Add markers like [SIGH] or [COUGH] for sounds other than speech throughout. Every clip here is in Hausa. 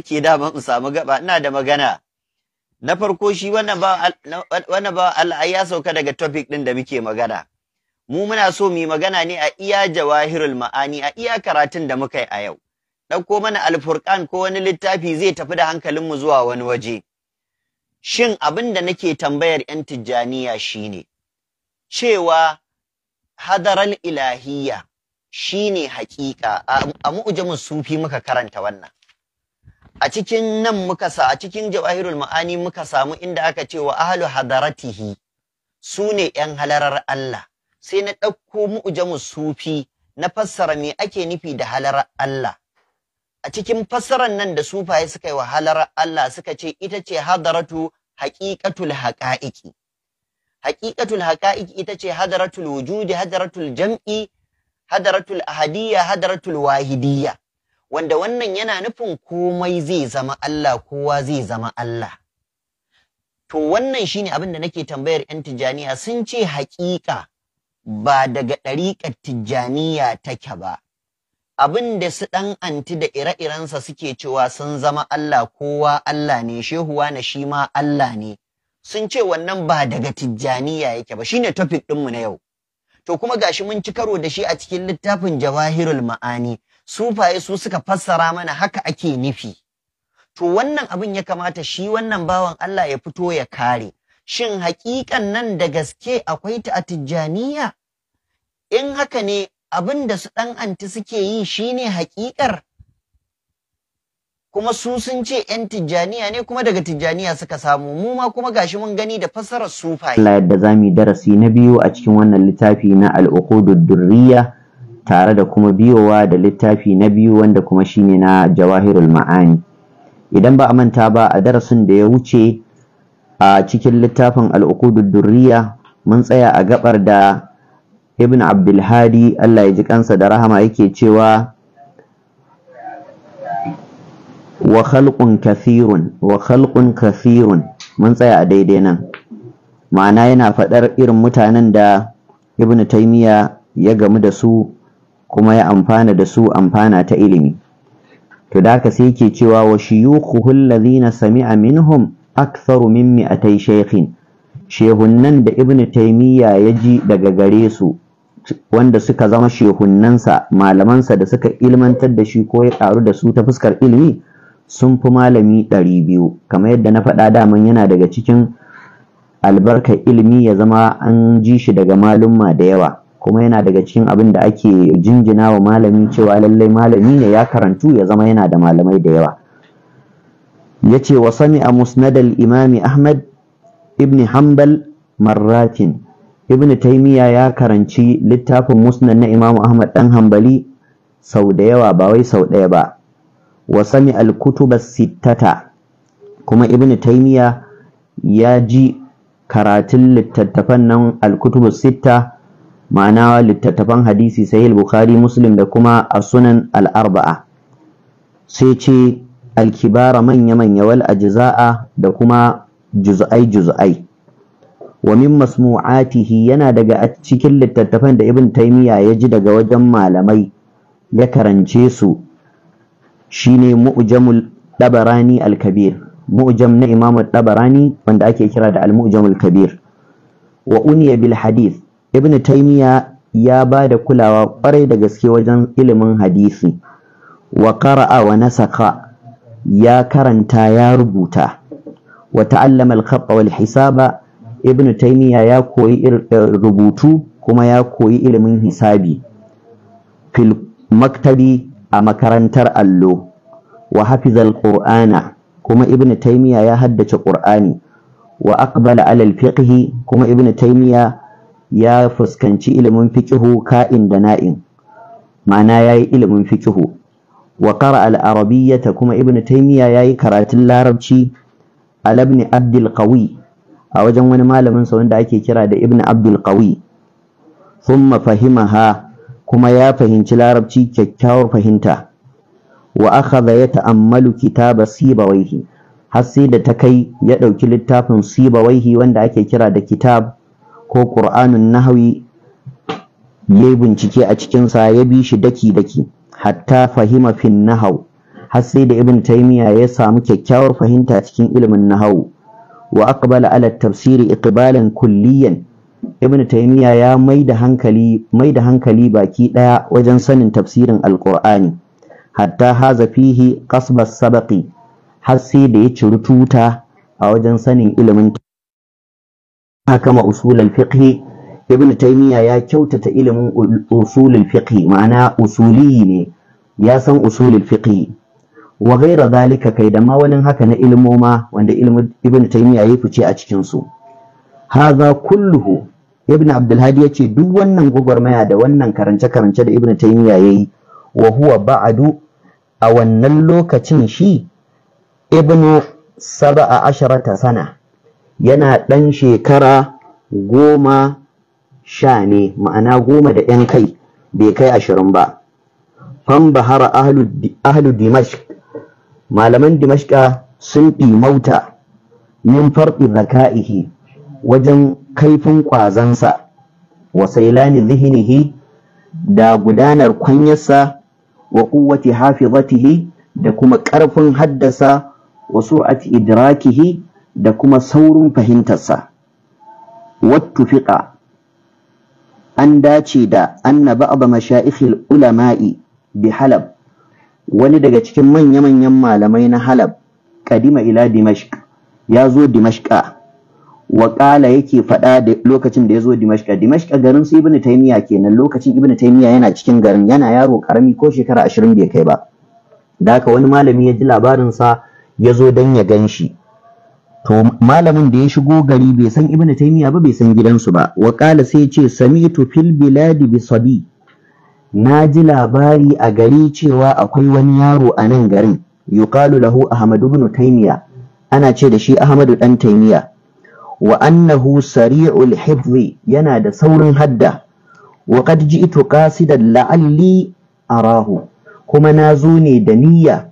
ake dama in samu gaba ina da magana na farko shi wannan ba wannan Allah ya sauka daga topic din da muke magana mu muna so mu magana ne a iya jawahirul ma'ani a iya karatun da muka yi a yau ɗauko mana alfurqan ko wani littafi zai tafi da hankalin mu zuwa wani waje shin abin da nake tambayar 'yan tijjaniya shine cewa hadaral ilahiyya shine hakika a mu'ujumin sufi muka karanta wannan a cikin nan muka sa a cikin jawahirul ma'ani muka samu inda aka ce wa ahlu hadaratihi su ne ‘yan halarar Allah sai na ɗauko mu'ujamu sufi na fassara me ake nufi da halarar Allah a cikin fassarar nan da sufaye suka yi wa halarar Allah suka ce ita ce hadaratu haƙiƙatul haƙa'iƙi haƙiƙatul haƙa'iki ita ce hadaratul wujudi hadaratul jam'i hadaratul ahadiyya hadaratul wahidiyya wanda wannan yana nufin komai zai zama Allah kowa zai zama Allah to wannan shine abin da nake tambayar yan Tijjaniya sun ce haƙiƙa ba daga ɗariƙar tijjaniya take ba abin da su ɗan anti da ire-irensa suke cewa sun zama Allah kowa Allah ne shehuwa na shi ma Allah ne sun ce wannan ba daga tijjaniya yake ba Shi ne topic ɗinmu na yau to kuma gashi mun ci karo da shi a cikin littafin jawahirul ma'ani sufaye su suka fassara mana haka ake nufi to wannan abin ya kamata shi wannan bawan Allah ya fito ya kare shin haƙiƙan nan da gaske akwai ta a tijjaniya in haka ne abin da su ɗan anti suke yi shine haƙiƙar kuma su sun ce 'yan tijjaniya ne kuma daga tijjaniya suka samu mu ma kuma gashi mun gani da fassarar sufaye. Allah yadda za mu yi darasi na biyu a cikin wannan littafi na al'uqudud durriya tare da kuma biyowa da littafi na biyu wanda kuma shine na jawahirul ma'ani idan ba a manta ba a darasin da ya wuce a cikin littafin al'ukudu durriya mun tsaya a gabar da ibn abdulhadi allah ya ji kansa da rahama yake cewa wa khalqun kathirun wa khalqun kathirun mun tsaya a daidai nan ma'ana yana faɗar irin mutanen da ibn taymiya ya gamu da su kuma ya amfana da su amfana ta ilimi to da ka sai ke cewa wa shuyukhuhu alladhina sami'a minhum aktharu min mi'atay shaykhin shehunnan da ibnu taymiya ya ji daga gare su wanda suka zama shehunnansa malamansa da suka ilmantar da shi ko ya karu da su ta fuskar ilimi sun fi malami ɗari biyu kamar yadda na faɗa daman yana daga cikin albarka ilimi ya zama an ji shi daga malumma da yawa kuma yana daga cikin abin da ake jinjina wa malami cewa lallai malami ne ya karantu ya zama yana da malamai da yawa ya ce wa sami a imami ahmad ibn hanbal marratin ibn taimiya ya karanci littafin musnad na Imam ahmad dan hanbali sau da yawa ba wai sau ɗaya ba wa sami alkutuba sittata kuma ibn taimiya ya ji karatun littattafan nan alkutuba sittata ma'ana littattafan hadisi sahih bukhari muslim da kuma as-sunan al-arba'a sai ce al-kibara manya manya wal ajza'a da kuma juz'ai juz'ai wa min masmu'atihi yana daga cikin littattafan da ibn taymiya ya ji daga wajen malamai ya karance su shine mu'jamul dabarani al-kabir mu'jam na imam dabarani wanda ake kira da al-mu'jamul kabir wa uniya bil hadith ibn taimiya ya ba da kulawa kwarai da gaske wajen ilimin hadisi wa qara'a wa nasakha ya karanta ya rubuta wa ta'allama al-khatta wal hisaba ibn taimiya ya koyi er, rubutu kuma ya koyi ilimin hisabi fil maktabi a makarantar allo wa hafizal qur'ana kuma ibn taimiya ya haddace qur'ani wa aqbala alal fiqhi kuma ibn taimiya ya fuskanci ilimin fikihu ka'in da na'in ma'ana yayi ilimin fikihu. wa qara al-arabiyyata kuma ibn taymiya yayi karatun larabci al ibn abdul qawi a wajen wani malamin sa wanda ake kira da ibn abdul qawi thumma fahimaha kuma ya fahimci larabci kyakkyawar fahimta wa akhadha yata'ammalu kitaba sibawayhi har sai da ta kai ya ɗauki littafin sibawaihi wanda ake kira da kitab ko ƙur'anin nahawi ya yi bincike a cikinsa ya bi shi daki-daki hatta fahima fin nahau har sai da ibn taymiya ya samu kyakkyawar fahimta cikin ilimin nahau wa aqbala ala tafsiri iqbalan kulliyan ibn taymiya ya mai da hankali mai da hankali baki daya wajen sanin tafsirin alqur'ani hatta haza fihi qasba sabaqi har sai da ya ciri tuta a wajen sanin ilimin hakama usulul fiqh ibn taymiya ya kyautata ilimin usulul fiqh ma'ana usuli ne ya san usulul fiqh wa zalika kai da ma wani haka na ilmoma wanda ilmin ibn taymiya ya fice a cikin su hadha kulluhu ibn abdulhadi yace duk wannan gwagwarmaya da wannan karance karance da ibn taymiya yayi wa huwa ba'du a wannan lokacin shi ibnu sab'a asharata sana yana ɗan shekara goma sha ne ma'ana goma da ‘yan kai bai kai ashirin ba fan bahara ahlu dimashq malaman dimashqa sun mauta min farɗi zaka'ihi wajen kaifin ƙwazansa wa sailani zihinihi da gudanar kwanyarsa wa kuwwati hafizatihi da kuma ƙarfin haddasa wa su'ati idrakihi da kuma saurin fahimtarsa fiƙa. an dace da anna ba'd masha'ikhil ulama'i bi halab wani daga cikin manya-manyan malamai na halab kadima ila dimashq ya zo dimashqa wa yake faɗa lokacin da ya zo dimashqa dimashqa garin su ibnu taymiya kenan lokacin ibnu taymiya yana cikin garin yana yaro karami ko shekara 20 bai kai ba da haka wani malami ya ji labarinsa ya zo dan ya gan shi to malamin da ya shigo gari bai san ibnu taymiya ba bai san gidansu ba wa qala sai ce sami'tu fil biladi bi sabi na ji labari a gari cewa akwai wani yaro a nan garin yuqalu lahu ahmadu ibnu taymiya ana ce da shi ahmadu dan taymiya wa annahu sari'ul hifzi yana da saurin hadda wa qad ji'tu qasidan la'alli arahu kuma na zo ne da niyya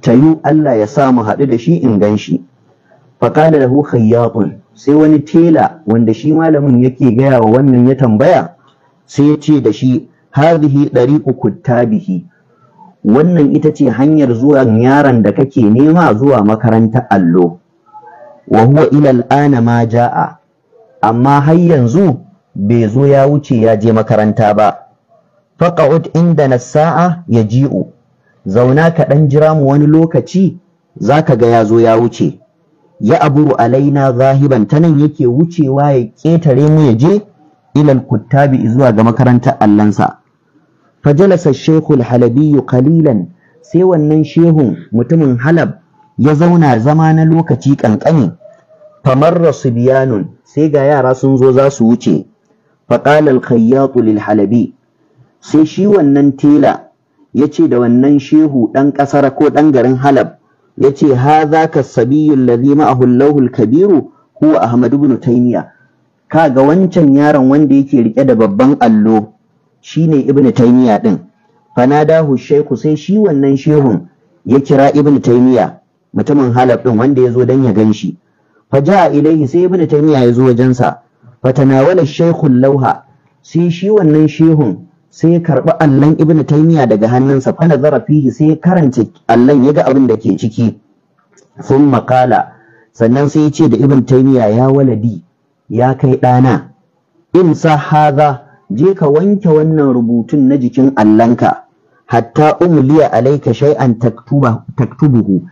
tayu Allah ya sa mu haɗu da shi in gan shi faƙala da khayyatun sai wani tela wanda shi malamin yake gaya wa wannan ya tambaya sai ya ce da shi hadhihi dariqu kuttabihi wannan ita ce hanyar zuwa yaron da kake nema zuwa makaranta allo wa huwa ila al'ana ma ja'a amma har yanzu bai zo ya wuce ya je makaranta ba faqa'ud inda na sa'a ya ji'u zauna ka dan jira mu wani lokaci zaka ga ya zo ya wuce ya aburu alaina zahiban ta nan yake wucewa ya ƙetare mu ya je ilal kuttabi zuwa ga makarantar allansa fajalasa Shehu halabiyu kalilan sai wannan shehun mutumin halab ya zauna zama na lokaci ƙanƙani famarra su biyanun sai ga yara sun zo za su wuce faƙalar khayyatu lil halabi sai shi wannan tela yace da wannan shehu ɗan ƙasar ko ɗan garin halab yace hadha kasabiyyu alladhi ma'ahu Allahul kabiru huwa ahmadu ibn Ka kaga wancan yaron wanda yake rike da babban allo shine ibn taimiya din fanadahu shaykhu sai shi wannan shehun ya kira ibn taimiya mutumin halab din wanda yazo dan ya ganshi faja'a ilayhi sai ibn ya yazo wajensa fatanawala shaykhu lauha sai shi wannan shehun sai ya karɓi allon ibnu taymiya daga hannunsa fa nazara fihi sai ya karanta allon ya ga abin da ke ciki sun makala sannan sai ya ce da ibnu taymiya ya waladi ya kai ɗana in sa haza je ka wanke wannan rubutun na jikin allanka hatta umliya alaika shay'an taktubuhu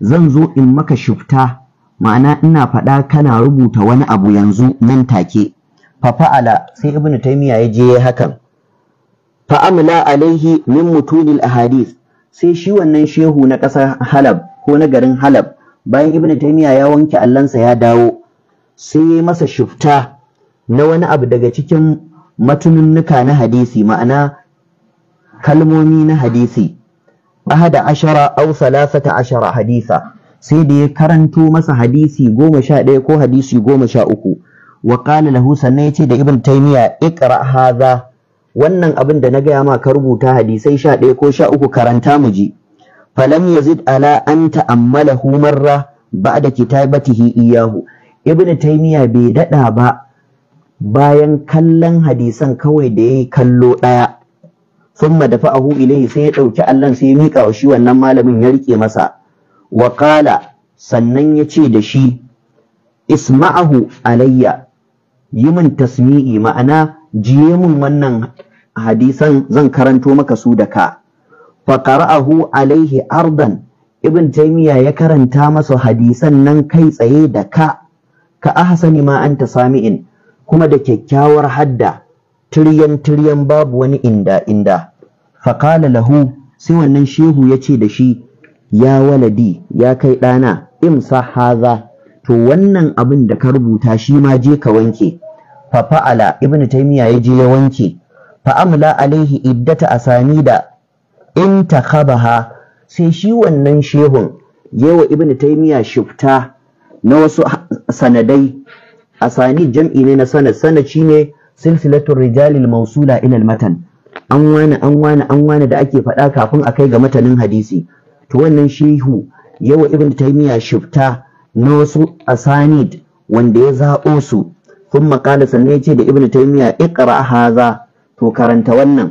zan zo in maka shifta ma'ana ina faɗa kana rubuta wani abu yanzu nan take fafa'ala sai ibnu taymiya ya je hakan fa'amala alaihi min mutunil ahadith sai shi wannan shehu na ƙasar Halab ko na garin Halab bayan Ibn taymiya ya wanke allansa ya dawo sai ya masa shifta na wani abu daga cikin matununnuka na hadisi ma'ana kalmomi na hadisi ahada ashara au salasata ashara hadisa sai da ya karanto masa hadisi goma sha ɗaya ko hadisi goma sha uku wa qala lahu sannan ya ce da ibn taymiya iqra hadha wannan abin da na gaya ma ka rubuta hadisai sha ɗaya ko sha uku karanta mu ji falam yazid ala an ta'ammalahu marra ba'da kitabatihi iyahu ibnu taymiya bai dada ba bayan kallon hadisan kawai da yayi kallo daya thumma dafa'ahu ilayhi sai ya dauki allan sai ya mika wa shi wannan malamin ya rike masa wa qala sannan ya ce da shi isma'ahu alayya yi min tasmi'i ma'ana jiye mun wannan hadisan zan karanto maka su da ka fa qara'ahu alaihi ardan ibn taymiya ya karanta masa hadisan nan kai tsaye da ka ka ahsani ma anta sami'in kuma da kyakkyawar hadda tiryan tiryan babu wani inda inda fa qala lahu sai wannan shehu yace da shi ya waladi ya kai ɗana imsa haza to wannan abin da ka rubuta shi ma je ka wanke fa fa'ala ibnu taymiya ya je ya wanke fa amla alaihi iddata asanida in takhabaha sai shi wannan shehun yawa ibnu taymiya shifta na wasu sanadai asani jam'i ne na sanad sanad shine silsilatu rijalil mawsula ila matan an wani an wani an wani da ake faɗa kafin a kai ga matanin hadisi to wannan shehu yawa ibnu taymiya shifta na wasu asanid wanda ya zaɓo su Sun ثم قال سنيتي لابن تيمية اقرأ haza, to karanta wannan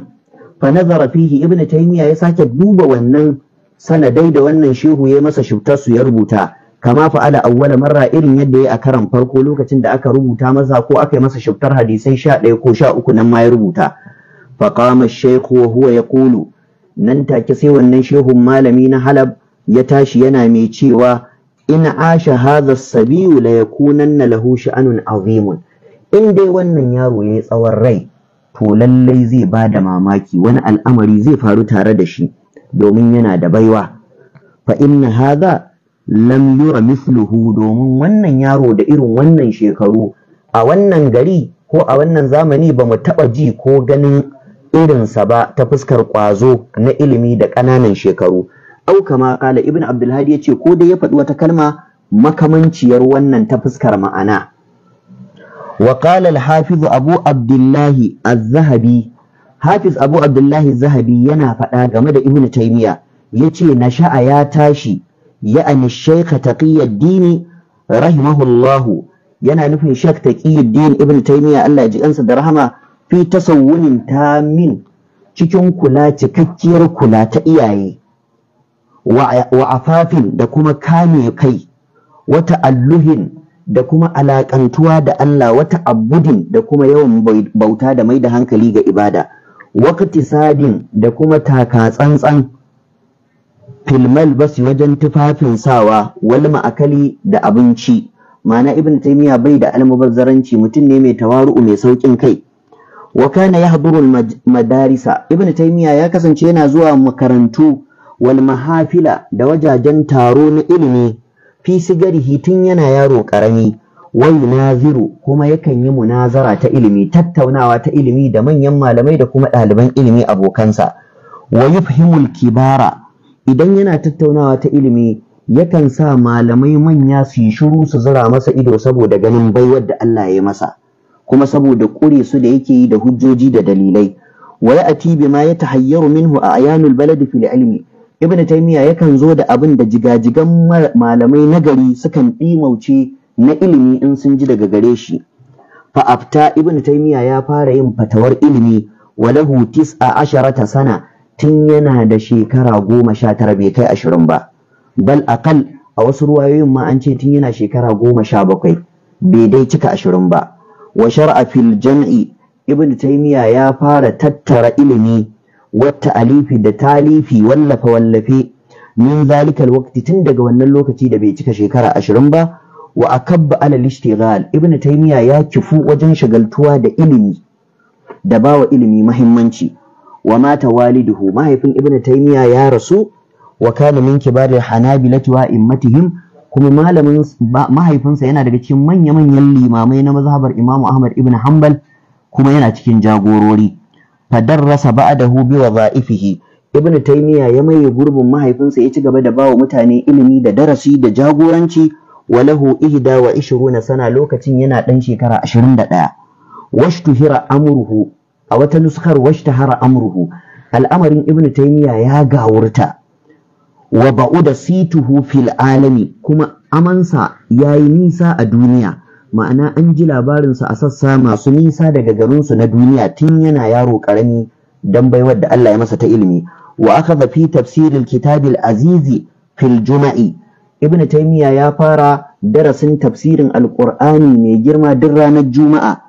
fa nazara fihi ibnu taymiya ya sake duba wannan sanadai da wannan shehu ya masa shutar su ya rubuta kama fa'ala awwala mara irin yadda ya a karan farko lokacin da aka rubuta masa ko aka yi masa shiftar hadisai sha ɗaya ko 13 nan ma ya rubuta fa qama shaykhu wa huwa yaqulu nan take sai wannan shehun malami na halab ya tashi yana mai cewa in asha haza sabiyu kunan yakunanna lahu sha'anun azimun in dai wannan yaro ya yi tsawon rai to lallai zai ba da mamaki wani al'amari zai faru tare da shi domin yana da baiwa fa inna hadha lam yura mithluhu domin wannan yaro da irin wannan shekaru a wannan gari ko a wannan zamani ba mu taɓa ji ko ganin irinsa ba ta fuskar ƙwazo na ilimi da ƙananan shekaru au kama kala ibn abdulhadi ya ce ko dai ya faɗi wata kalma makamanciyar wannan ta fuskar ma'ana وقال الحافظ أبو عبد الله الذهبي حافظ أبو عبد الله الذهبي ينا فأنا ابن تيمية يتي نشأ يا تاشي يعني الشيخ تقي الدين رحمه الله ينا نفي شيخ تقي الدين ابن تيمية الله يجي أنسى درهما في تصون تام cikin kula cikakkiyar kula ta iyaye wa afafin da kuma kame kai wata alluhin da kuma alaƙantuwa da Allah wata abudin da kuma yawan bauta da mai da hankali ga ibada wakati sadin da kuma taka tsantsan filmal basu wajen tufafin sawa wani ma'akali da abinci mana ibn taimiya bai da almubazzaranci mutum ne mai tawaru'u mai saukin kai Wakana ya madarisa ibn taimiya ya kasance yana zuwa makarantu wal mahafila da wajajen taro na ilimi fi sigarihi tun yana yaro ƙarami wai naziru kuma yakan yi munazara ta ilimi tattaunawa ta ilimi da manyan malamai da kuma ɗaliban ilimi abokansa wa yufhimul kibara idan yana tattaunawa ta ilimi yakan sa malamai manya su yi shiru su zura masa ido saboda ganin baiwar da Allah ya masa kuma saboda ƙure su da yake yi da hujjoji da dalilai wa ya'ti bima yatahayyaru minhu a ayanul baladi fil ilmi ibn taymiya yakan zo da abin da jigajigan malamai nagari sukan ɗimauce na ilimi in sun ji daga gare shi fa'afta ibn taymiya ya fara yin fatawar ilimi walahu tis'a asharata sana tun yana da shekara goma sha tara bai kai ashirin ba bal akal a wasu ruwayoyin ma an ce tun yana shekara goma sha bakwai bai dai cika ashirin ba wa shar'a fil jam'i ibn taymiya ya fara tattara ilimi wata alifi da talifi wallafa wallafe min zalika alwaqti tun daga wannan lokaci da bai cika shekara ashirin ba wa akabba ala al-ishtighal ibn ya kifu wajen shagaltuwa da ilimi da bawa ilimi mahimmanci wa mata waliduhu mahaifin ibn taymiya ya rasu wa kana min kibaril hanabilati wa immatihim kuma malamin yana daga cikin manya-manyan limamai na mazhabar imamu ahmad ibn Hambal, kuma yana cikin jagorori fadarrasa ba'dahu bi wadha'ifihi ibn taymiya ya maye gurbin mahaifinsa ya ci gaba da bawa mutane ilimi da darasi da jagoranci walahu ihda wa ishiruna sana lokacin yana ɗan shekara ashirin da ɗaya washtuhira amruhu a wata nuskar washtahara amruhu al'amarin ibn taymiya ya gawurta wa ba'uda situhu fil alami kuma amansa yayi nisa a duniya ma'ana an ji labarinsa a sassa masu nisa daga garinsu na duniya tun yana yaro ƙarami don baiwar da Allah ya masa ta ilimi wa aka fi tafsirin kitabil azizi fil juma'i ibn taymiya ya fara darasin tafsirin Alƙur'ani mai girma duk ranar juma'a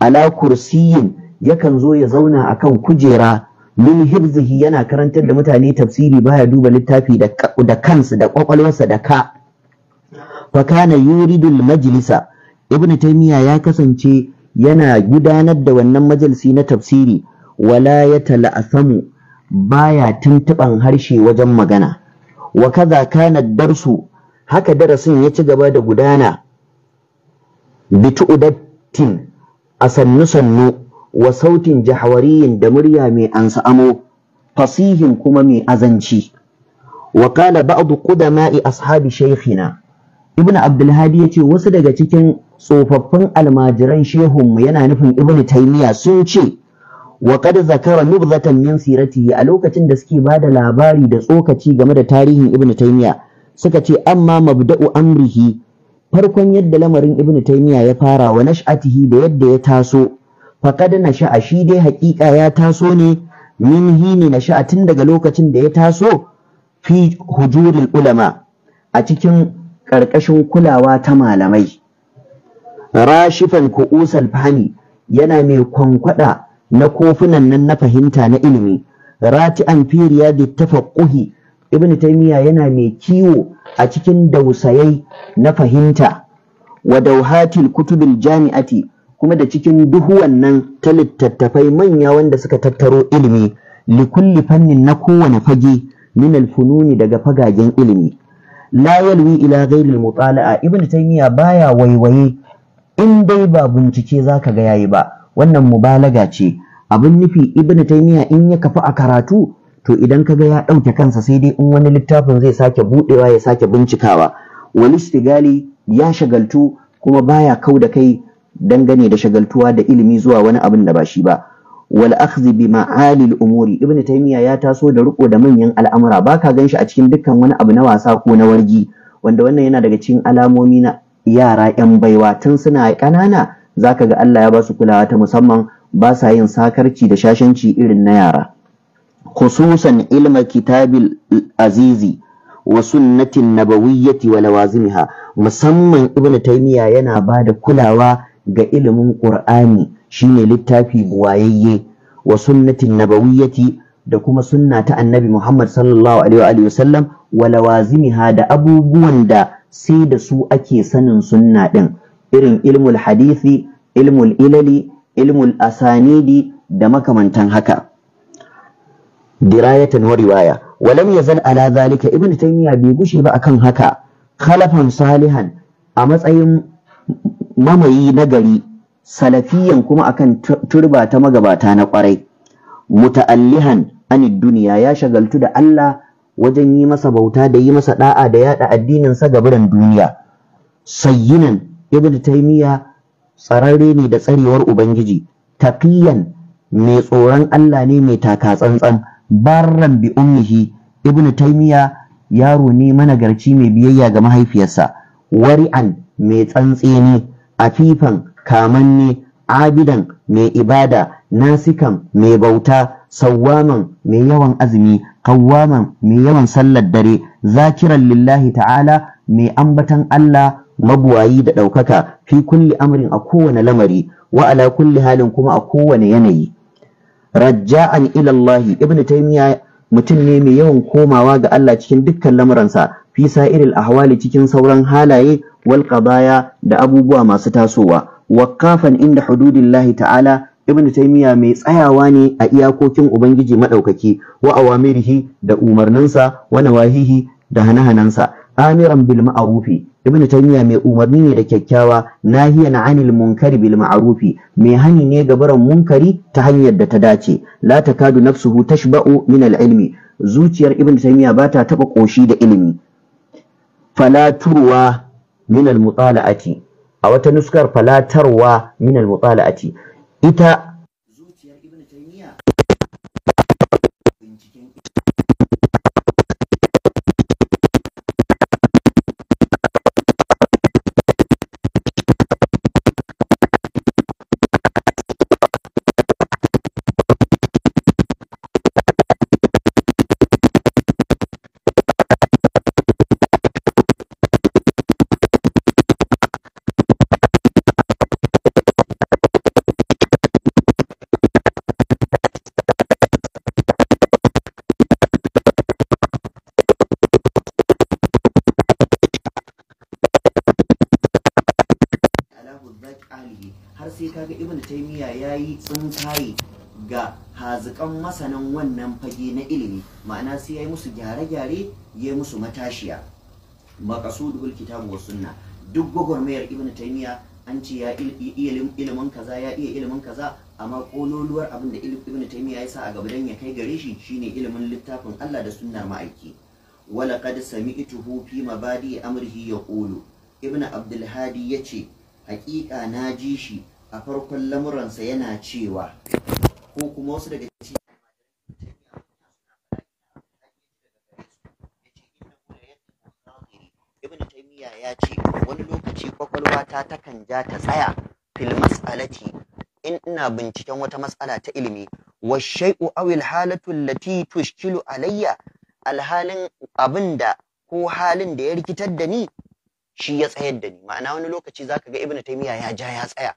ala kursiyin yakan zo ya zauna akan kujera min hibzihi yana karantar da mutane tafsiri baya duba littafi da kansa da kwakwalwarsa da ka fa kana yuridul majlisa ibn taymiya ya kasance yana gudanar da wannan majalisi na tafsiri wala ya tala'asamu baya tuntuban harshe wajen magana wa kaza kana darsu haka darasin ya ci gaba da gudana bitu'udattin a sannu sannu wa sautin jahawariyin da murya mai ansa amo fasihin kuma mai azanci wa qala ba'du qudama'i ashabi shaykhina ibnu Abdulhadi hadi yace wasu daga cikin tsofaffin almajiran shehunmu yana nufin ibn taymiya sun ce wa qad zakara nubzatan min siratihi a lokacin da suke bada labari da tsokaci game da tarihin ibn taymiya suka ce amma mabda'u amrihi farkon yadda lamarin ibn taymiya ya fara wa nash'atihi da yadda ya taso faqad nasha'a shi dai haƙiƙa ya taso ne min hini nasha'a tun daga lokacin da ya taso fi hujuril ulama a cikin ƙarƙashin kulawa ta malamai rashifan ku'usal fahmi yana mai kwankwada na kofunan nan na fahimta na ilimi Rati firiya da tafaqquhi ibn taymiya yana mai kiwo a cikin dausayai na fahimta wa dawhatil kutubil jami'ati kuma da cikin duhu wannan ta littattafai manya wanda suka tattaro ilimi likulli fannin na kowane fage min fununi daga fagagen ilimi la yalwi ila ghairi mutala'a ibn taymiya baya waiwaye in dai ba bincike za ka ga yayi ba wannan mubalaga ce abin nufi ibn taymiya in ya kafa a karatu to idan ka ga ya ɗauke kansa sai dai in wani littafin zai sake buɗewa ya sake bincikawa wani istigali ya shagaltu kuma baya kau da kai dangane da shagaltuwa da ilimi zuwa wani abin da ba shi ba wal akhdhi bi ma'alil umuri ibn taymiya ya taso da riko da manyan al'amura baka ganshi a cikin dukkan wani abu na wasa ko na wargi wanda wannan yana daga cikin alamomi na yara 'yan baiwa tun suna ƙanana Za ka ga Allah ya ba su kulawa ta musamman ba sa yin sakarci da shashanci irin na yara khususan ilma kitabil azizi wa sunnatin nabawiyyati wa lawazimiha musamman ibnu taymiya yana ba da kulawa ga ilimin qur'ani shine littafi buwayayye wa sunnatin nabawiyyati da kuma sunna ta annabi muhammad sallallahu alaihi wa sallam wa da abubuwan da sai da su ake sanin sunna ɗin irin ilmul hadithi ilmul ilali ilmul asanidi da makamantan haka dirayatan wa riwaya walam yazal ala zalika ibn taymiya bai gushe ba akan haka khalafan salihan a matsayin mamayi na gari salafiyan kuma akan turba ta magabata na kwarai muta'allihan anid duniya ya shagaltu da Allah wajen yi masa bauta da yi masa da'a da yada addininsa ga biran duniya sayyinan ibnu taymiya tsararre ne da tsarewar ubangiji taqiyan mai tsoron Allah ne mai taka tsantsan barran bi ummihi ibnu taymiya yaro ne managarci mai biyayya ga mahaifiyarsa wari'an mai ne. afifan kamanne abidan mai ibada nasikan mai bauta sawwaman mai yawan azumi kawwaman mai yawan sallar dare zakiran lillahi ta'ala mai ambatan Allah mabuwayi da ɗaukaka fi kulli amrin a kowane lamari wa ala kulli halin kuma a kowane yanayi rajja'an ilallahi ibnu taymiya mutum ne mai yawan komawa ga Allah cikin dukkan lamuransa fi sa'iril ahwali cikin sauran halaye wal qadaya da abubuwa masu tasowa waqafan inda hududillahi ta'ala ibnu taymiya mai tsayawa ne a iyakokin ubangiji madaukaki wa awamirihi da umarninsa wa nawahihi da hanahanansa amiran bil ma'rufi ibnu taymiya mai umarni ne da kyakkyawa nahiyan anil munkari bil ma'rufi mai hani ne ga barin munkari ta hanyar da ta dace la takadu nafsuhu tashba'u min al ilmi zuciyar ibnu taymiya ba ta taba koshi da ilimi fala turwa min al mutala'ati a wata nuskar falatarwa min al mutala'ati إذا hazikan masanan wannan fage na ilimi ma'ana sai ya yi musu gyare-gyare ya yi musu matashiya maqasudul kitabu wa sunna duk gwagwarmayar ibnu taymiya an ce ya ilimin kaza ya iya ilimin kaza amma kololuwar abin da ibnu taymiya ya sa a gaba dan ya kai gare shi shine ilimin littafin Allah da sunnar ma'aiki wala qad sami'tuhu fi mabadi amrihi yaqulu ibnu abdul hadi yace haƙiƙa na ji shi a farkon lamuransa yana cewa ko kuma wasu daga ciki ya ce wani lokaci kwakwalwa ta takan ja ta tsaya fil mas'alati in ina binciken wata mas'ala ta ilimi wa shay'u aw al halatu allati tushkilu alayya halin abinda ko halin da ya rikitar da ni shi ya tsayar da ni ma'ana wani lokaci zaka ga ibnu taymiya ya ja ya tsaya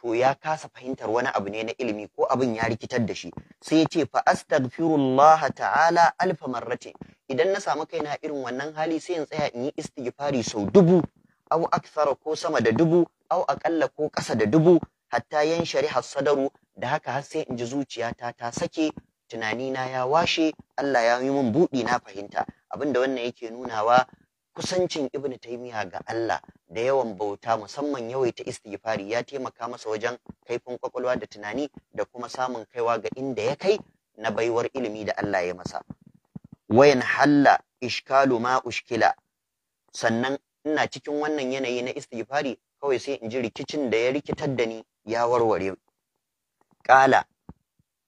to ya kasa fahimtar wani abu ne na ilimi ko abin ya rikitar da shi sai ya ce fa astaghfirullah ta'ala alf marrati idan na samu kaina irin wannan hali sai in tsaya in yi istighfari sau dubu au akthara ko sama da dubu au akalla ko ƙasa da dubu hatta yan shari'a sadaru da haka har sai in ji zuciyata ta sake tunanina ya washe Allah ya yi min buɗi na fahimta abinda wannan yake nunawa kusancin ibnu taymiya ga Allah da yawan bauta musamman yawaita istighfari ya taimaka masa wajen kaifin kwakwalwa da tunani da kuma samun kaiwa ga inda ya kai na baiwar ilimi da Allah ya masa wayan halla ishkalu ma ushkila sannan ina cikin wannan yanayi na istighfari kawai sai in ji rikicin da ya rikitar da ni ya warware kala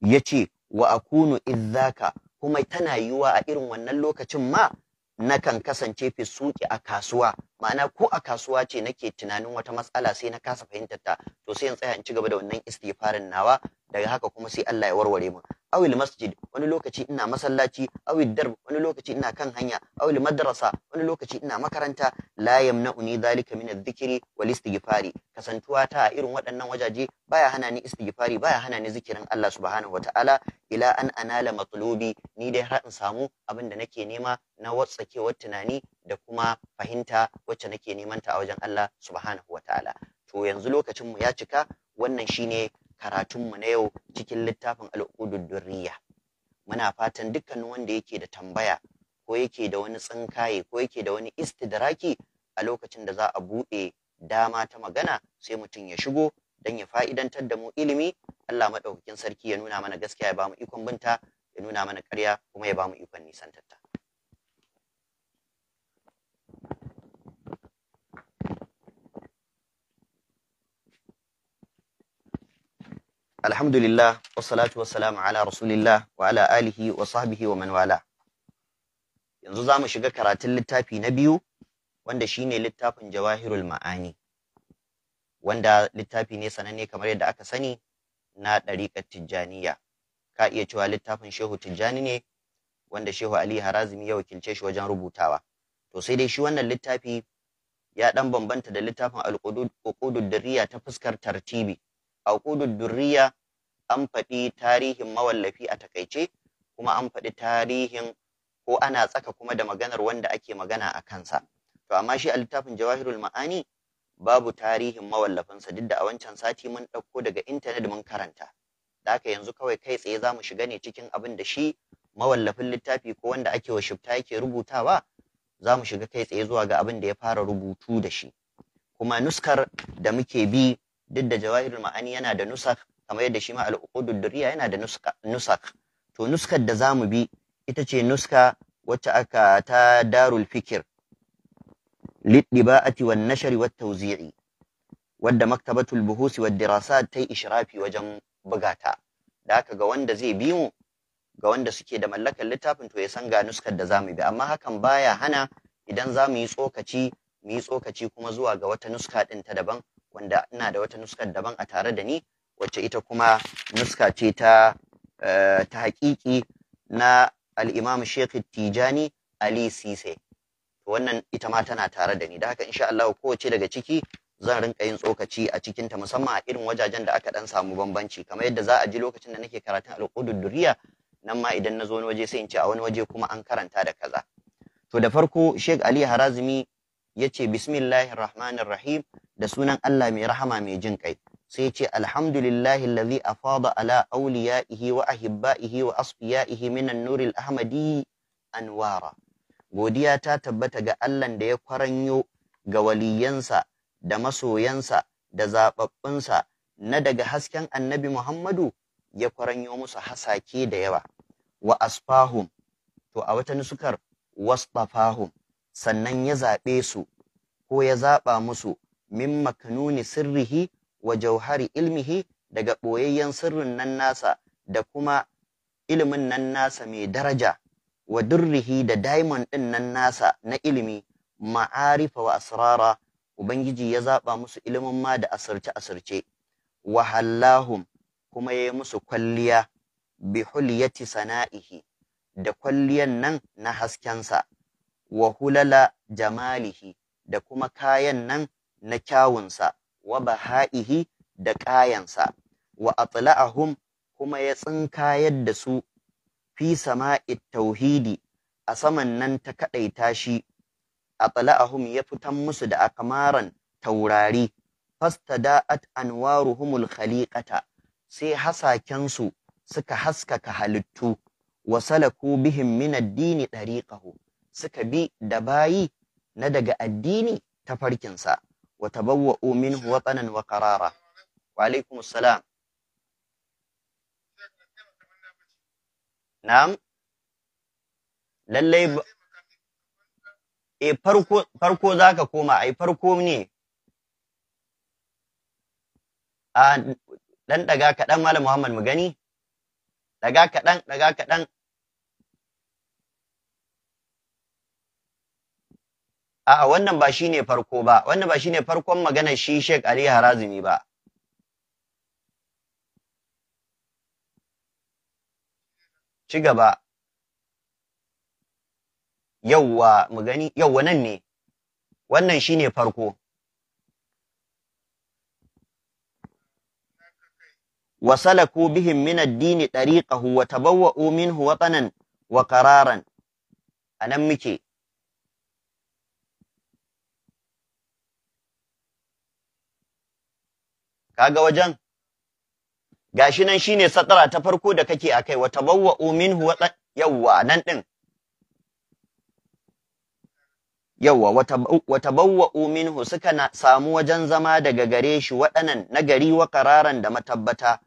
yace wa akunu izzaka kuma tana yiwa a irin wannan lokacin ma nakan kasance fi suki a kasuwa ma'ana ko a kasuwa ce nake tunanin wata matsala sai na kasa fahimtar ta to sai in tsaya in ci gaba da wannan istighfarin nawa daga haka kuma sai Allah ya warware mu awil masjid wani lokaci ina masallaci awil darb wani lokaci ina kan hanya awil madrasa wani lokaci ina makaranta la yamna'uni dhalika min adh-dhikri wal istighfari kasantuwa ta irin waɗannan wajaje baya hana ni istighfari baya hana ni zikirin Allah subhanahu wataala ila an anala matlubi ni dai har in samu abin da nake nema na watsakewar tunani da kuma fahimta wacce nake neman ta a wajen Allah subhanahu wataala to yanzu lokacin mu ya cika wannan shine karatunmu na yau cikin littafin al'udud durriya muna fatan dukkanin wanda yake da tambaya ko yake da wani tsinkaye ko yake da wani istidraki a lokacin da za a buɗe dama ta magana sai mutum ya shigo don ya fa'idantar da mu ilimi Allah maɗaukakin sarki ya nuna mana gaskiya ya bamu ikon binta ya nuna mana ƙarya kuma ya bamu ikon nisantarta alhamdulillah wassalatu wassalamu ala rasulillah wa ala alihi wa sahbihi wa man wala yanzu za mu shiga karatun littafi na biyu wanda shine littafin jawahirul ma'ani wanda littafi ne sananne kamar yadda aka sani na ɗariƙar tijjaniya ka iya cewa littafin shehu tijjani ne wanda shehu ali harazimi ya wakilce shi wajen rubutawa to sai dai shi wannan littafi ya ɗan bambanta da littafin alƙudud dariya ta fuskar tartibi a durriya an faɗi tarihin mawallafi a takaice kuma an faɗi tarihin ko ana tsaka kuma da maganar wanda ake magana a kansa to amma shi a littafin jawahirul ma'ani babu tarihin mawallafinsa duk da a wancan sati mun ɗauko daga intanet mun karanta da haka yanzu kawai kai tsaye za mu shiga ne cikin abin da shi mawallafin littafi ko wanda ake wa shifta yake rubutawa za mu shiga kai tsaye zuwa ga abin da ya fara rubutu da shi kuma nuskar da muke bi duk da jawahirul ma'ani yana da nusak kamar yadda shi ma al'uqudud durriya yana da nusak to nuskar da zamu bi ita ce nuska wacce aka ta darul fikir للطباعة والنشر tauzi'i. wadda maktabatul buhusi wa dirasat ta yi ishrafi wajen bugata da haka ga wanda zai bi mu ga wanda suke da mallakar littafin to ya san ga nuskar da zamu bi amma hakan baya hana idan za mu yi tsokaci mu yi tsokaci kuma zuwa ga wata nuska din ta daban wanda ina da wata nuskar daban a tare da ni wacce ita kuma nuska ce ta eh, ta haƙiƙi na al'imam Sheikh Tijani Ali Sise. Wannan ita ma tana tare da ni, da haka insha Allah kowace daga ciki zan rinka yin tsokaci a cikinta musamman a irin wajajen da aka ɗan samu bambanci kamar yadda za a ji lokacin da nake karatun alƙudud duriya nan ma idan na zo wani waje sai in ce a wani waje kuma an karanta da kaza. To da farko Sheikh Ali Harazimi ya ce "Bismillahi rahmanir rahim da sunan Allah mai rahama mai jin kai sai ce alhamdulillahi a afada ala ihi wa ahibba, ihi wa ihi minan nuril ahmadi anwara godiya ta tabbata ga Allah da ya kwaranyo ga waliyansa da masoyansa da zababbinsa na daga hasken annabi Muhammadu ya kwaranyo musu hasake da yawa wa asfahum to a wata nusukar wasfafahum sannan ya zaɓe su ko ya zaɓa musu min makanuni sirrihi wa jauhari ilmihi daga ɓoyayyen sirrin nan nasa da kuma ilimin nan nasa mai daraja wa durrihi da diamond ɗin nan nasa na ilimi ma'arifa wa asrara ubangiji ya zaɓa musu ilimin ma da asirce asirce wa hallahum kuma ya yi musu kwalliya bi huliyati sana'ihi da kwalliyan nan na haskensa wa hulala jamalihi da kuma kayan nan na kyawunsa wa baha'ihi da kayansa. wa atla'ahum kuma ya tsinkayar da su fi sama'i tauhidi a saman nan ta kaɗaita shi atla'ahum ya fitan musu da akamaran taurari fastada'at anwaruhumul khaliqata sai hasakensu suka haskaka halittu wa salaku bihim min addini dini suka bi da bayi na daga addini ta farkinsa wa tabawwa'u minhu watanan wa qarara wa alaikum assalam na'am lallai e farko farko zaka koma ai farko ne a ah, dan daga kaɗan malam Muhammad mu gani daga kaɗan daga kaɗan A'a wannan ba shi ne farko ba, wannan ba shi ne farkon maganar shi Sheikh Ali Harazmi ba. Ci gaba. Yauwa mu gani, yauwa nan ne. Wannan shi ne farko. وسلكوا بهم من الدين طريقه وتبوأوا منه وطنا وقرارا أنا مكي kaga wajen gashi nan shine satara ta farko da kake akai wa tabawwa'u minhu wa yawwa nan din yawwa wa tabawwa'u minhu suka na samu wajen zama daga gare shi waɗannan nagari gari wa qararan da matabbata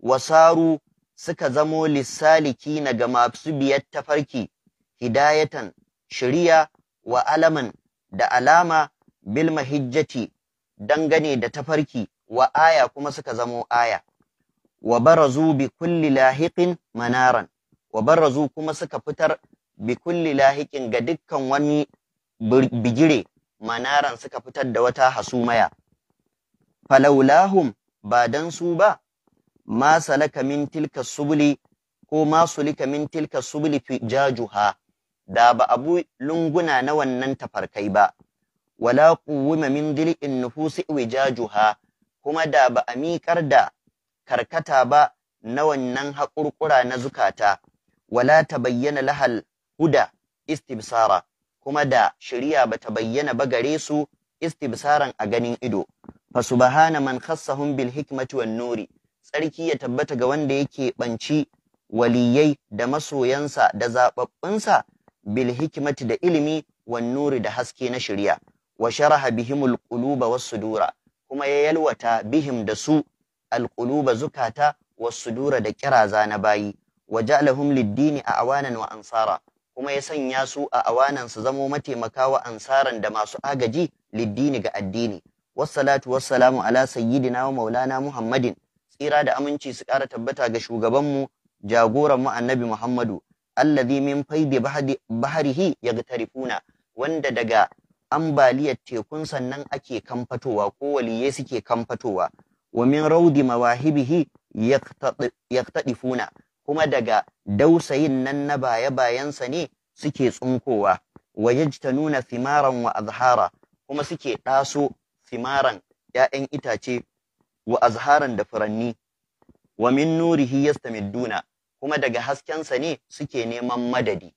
wasaru suka zamo lissaliki na ga masu biyar tafarki hidayatan shiriya wa alaman da alama bil mahijjati dangane da tafarki wa aya kuma suka zamo aya wa barazu bi kulli lahiqin manaran wa barazu kuma suka fitar bi kulli lahiqin ga dukkan wani bigire manaran suka fitar da wata hasumaya falaulahum ba dan su ba ma salaka min tilka subuli ko ma sulika min tilka subuli jajuha da ba abu lunguna na wannan tafarkai ba wala quwwama min dil'in nufusi wijajuha kuma da ba a miƙar da karkata ba na wannan haƙurƙura na zukata wala ta bayyana lahal huda istibsara kuma da shirya ba ta bayyana ba gare su istibsaran a ganin ido fa subhana man khassahum bil hikmati wan nuri tsarki ya tabbata ga wanda yake banci waliyai da masoyansa da zababbunsa bil hikmati da ilimi wan nuri da haske na shari'a wa sharaha bihimul quluba was sudura kuma ya yalwata bihim da su alquluba zukata wasu dura da kiraza na bayi wa ja'alahum liddini a awanan wa ansara kuma ya sanya su a awanan su zamo mataimaka wa ansaran da masu agaji liddini ga addini wassalatu wassalamu ala sayyidina wa maulana muhammadin tsira da aminci su ƙara tabbata ga shugabanmu jagoranmu annabi muhammadu alladhi min faidi baharihi yagtarifuna wanda daga ambaliyar tekun sannan ake kamfatowa ko waliyai suke kamfatowa wa min raudi mawahibihi yaqtadifuna kuma daga dausayin nan na baya bayansa ne suke tsunkowa wa yajtanuna thimaran wa azhara kuma suke ɗaso thimaran ‘ya'yan itace wa azharan da furanni wa min nurihi yastamidduna kuma daga haskensa ne suke neman madadi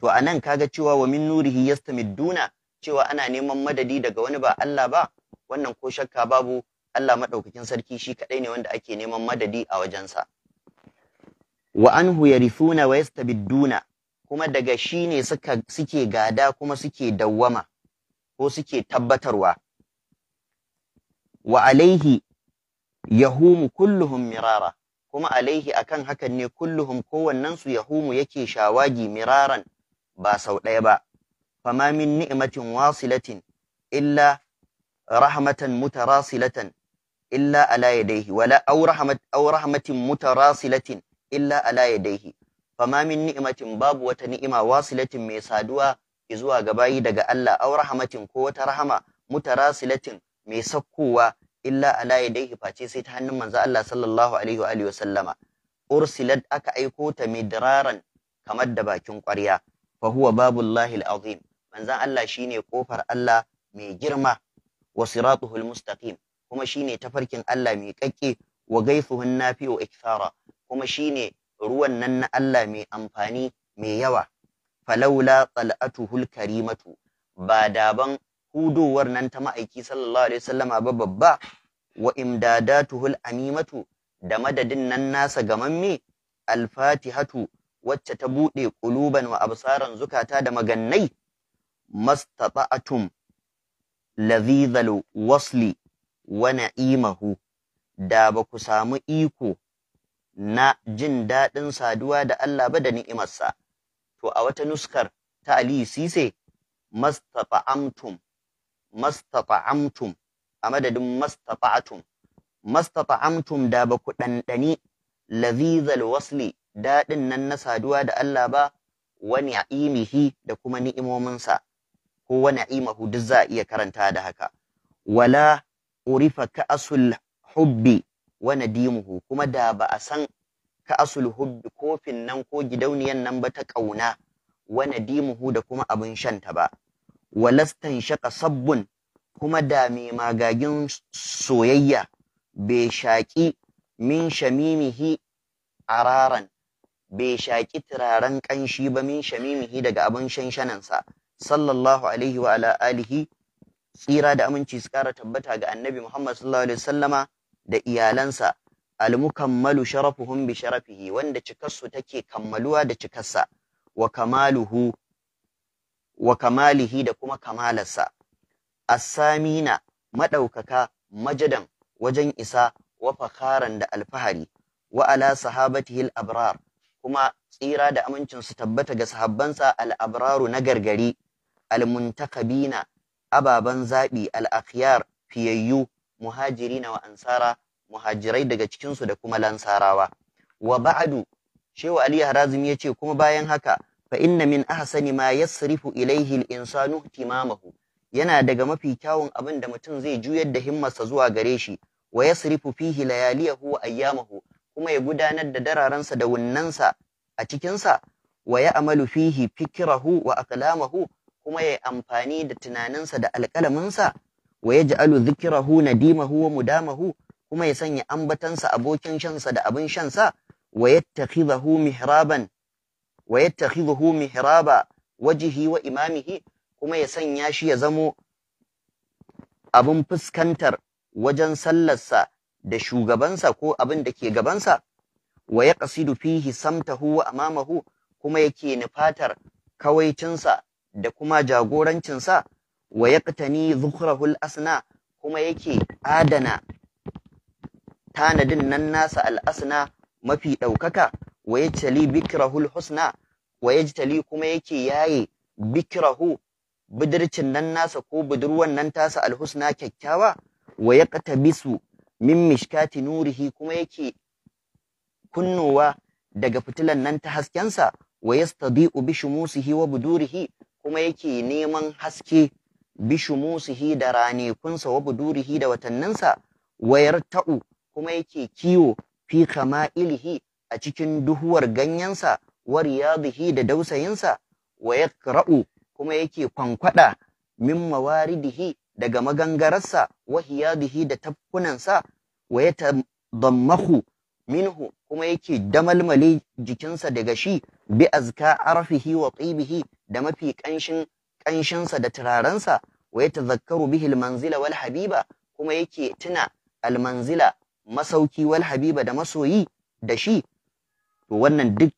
to a anan kaga cewa wa min nurihi yastamidduna cewa ana neman madadi daga wani ba Allah ba wannan ko shakka babu Allah madaukakin sarki shi kadai ne wanda ake neman madadi a wajensa wa anhu yarithuna wa yastabidduna kuma daga shi ne suke gada kuma suke dawwama ko suke tabbatarwa wa alaihi yahumu kulluhum mirara kuma alaihi akan hakan ne kulluhum kowannensu yahumu yake shawagi miraran ba sau ɗaya ba fama min ni'matin wasilatin illa rahmatan mutarasilatan illa ala yadayhi wala aw rahmat aw rahmatin mutarasilatin illa ala yadayhi fama min ni'matin babu wata ni'ima wasilatin mai saduwa zuwa gabayi daga Allah aw rahmatin ko wata rahama mutarasilatin mai sakkowa illa ala yadayhi face sai ta hannun manzo Allah sallallahu alaihi wa wa sallama ursilat aka aiko ta midraran kamar da bakin ƙwarya Fahuwa huwa babullahi azim manzan Allah shine kofar Allah mai girma wa siratuhu mustaqim kuma shine tafarkin Allah mai ƙaƙƙe wa gaithuhu nafiu ikthara kuma shine ruwan nan na Allah mai amfani mai yawa falaula qal'atuhu al-karimatu ba daban hudowar nan ta ma'aiki sallallahu alaihi wasallama ba babba wa imdadatuhu al-amimatu da madadin nan nasa gamamme al-fatihatu wacce ta buɗe ƙuluban wa absaran zukata da magannai mastata'atum lazizal wasli wa na'imahu da ba ku samu iko na jin daɗin saduwa da Allah ba da ni'imarsa to a wata nuskar ta Ali Sise mastata'amtum mastata'amtum a madadin mastata'atum mastata'amtum da ba ku ɗanɗani lazizal wasli daɗin nan na saduwa da Allah ba wa ni'imihi da kuma ni'imominsa ko wani imahu duk za a iya karanta da haka wala urifa asul hubbi wani dimuhu kuma da ba a san ka asul hubbi kofin nan ko gidauniyan nan ba ta ƙauna wani dimuhu da kuma abin shanta ba walastan shaka sabbin, kuma da mai magagin soyayya bai shaƙi min shamimihi araran bai shaƙi turaren ƙanshi ba min shamimihi daga abin shanshanansa sallallahu alaihi wa ala alihi tsira da aminci su ƙara tabbata ga annabi Muhammad sallallahu alaihi da iyalansa almukammalu sharafuhum bi sharafihi wanda cikarsu take kammaluwa da cikarsa wa kamaluhu wa kamalihi da kuma kamalarsa asamina madaukaka majadan wajen isa wa fakharan da alfahari wa ala sahabatihi al-abrar kuma tsira da amincin su tabbata ga sahabbansa al-abraru na gargari al-muntakabina ababan zaɓi, al-akhyar fiyayyu muhajirina wa ansara muhajirai daga cikin su da kuma lansarawa wa ba'du shehu ali harazimi yace kuma bayan haka fa inna min ahsani ma yasrifu ilayhi al-insanu timamahu, yana daga mafi kyawun abin da mutum zai juyar da himmarsa zuwa gare shi wa yasrifu fihi layaliyahu wa ayyamahu kuma ya gudanar da dararansa da wunnansa a cikinsa wa ya amalu fihi fikirahu wa akalamahu kuma ya amfani da tunaninsa da alƙalaminsa wa ya ja'alu zikirahu nadimahu wa mudamahu kuma ya sanya ambatansa abokin shansa da abin shansa wa yattakhidhahu mihraban wa mihraba wajihi wa imamihi kuma ya sanya shi ya zamo abin fuskantar wajen sallarsa da shugabansa ko abin da ke gabansa wa ya ƙasidu fihi samtahu wa amamahu kuma yake nufatar kawaicinsa da kuma jagorancinsa wa ya ƙatani zuhrahul asna kuma yake adana tanadin nan nasa al'asna mafi ɗaukaka wa ya cali bikrahul husna wa ya jitali kuma yake yaye bikrahu budurcin nan nasa ko budurwan nan tasa alhusna kyakkyawa wa ya bisu. min mishkati nurihi kuma yake kunnowa daga fitilan nan ta haskensa wa yastadi'u bi shumusihi wa budurihi kuma yake neman haske bi shumusihi da ranekunsa wa budurihi da watanninsa wa yarta'u kuma yake kiwo fi kama'ilihi a cikin duhuwar ganyensa wa riyadihi da dausayinsa wa yakra'u kuma yake kwankwada min mawaridihi daga magangararsa wa hiyadihi da tafkunansa wa ya tadammahu minhu kuma yake damalmale jikinsa daga shi bi azka arfihi wa tibihi da mafi kanshin kanshinsa da turarensa wa ya tazakkaru bihi almanzila wal habiba kuma yake tuna almanzila masauki wal habiba da masoyi da shi to wannan duk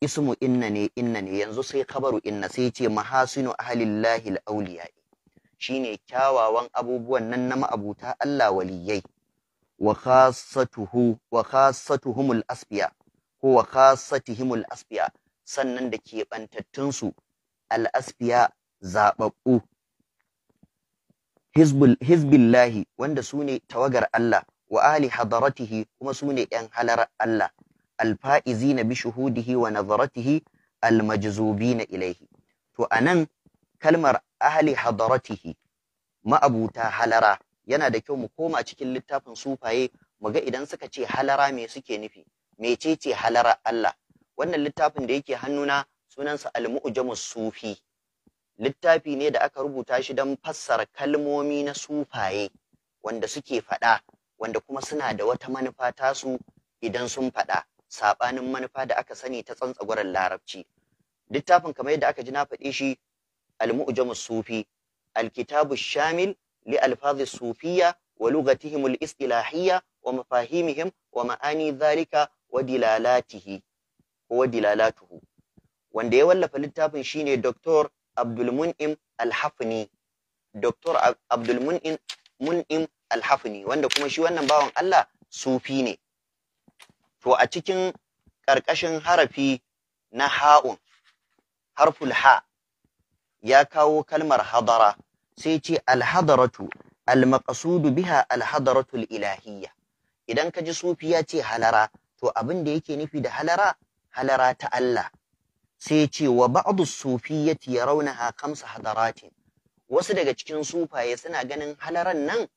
ismu inna ne inna ne yanzu sai khabaru inna sai ce mahasinu ahlillahi al-awliya shine kyawawan abubuwan nan na ma'abuta Allah waliyai wa khassatuhu wa asbiya, ko wa khassatihimul sannan da ke bantattunsu? al asfiya zababbu hizbillahi wanda su ne tawagar Allah wa ahli hadaratihi kuma su ne ‘yan halar Allah alfa'izi na bishuhudihi wa nazaratihi almajzubi na ilaihi to anan kalmar ahli hadaratihi ma'abuta halara yana da kyau mu koma cikin littafin sufaye mu ga idan suka ce halara me suke nufi mecece halara Allah wannan littafin da yake hannuna sunansa al-mu'jamus sufi littafi ne da aka rubuta shi don fassara kalmomi na sufaye wanda suke faɗa wanda kuma suna da wata manufa tasu idan sun faɗa saɓanin manufa da aka sani ta tsantsagwarar larabci littafin kamar yadda aka ji na faɗe shi al-mu'jam sufi al kitabu shamil li alfaz sufiyya wa lughatihim al-istilahiyya wa mafahimihim wa ma'ani dhalika wa dilalatihi wanda ya wallafa littafin shine Dr. Abdul Mun'im Abdul Mun'im Al-Hafni wanda kuma shi wannan bawan Allah sufi ne to a cikin ƙarƙashin harafi na ha'un harful ha ya kawo kalmar hadara sai ce alhadaratu almaqsudu biha alhadaratul ilahiyya idan ka ji sufi ya ce halara to abin da yake nufi da halara halara ta Allah sai ce wa ya sufiyyati yarawnaha khamsa hadaratin wasu daga cikin sufaye suna ganin halaran nan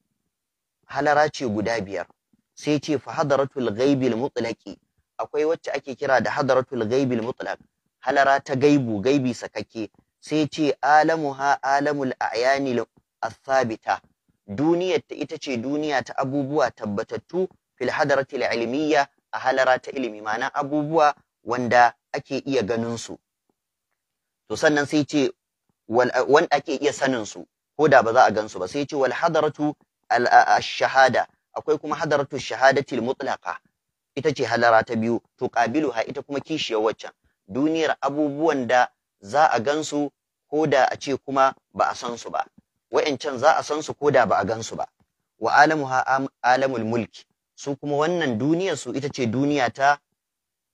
halara ce guda biyar sai ce fa hadaratul ghaibil mutlaqi akwai wacce ake kira da hadaratul ghaibil mutlaq halara ta gaibu gaibi sakakke sai ce alamuha alamul a'yani al-thabita duniyar ta ita ce duniya ta abubuwa tabbatattu fil hadarati ilmiyya a halara ta ilimi ma'ana abubuwa wanda ake iya ganin su to sannan sai ce wanda ake iya sanin su ko da ba za a gansu ba sai ce wal hadaratu al-shahada akwai kuma hadaratu shahadati al-mutlaqa ita ce halara ta biyu to qabiluha ita kuma kishiyar waccan duniyar abubuwan da za a gansu ko da a ce kuma ba a san su ba wa'ancan za a san su ko da ba a gansu ba wa alamuha alamul mulki su kuma wannan duniyar su ita ce duniya ta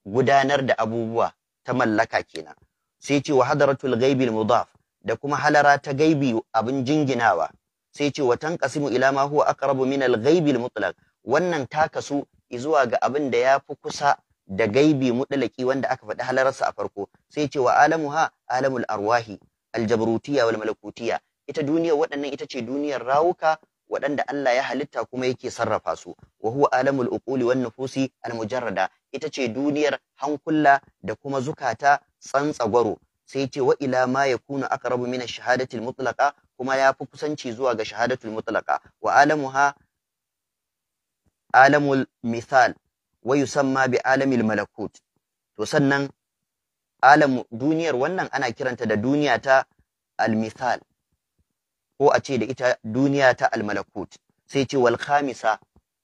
gudanar da abubuwa ta mallaka kenan sai ce wa hadaratul ghaibil mudaf da kuma halara ta gaibi abin jinginawa sai ce wa tanqasimu ila ma huwa aqrabu min al-ghaibil mutlaq wannan ta kasu zuwa ga abin da fi kusa da gaibi mutlaki wanda aka faɗi halararsa a farko sai ce wa alamuha alamul arwahi aljabrutiya wal malakutiya ita duniyar waɗannan ita ce duniyar rawuka waɗanda Allah ya halitta kuma yake sarrafa su wa huwa alamul uquli wan nufusi al mujarrada ita ce duniyar hankula da kuma zukata tsantsagwaro sai ce wa ila ma yakunu aqrabu min ash-shahadati al-mutlaqa kuma ya fi kusanci zuwa ga shahadatul mutlaqa wa alamuha alamul misal wa yusamma bi alamil malakut to sannan alam duniyar wannan ana kiranta da duniya ta almithal ko ace da ita duniya ta almalakut sai ce wal khamisa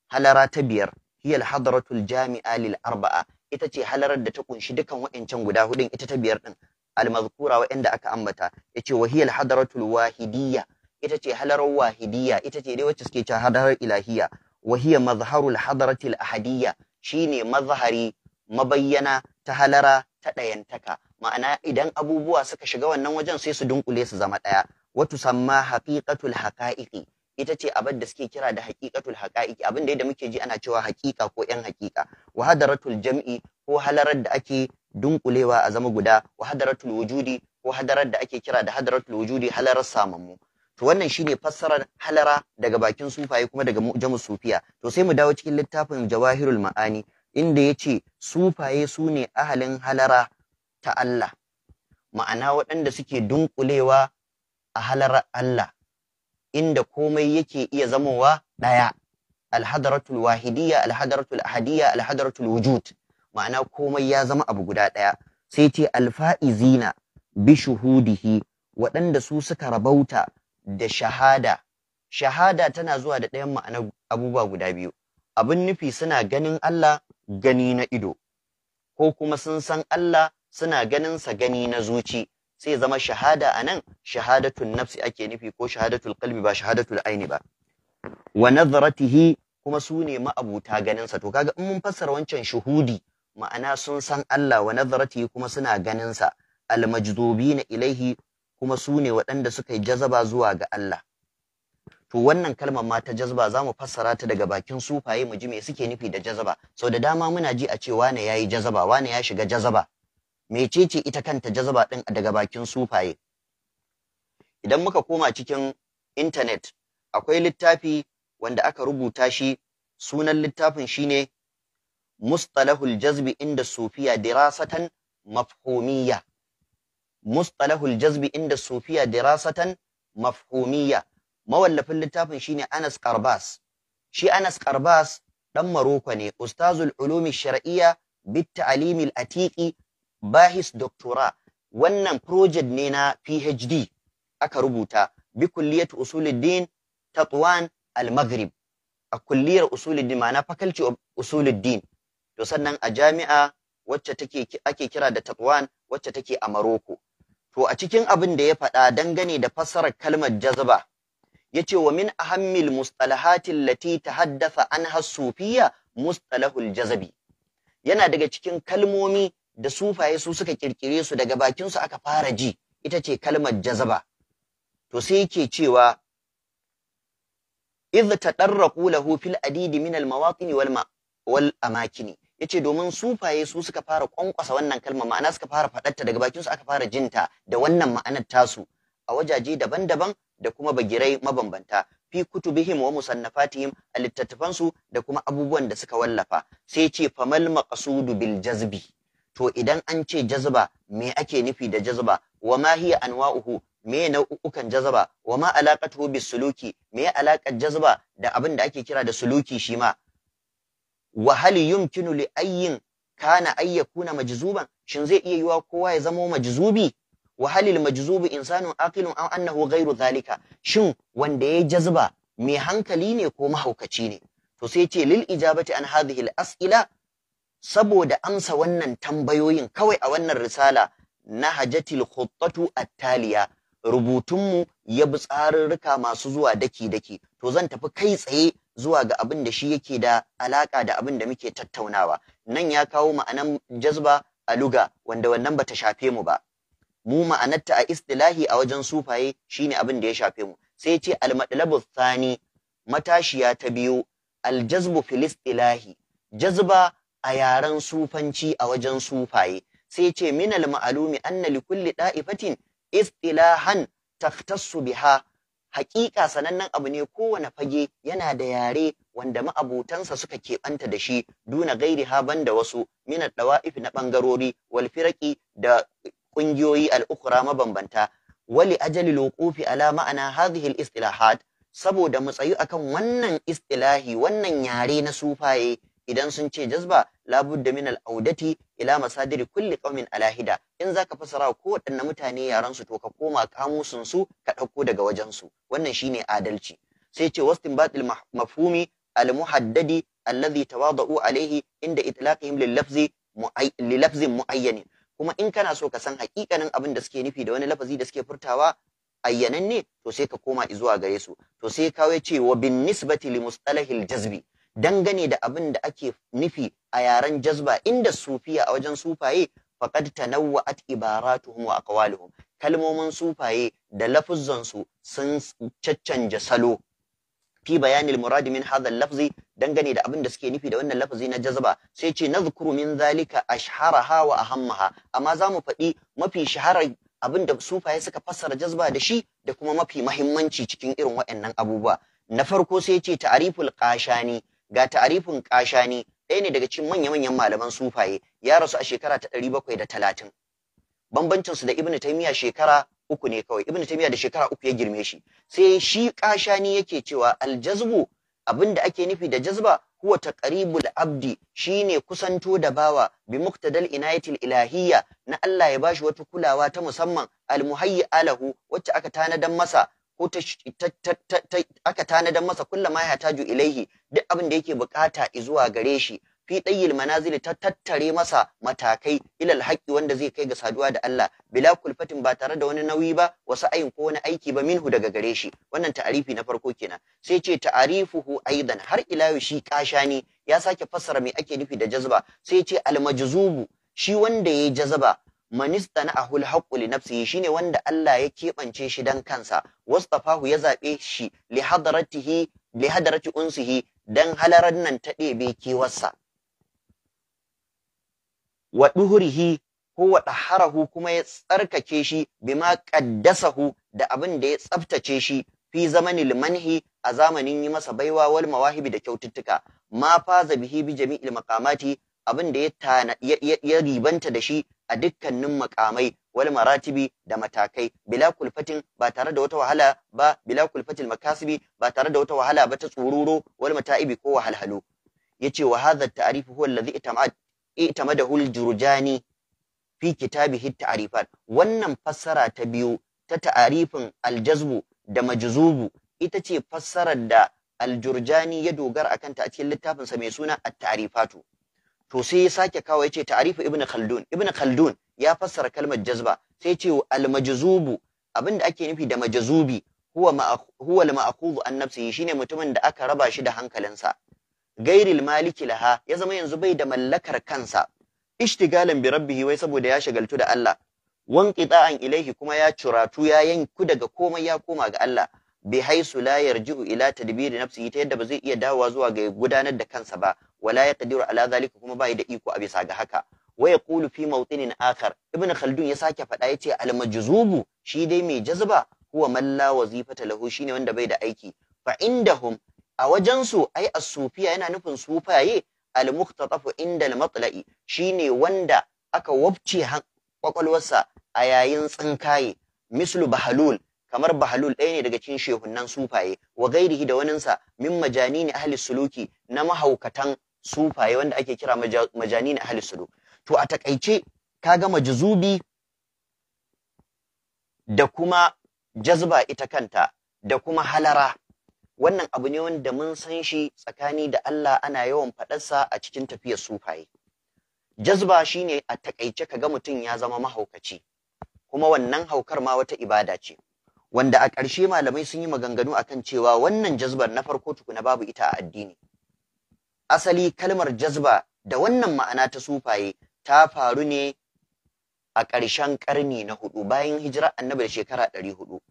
halara ta biyar hiya al hadratul jami'a lil arba'a ita ce halarar da ta kunshi dukan wa'ancan guda hudun ita ta biyar al almazkura wa'anda aka ambata yace wa hiya hadratul wahidiyya ita ce halarar wahidiyya ita ce dai wacce suke cewa hadarar ilahiyya wa hiya mazharul hadratil ahadiyya Shi shine mazhari mabayyana ta halara ta ɗayantaka ma'ana idan abubuwa suka shiga wannan wajen sai su dunkule su zama ɗaya watu samma haƙiƙatul haƙa'iƙi ita ce abin da suke kira da haƙiƙatul haƙa'iƙi abin da muke ji ana cewa haƙiƙa ko ƴan haƙiƙa. wa hadaratul jam'i ko halarar da ake dunkulewa a zama guda wa hadaratul wujudi ko hadarar da ake kira da hadaratul wujudi halarar samammu to wannan shine fassarar halara daga bakin sufaye kuma daga Jamus sufiya to sai mu dawo cikin littafin jawahirul ma'ani inda yace sufaye sune ahalin halara ta Allah ma'ana waɗanda suke dunkulewa a halar Allah inda komai yake iya zamowa ɗaya alhadaratul wahidiyya alhadaratul ahadiyya alhadaratul wujud ma'ana komai ya zama abu guda ɗaya sai ce alfa'izina bi shuhudihi waɗanda su suka rabauta da shahada shahada tana zuwa da ɗayan ma'ana abubuwa guda biyu abin nufi suna ganin Allah gani na ido ko kuma sun san Allah suna ganin sa gani na zuci sai zama shahada a anan shahadatun nafsi ake nufi ko shahadatul qalbi ba shahadatul aini ba wa nazaratihi kuma su ne ma'abuta ganin sa to kaga in mun fassara wancan shuhudi ma'ana sun san Allah wa nazaratihi kuma suna ganinsa. sa almajdubina ilaihi kuma su ne waɗanda suka yi jazaba zuwa ga Allah to wannan kalmar ma ta jazaba za mu fassara ta daga bakin sufaye mu ji me suke nufi da jazaba sau da dama muna ji a ce wane ya yi jazaba wane ya shiga jazaba mecece ita kanta jazaba din daga bakin sufaye idan muka koma cikin intanet akwai littafi wanda aka rubuta shi sunan littafin shine mustalahul jazbi inda sufiya dirasatan mafhumiyya mustalahul jazbi inda sufiya dirasatan mafhumiyya mawallafin littafin shine Anas Qarbas shi Anas Karbas ɗan Maroko ne ustazul ulumi shar'iyya bit ta'limil atiqi bahis doctora wannan project ne na PhD aka rubuta bi kulliyat usuluddin Tatwan al-Maghrib a kulliyar usuluddin ma'ana faculty of usuluddin to sannan a jami'a wacce ake kira da Tatwan wacce take a Maroko To a cikin abin da ya faɗa dangane da fassarar kalmar jazaba, ya ce wa min ahammil mustalahatin lati ta haddasa an hasufiya mustalahul jazabi. Yana daga cikin kalmomi da sufaye su suka kirkire su daga bakinsu aka fara ji, ita ce kalmar jazaba. To sai yake cewa, إذ تطرقوا له في العديد من wal amakini yace domin sufaye su suka fara kwankwasa wannan kalma ma'ana suka fara faɗarta daga su aka fara jinta da wannan ma'anar tasu a wajaje daban-daban da kuma bagirai mabambanta fi kutubihim wa musannafatihim a littattafansu da kuma abubuwan da suka wallafa sai ce famal maqsudu bil jazbi to idan an ce jazba me ake nufi da jazba wa ma hiya anwa'uhu me nau'ukan jazba wa ma alaqatu bis suluki me alaqat jazba da abin da ake kira da suluki shi ma wa hal yumkinu li ayyin kana ayyakuna majzuban shin zai iya yiwa kowa ya zamo majzubi wa halil majzubi insanun aqilun aw annahu gairu zalika shin wanda ya jazba mai hankali ne ko mahaukaci ne to sai ce lil ijabati an hadhihi al as'ila saboda amsa wannan tambayoyin kawai a wannan risala na hajatil khuttatu at-taliya rubutunmu ya bi tsarurruka masu zuwa daki-daki to zan tafi kai tsaye zuwa ga abin da shi yake da alaƙa da abin da muke tattaunawa nan ya kawo ma'anan jazba a luga wanda wannan bata shafe mu ba mu ma'anarta a istilahi a wajen sufaye shine abin da ya shafe mu sai ce al-matlabu thani matashiya ta biyu al-jazbu fil istilahi jazba a yaren sufanci a wajen sufaye sai ce min al-ma'lumi anna li kulli da'ifatin istilahan takhtassu biha hakika sanannen abu ne kowane fage yana da yare wanda ma'abutansa suka keɓanta da shi duna gairi haban da wasu mina ifi na ɓangarori wal da ƙungiyoyi al'ukura mabambanta wali ajali lokofi ala ma'ana hadhihi istilahat saboda mu tsayu akan wannan istilahi wannan yare na sufaye idan sun ce jazba labudda min al-audati. ila masadiri kulli qaumin alahida in zaka fasara ko wadannan mutane yaran su to ka koma kamusun su ka ɗauko daga wajen su wannan shine adalci sai ce batil mafhumi almuhaddadi alladhi tawada'u alaihi inda itlaqihim lil lafzi li lafzin muayyan kuma in kana so ka san hakikanin abin da suke nufi da wani lafazi da suke furtawa ayyanan ne to sai ka koma zuwa gare su to sai kawai ce wa bin nisbati li mustalahil jazbi dangane da abin da ake nufi a yaren jazba inda sufiya a wajen sufaye faqad tanawwa'at ibaratuhum wa aqwaluhum kalmomin sufaye da lafuzzan su sun caccanja salo fi bayanil murad min hadha lafzi dangane da abin da suke nufi da wannan lafazi na jazba sai ce nadhkuru min zalika ashharaha wa ahammaha amma zamu faɗi mafi shaharar abin da sufaye suka fassara jazba da shi da kuma mafi mahimmanci cikin irin waɗannan abubuwa na farko sai ce ta'riful qashani ga tarifin kashani ɗaya ne daga cikin manya-manyan malaman sufaye ya rasu a shekara ta ɗari bakwai da talatin bambancin su da ibnu taymiya shekara uku ne kawai ibnu taymiya da shekara uku ya girme shi sai shi kashani yake cewa aljazbu abinda ake nufi da jazba huwa taqribul abdi shine kusanto da bawa bi Muktadal inayatil ilahiyya na Allah ya bashi wata kulawa ta musamman al alahu wacce aka tanadan masa ko aka tanadar masa kulla ma ya taju ilaihi duk abin da yake bukata zuwa gare shi fi tayyil manazili ta tattare masa matakai Ila alhaqi wanda zai kai ga saduwa da Allah bila kulfatin ba tare da wani nauyi ba wasu ayin ko wani aiki ba minhu daga gare shi wannan ta'arifi na farko kenan sai ce ta'arifuhu aidan har ila shi kashani ya sake fassara me ake nufi da jazba sai ce almajzubu shi wanda yayi jazba manista na ahul haqqu li nafsihi shine wanda Allah ya keɓance shi dan kansa wastafahu ya zaɓe shi li hadaratihi li hadarati unsihi dan halarar nan ta ɗebe kewarsa wa duhurihi ko wa daharahu kuma ya tsarkake shi bima qaddasahu da abin da ya tsaftace shi fi zamanil manhi a zamanin yi masa baiwa wal mawahibi da kyaututtuka ma faza bihi bi jami'il maqamati abin da ya ribanta da shi a dukkanin makamai wal maratibi da matakai bila kulfatin ba tare da wata wahala ba bila kulfatil makasibi ba tare da wata wahala ba ta tsururo wal mata'ibi ko wahalhalu yace wa hadha at-ta'rif huwa alladhi itamad itamadahu al-jurjani fi kitabihi at-ta'rifat wannan fassara ta biyu ta ta'arifin al da majzubu ita ce fassarar da al-jurjani ya dogara akanta a cikin littafinsa mai suna at-ta'rifatu to sai ya sake kawo yace ta'rifu ibnu khaldun ibnu khaldun ya fassara kalmar jazba sai ce al majzubu abinda ake nufi da majzubi huwa huwa al ma'khudhu an nafsihi shine mutumin da aka raba shi da hankalinsa gairil maliki laha ya zama yanzu bai da mallakar kansa ishtigalan bi rabbihi wai saboda ya shagaltu da Allah wanqita'an ilaihi kuma ya curatu ya yanku daga komai ya koma ga Allah bi haisu la yarji'u ila tadbiri nafsihi ta yadda ba zai iya dawowa zuwa ga gudanar da kansa ba wala ya kadiru ala zalika kuma bai da iko a bisa ga haka wa Kulu fi mawtinin akhar ibn khaldun ya sake fada yace al majzubu shi dai mai jazba huwa man la wazifata lahu shine wanda bai da aiki fa indahum a wajensu ai as-sufiya yana nufin sufaye al-muqtatafu inda al-matla'i shine wanda aka wabce kwakwalwarsa a yayin tsinkaye mislu bahalul kamar bahalul ɗaya ne daga cikin shehunnan sufaye wa gairihi da waninsa min majanini ahli suluki na mahaukatan sufaye wanda ake kira majani na ahli sulu to a takaice kaga majzubi da kuma jazba ita kanta da kuma halara wannan abu ne wanda mun san shi tsakani da Allah ana yawan faɗarsa a cikin tafiyar sufaye jazba shine a takaice kaga mutum ya zama mahaukaci kuma wannan haukar ma wata ibada ce wanda a ƙarshe malamai sun yi maganganu akan cewa wannan jazbar na farko tukuna babu ita a addini asali kalmar jazba da wannan ma'ana ta sufaye ta faru ne a ƙarshen ƙarni na hudu bayan hijira annabi da shekara ɗari hudu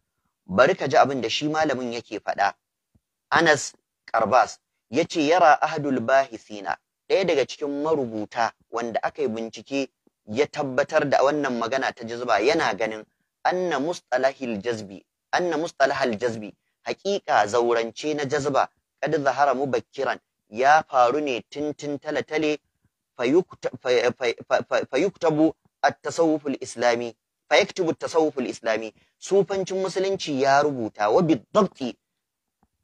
bari ka ji abin da shi malamin yake faɗa anas karbas ya ce yara ahadul bahisina ɗaya daga cikin marubuta wanda aka yi bincike ya tabbatar da wannan magana ta jazba yana ganin anna mustalahil jazbi anna mustalahal jazbi haƙiƙa zaurance na jazba Kada zahara mubakkiran ya faru ne tintin talatale fayuktabu at-tasawuf al-islami at-tasawuf al-islami sufancin musulunci ya rubuta wa bidabti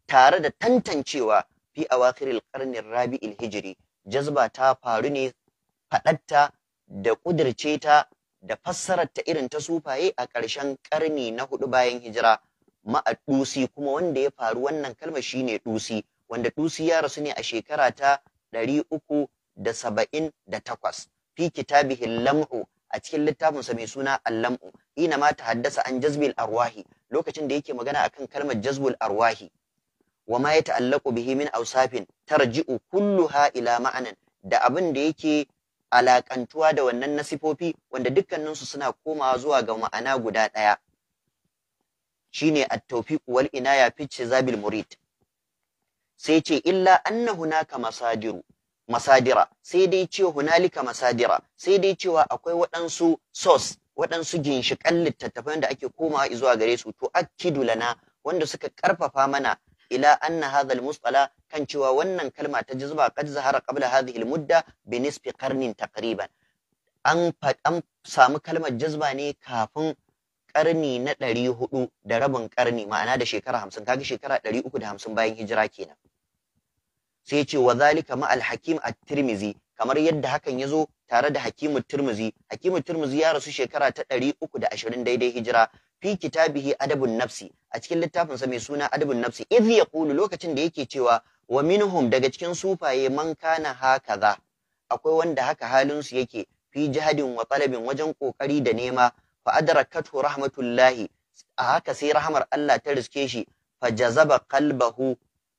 tare da tantancewa fi awakhir al-qarn ar-rabi al-hijri jazba ta faru ne fadatta da kudirce ta da fassarar ta irin ta sufaye a ƙarshen ƙarni na hudu bayan hijira ma'a dusi kuma wanda ya faru wannan kalmar shine ɗusi. wanda tusi ya rasu ne a shekara ta ɗari uku da saba'in da takwas fi kitabihin lam'u a cikin littafinsa mai suna allam'u ina ma ta haddasa an jazbil arwahi lokacin da yake magana akan kalmar jazbul arwahi wa ma ya ta'allaqu bihi min awsafin tarji'u kulluha ila ma'anan da abin da yake alakantuwa da wannan nasifofi wanda dukkaninsu suna komawa zuwa ga ma'ana guda ɗaya shine at-tawfiq wal inaya fi zabil murid sai ce illa anna hunaka masadiru masadira sai dai cewa hunalika masadira sai dai cewa akwai waɗansu source waɗansu ginshiƙan littattafan da ake komawa zuwa gare su to akidu lana wanda suka karfafa mana ila anna hadha al-musala kan cewa wannan kalma ta jazba qad zahara qabla hadhihi al-mudda bi nisfi qarnin taqriban an an samu kalmar jazba ne kafin karni na ɗari da rabin karni ma'ana da shekara hamsin kaga shekara ɗari uku da hamsin bayan hijira kenan sai ce wa zalika ma al-hakim at-tirmizi kamar yadda hakan ya zo tare da hakimu tirmizi hakimu tirmizi ya rasu shekara ta ɗari uku da ashirin daidai hijira fi kitabihi adabun nafsi a cikin littafin sa mai suna adabun nafsi idh yaqulu lokacin da yake cewa wa minhum daga cikin sufaye man kana hakaza akwai wanda haka halin su yake fi jihadin wa talabin wajen kokari da nema fa adrakatu rahmatullahi a haka sai rahmar Allah ta riske shi fa jazaba qalbahu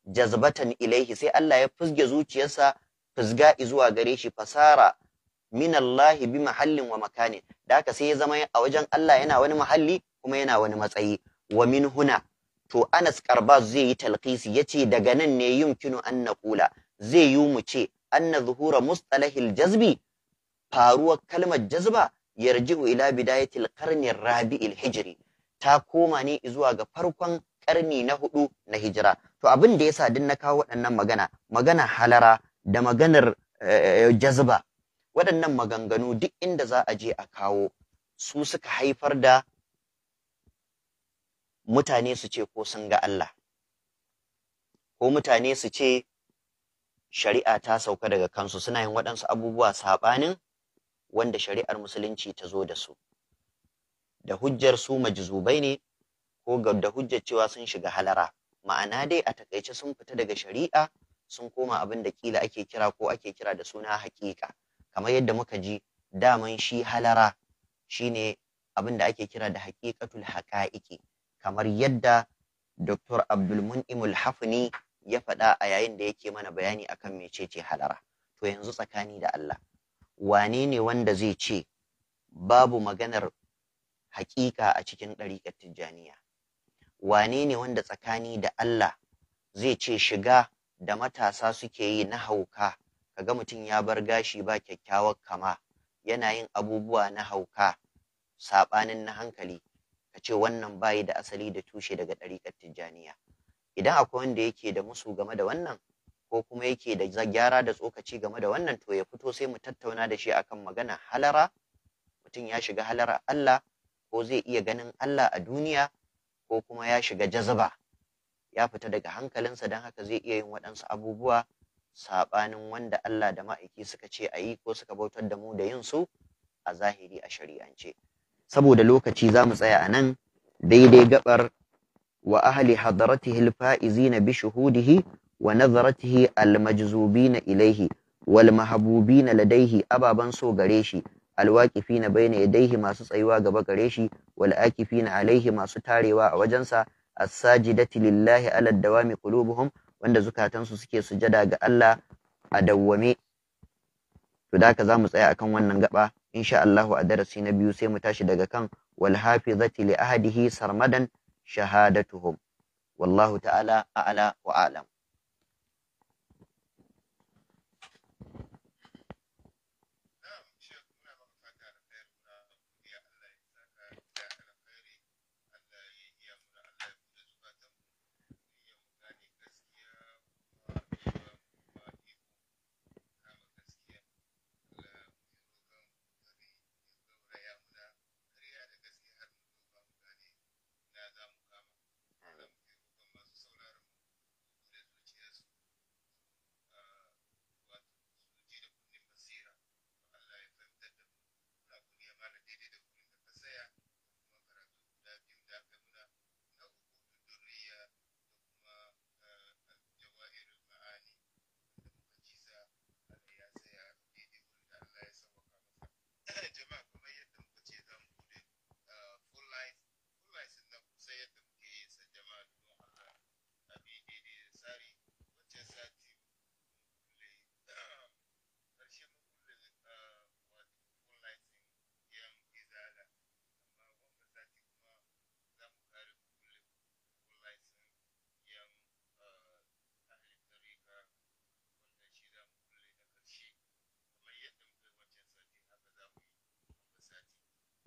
jazbatan ilaihi sai Allah ya fusge zuciyarsa fusga zuwa gare shi fasara min Allah bi mahallin wa makanin da sai ya zama a wajen Allah yana wani mahalli kuma yana wani matsayi wa min huna to Anas Karbaz zai yi talqisi yace daga nan ne yumkinu an naqula zai yi mu ce anna zuhura mustalahil jazbi faruwar kalmar jazba yarji'u ila bidayatil qarni rabi'il hijri ta koma ne zuwa ga farkon karni na hudu na hijira to abin da yasa din na kawo waɗannan magana magana halara da maganar eh, eh, jazba waɗannan maganganu duk inda za a je a kawo su suka haifar da mutane su ce ko sun ga Allah ko mutane su ce shari'a ta sauka daga kansu suna yin waɗansu abubuwa saɓanin wanda shari'ar musulunci ta zo da su da hujjar su majizubai ne ko da hujjar cewa sun shiga halara ma'ana dai a takaice sun fita daga shari'a sun koma abin da ƙila ake kira ko ake kira da suna haƙiƙa kamar yadda muka ji daman shi halara shine abin da ake kira da haƙiƙatul haƙa'iƙi kamar yadda Dr. Abdulmun'imul Hafni ya faɗa a yayin da yake mana bayani akan mecece halara to yanzu tsakani da Allah wane ne wanda zai ce babu maganar haƙiƙa a cikin ɗariƙar tijjaniya wane ne wanda tsakani da Allah zai ce shiga da matasa suke yi na hauka kaga mutum ya bar gashi ba kyakkyawar kama yana yin abubuwa na hauka saɓanin na hankali ka ce wannan bayi da asali da tushe daga ɗariƙar tijjaniya idan akwai wanda yake da musu game da wannan ko kuma yake da gyara da tsokaci game da wannan to ya fito sai mu tattauna da shi akan magana halara mutum ya shiga halara Allah ko zai iya ganin Allah a duniya ko kuma ya shiga jazaba ya fita daga hankalinsa don haka zai iya yin waɗansu abubuwa saɓanin wanda Allah da ma'aiki suka ce a yi ko suka bautar da mu da yin su a zahiri a shari'ance saboda lokaci za mu tsaya a nan daidai gabar wa ahli hadaratihi na bi shahudihi wa nazaratihi na ilaihi wal na ladaihi ababan so gare shi na baina yadayhi masu tsayuwa gaba gare shi wal na alaihi masu tarewa a wajensa as-sajidati lillahi ala dawami qulubuhum wanda zukatansu suke sujada ga Allah a dawwame to da za mu tsaya akan wannan gaba insha Allahu a darasi na biyu sai mu tashi daga kan wal hafizati li ahadihi sarmadan shahadatuhum wallahu ta'ala a'la wa a'lam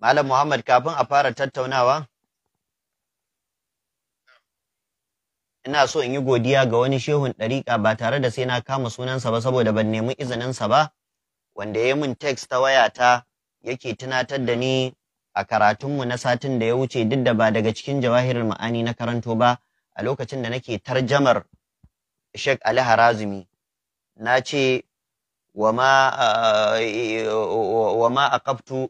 Malam Muhammad kafin a fara tattaunawa, ina so in yi godiya ga wani shehun ɗariƙa ba tare da sai na kama sunansa ba saboda ban nemi izininsa ba, wanda ya mun text ta wayata yake tunatar da ni a karatunmu na satin da ya wuce duk da ba daga cikin jawahirin ma'ani na karanto ba a lokacin da nake tarjamar Sheikh Ali Harazumi na ce wa ma kaftu ah, eh,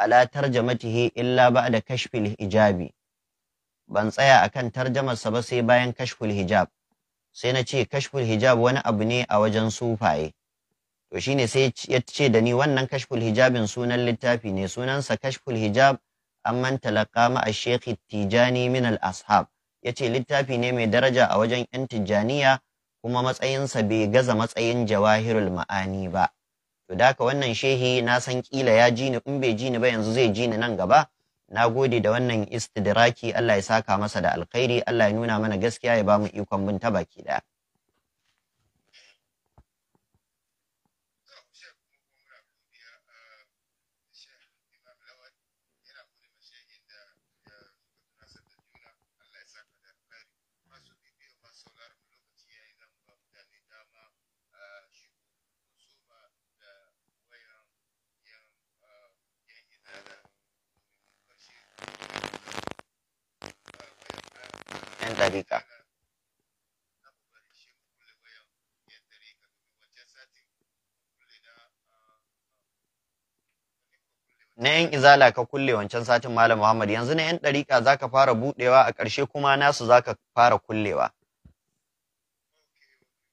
ala tarjamatihi illa ba'da kashfil hijabi ban tsaya akan tarjamarsa ba sai bayan kashful hijab sai na ce kashful hijab wani abu ne a wajen sufaye to shine sai ya ce da ni wannan kashful hijabin sunan littafi ne sunansa kashful hijab an talaqa ma ash-shaykh tijani min al-ashab yace littafi ne mai daraja a wajen yan tijjaniya kuma matsayinsa bai gaza matsayin jawahirul ma'ani ba to da wannan shehi na san kila ya ji ni in bai ji ni ba yanzu zai ji ni nan gaba na gode da wannan istidraki Allah ya saka masa da alkhairi Allah ya nuna mana gaskiya ya ba mu ikon bin ta baki daya zalika na yan izala ka kulle wancan satin Malam Muhammad yanzu na yan ɗariƙa za ka fara buɗewa a ƙarshe kuma nasu za ka fara kullewa.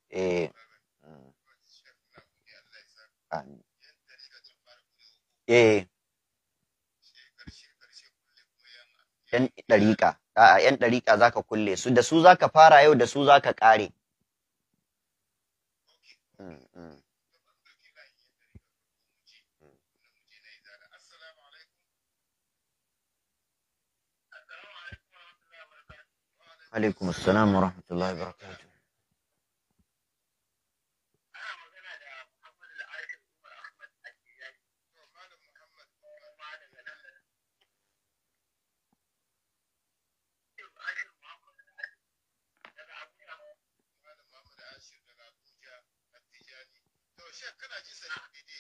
Eh. Eh. Yan a'a yan ɗariƙa za ka kulle su da su za ka fara yau da su za ka ƙare alaikum wa rahmatullahi wa barakatuhu.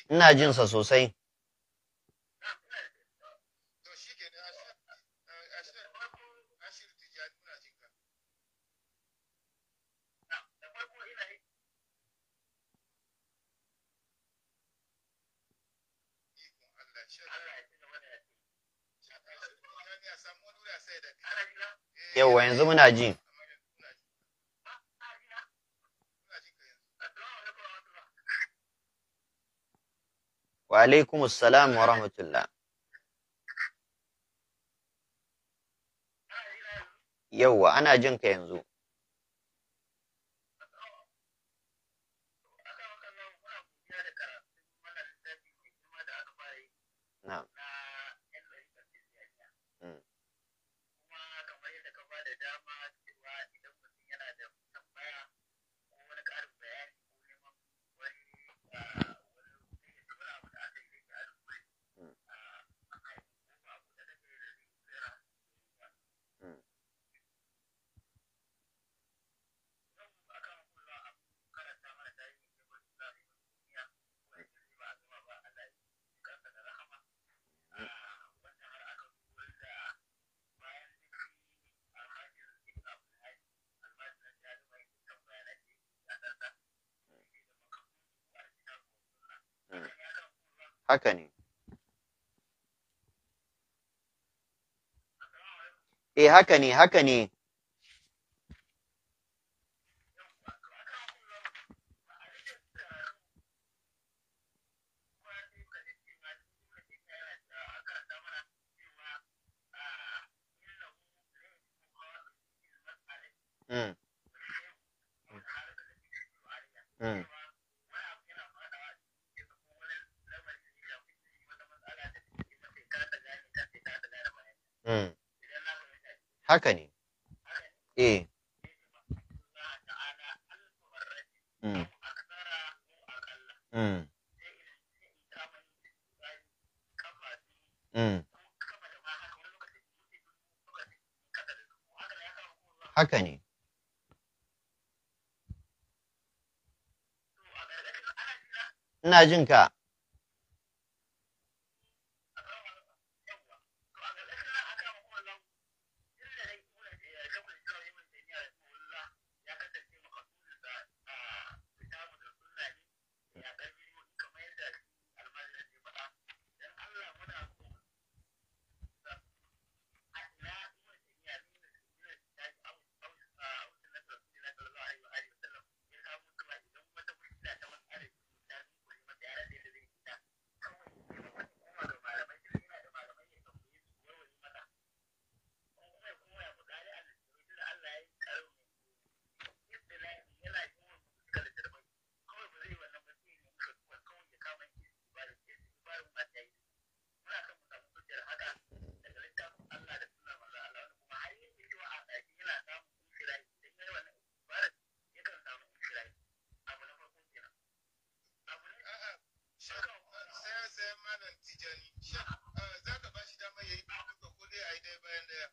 ina jin sa sosai wa yanzu muna ji Wa alaikumus salam wa rahmatullah. Yauwa ana jin ka yanzu. haka ne E haka ne haka ne Mm. Mm. mm. haka ne eh haka ne ina jin ka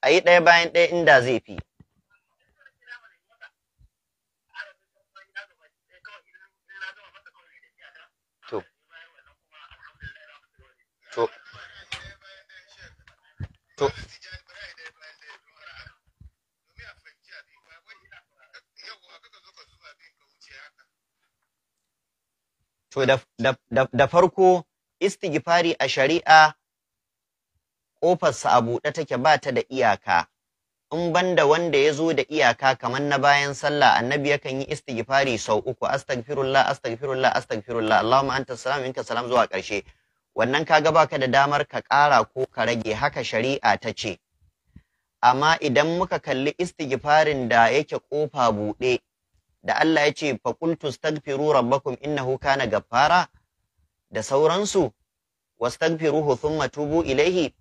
a yi ɗaya bayan ɗaya inda zai fi to da farko istigifari a shari'a ƙofarsa a buɗe take ba ta da iyaka in banda wanda ya zo da iyaka kamar na bayan sallah annabi yakan yi istighfari sau uku astaghfirullah astaghfirullah astaghfirullah allahumma anta salam minka salam zuwa ƙarshe wannan ka kaga baka da damar ka ƙara ko ka rage haka shari'a ta ce amma idan muka kalli istighfarin da yake ƙofa buɗe da Allah ya ce faƙultu stagfiru rabbakum innahu kana gaffara da sauransu wastagfiruhu thumma tubu ilaihi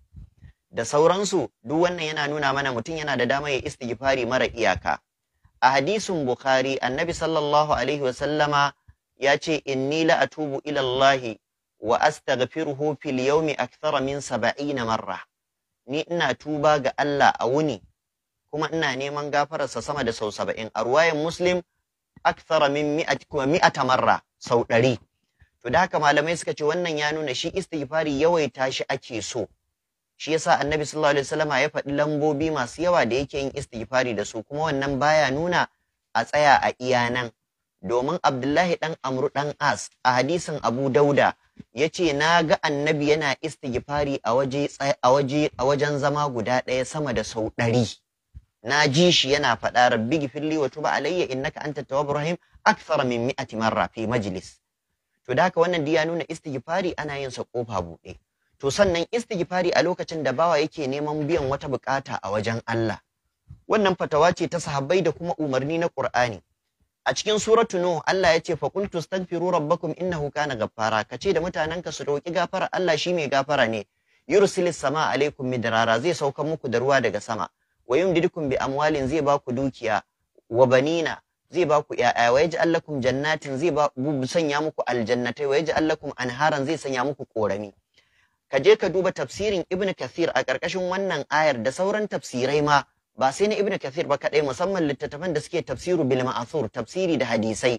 da sauransu duk wannan yana nuna mana mutum yana da dama ya istighfari mara iyaka a hadisin bukhari annabi sallallahu alaihi wasallama ya ce inni la atubu ila Allah wa astaghfiruhu fil yawmi akthara min 70 marra ni ina tuba ga Allah a wuni kuma ina neman gafararsa sama da sau 70 a ruwayan muslim akthara min mi'at marra sau 100 to da haka malamai suka ce wannan ya nuna shi istighfari yawaita shi ake so shi yasa annabi sallallahu alaihi wasallama ya faɗi lambobi masu yawa da yake yin istighfari da su kuma wannan baya nuna a tsaya a iya nan domin Abdullahi dan Amru dan As a hadisin Abu Dauda ya ce na ga annabi yana istighfari a waje a waje a wajen zama guda ɗaya sama da sau ɗari na ji shi yana faɗa rabbi gifirli wa tuba alayya innaka anta tawwab rahim akthar min mi'ati marra fi majlis to da haka wannan diya nuna istighfari ana yin sa kofa buɗe to sannan istighfari a lokacin da bawa yake neman biyan wata bukata a wajen Allah wannan fatawa ce ta sahabbai da kuma umarni na Qur'ani a cikin suratu nuh Allah ya ce fa qultu astaghfiru rabbakum innahu kana ghaffara kace da mutananka su roki gafara Allah shi mai gafara ne yursilis sama alaikum midrara zai sauka muku da ruwa daga sama wa yumdidukum bi amwalin zai baku dukiya wa banina zai baku ya'ya wa yaj'al lakum jannatin zai ba sanya muku aljannatai wa yaj'al lakum anharan zai sanya muku korami ka je ka duba tafsirin Ibn Kathir a ƙarƙashin wannan ayar da sauran tafsirai ma ba sai na Ibn Kathir ba kaɗai musamman littattafan da suke tafsiru bil ma'athur tafsiri da hadisai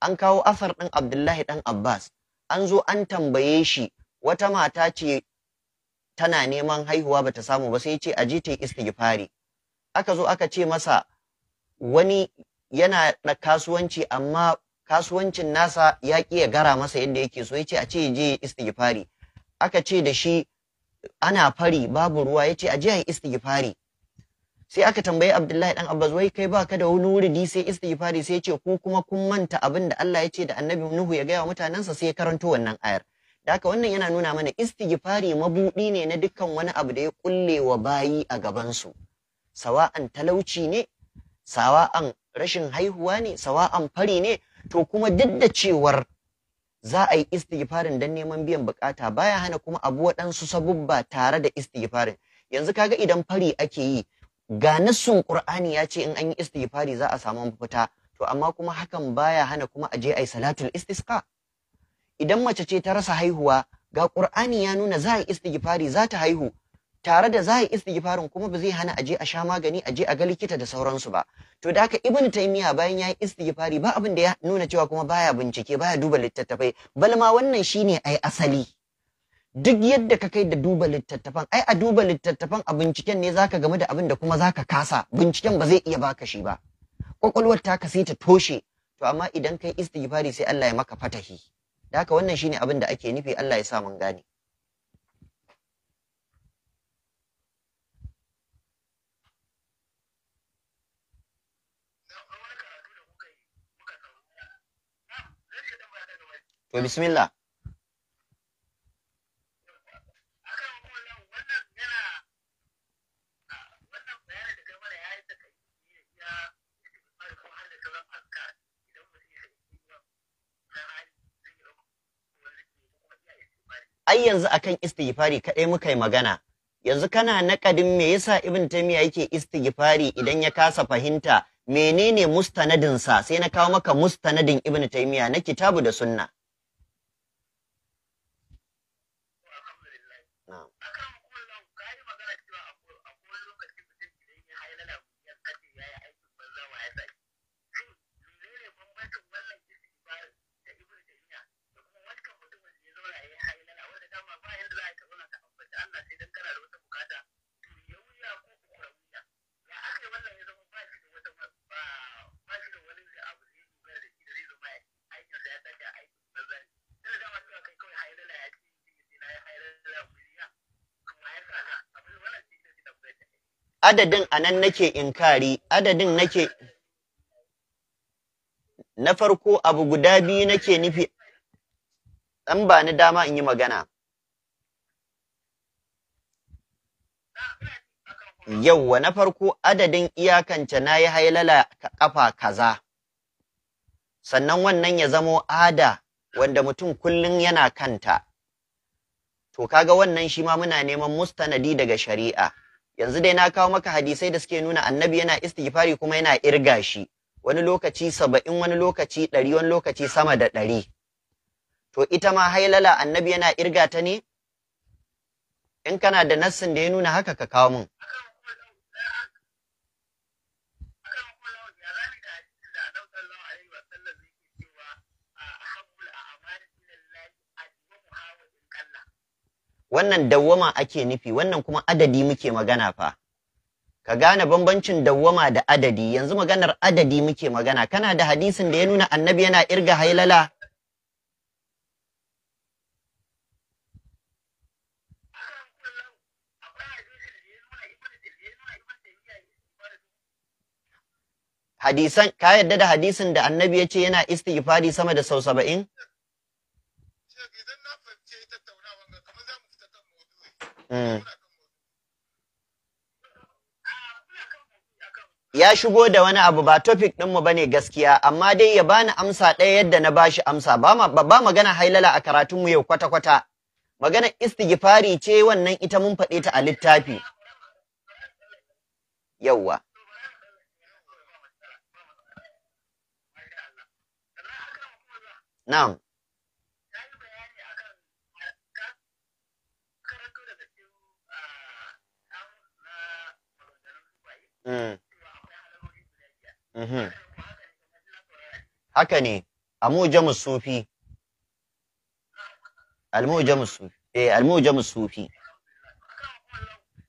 an kawo asar ɗin Abdullahi ɗan Abbas an zo an tambaye shi wata mata ce tana neman haihuwa bata samu ba sai ce a je ta yi istighfari aka zo aka ce masa wani yana da kasuwanci amma kasuwancin nasa ya ƙi ya gara masa yadda yake so ya ce a ce je istighfari aka ce da shi ana fari babu ruwa ya ce a istighfari sai aka tambayi Abdullahi dan Abbas wai kai baka da wani wuridi sai istighfari sai ya ce ko kuma kun manta abin da Allah ya ce da Annabi Nuhu ya gaya wa mutanansa sai ya karanto wannan ayar da haka wannan yana nuna mana istighfari mabudi ne na dukkan wani abu da ya kulle wa bayi a gaban su sawa'an talauci ne sawa'an rashin haihuwa ne sawa'an fari ne to kuma duk da cewar za a yi istighfarin dan neman biyan bukata baya hana kuma abu waɗansu sabubba tare da istighfarin yanzu kaga idan fari ake yi ga nassun qur'ani ya ce in an yi istighfari za a samu mafita to amma kuma hakan baya hana kuma a je ai salatul istisqa idan mace ce ta rasa haihuwa ga qur'ani ya nuna za a yi istighfari za ta haihu tare da za a yi istighfarin kuma ba zai hana aje a sha magani aje a ga likita da sauransu ba to da haka ibnu taymiya bayan ya yayi istighfari ba abin da ya nuna cewa kuma baya bincike baya duba littattafai bal ma wannan shine ai asali duk yadda ka kai da duba littattafan ai a duba littattafan a binciken ne zaka game da abin da kuma zaka kasa binciken ba zai iya baka shi ba kwakwalwar ka sai ta toshe to amma idan kai istighfari sai Allah ya maka fatahi da haka wannan shine abin da ake nufi Allah ya sa mun gane To bismillah. ai yanzu akan istighfari kaɗai muka yi magana yanzu kana naƙadin me yasa ibn Taimiya yake istighfari idan ya kasa fahimta menene mustanadinsa sai na kawo maka mustanadin ibn Taimiya na kitabu da sunna adadin a nan nake inkari, adadin nake na farko abu guda biyu nake nufi, ɗan ba ni dama in yi magana. Yauwa na farko adadin iyakance na yi hailala ƙafa kaza, sannan wannan ya zamo ada wanda mutum kullum yana kanta, to kaga wannan shi ma muna neman mustanadi daga shari'a. yanzu dai na kawo maka hadisai da suke nuna annabi yana istighfari kuma yana irga shi wani lokaci saba'in wani lokaci ɗari wani lokaci sama da ɗari to ita ma hailala annabi yana irga ta ne in kana da nassin da ya nuna haka ka kawo mun wannan dawwama ake nufi wannan kuma adadi muke magana fa ka gane bambancin dawwama da adadi yanzu maganar adadi muke magana kana da hadisin da ya nuna annabi yana irga hailala hadisan ka yadda da hadisin da annabi ya ce yana istighfari sama da sau saba'in? Mm. ya shigo da wani abu ba topic ɗinmu ba ne gaskiya amma dai ya bani amsa ɗaya yadda na bashi amsa ba magana hailala a karatunmu yau kwata-kwata magana istighfari ce wannan ita mun faɗe ta a littafi yawwa na'am Eh. Mm-hmm. haka ne a mujamu sufi al sufi eh al sufi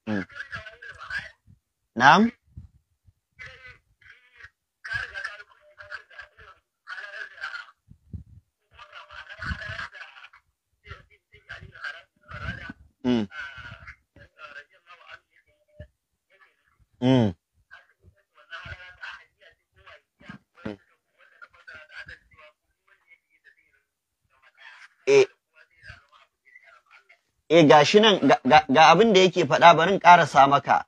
hmm. na'am Mm. Mm. e gashi nan ga abin da yake faɗa barin ƙarasa maka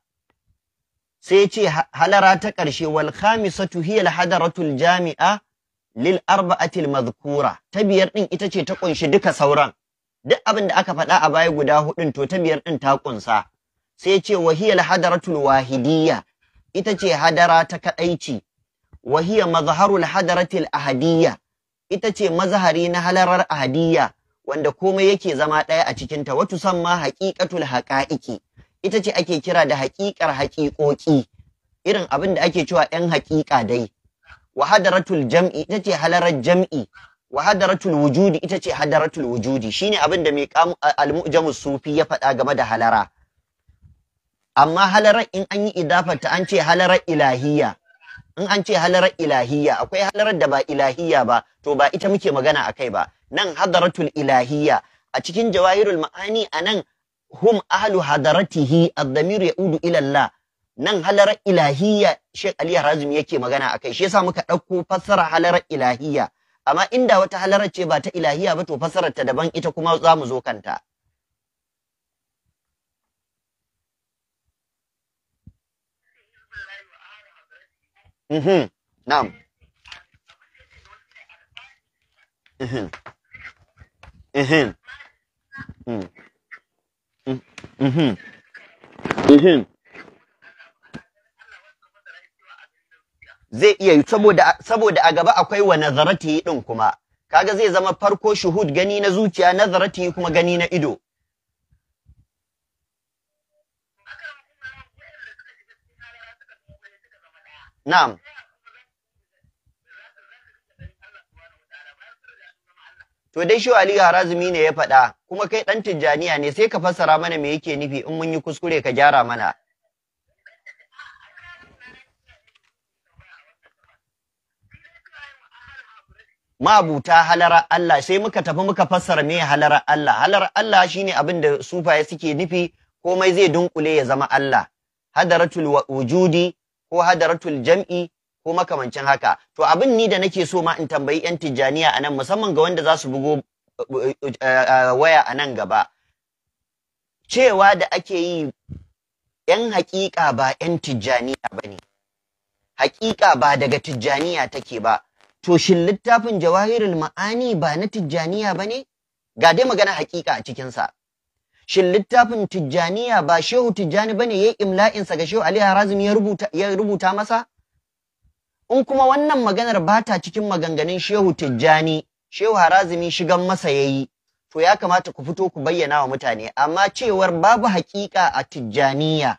sai ce halara ta ƙarshe wal khamisatu hiya al hadaratul jami'a lil arba'atil Mazkura. ta biyar din ita ce ta kunshi duka sauran duk abin da aka faɗa a baya guda hudun to ta biyar din ta kunsa sai ce wa hiya al hadaratul wahidiyya ita ce hadara ta kadaici wa hiya mazharul hadaratil ahadiyya ita ce mazhari na halarar ahadiyya wanda komai yake zama ɗaya a cikinta watu ma haƙiƙatul haƙa'iƙi ita ce ake kira da haƙiƙar haƙiƙoƙi irin abin da ake cewa ‘yan haƙiƙa dai Wahadaratul jam'i ita ce halarar jam'i Wahadaratul wujudi ita ce hadaratul wujudi shine abin da mai almujamus sufi ya faɗa game da halara amma halarar in an yi idafata an ce halarar ilahiyya in an ce halarar ilahiyya akwai halarar da ba ilahiyya ba to ba ita muke magana a kai ba nan hadaratul ilahiyya a cikin jawahirul ma'ani a nan hum ahlu hadaratihi ad-damir ya'udu ilalla. nan halarar ilahiyya Sheikh Ali Harazmi yake magana akai shi yasa muka ɗauko fassara halarar ilahiyya amma inda wata halarar ce ba ta ilahiyya ba to fassarar ta daban ita kuma za mu zo kanta mhm. Hmm. Hmm. Hmm. Zai iya yi saboda a gaba akwai wa nazarati ɗin kuma. Kaga zai zama farko shuhud gani na zuciya nazarati kuma gani na ido. Na'am. To dai shi Ali Harazumi ne ya faɗa, kuma kai ɗan Tijjaniya ne sai ka fassara mana me yake nufi in mun yi kuskure ka gyara mana. Ma'abuta halarar Allah sai muka tafi muka fassara me halarar Allah. Halarar Allah shine abin da sufaye suke nufi komai zai dunkule ya zama Allah. Hadaratul wujudi ko hadaratul jam'i ko makamancin haka to abin ni da nake so ma in tambayi yan tijjaniya anan musamman ga wanda za su bugo eh, eh, eh, waya a nan gaba cewa da ake yi yan haƙiƙa ba yan tijjaniya ba ne haƙiƙa ba daga tijjaniya take ba to shin littafin jawahirul ma'ani ba na tijjaniya ba ga dai magana haƙiƙa a cikinsa shin littafin tijjaniya ba shehu tijjani ba ne ya yi imla'insa ga shehu ali rubuta ya rubuta masa in kuma wannan maganar ba ta cikin maganganun shehu tijjani shehu harazimi shigan masa ya yi. to ya kamata ku fito ku bayyana wa mutane amma cewar babu hakika a tijjaniya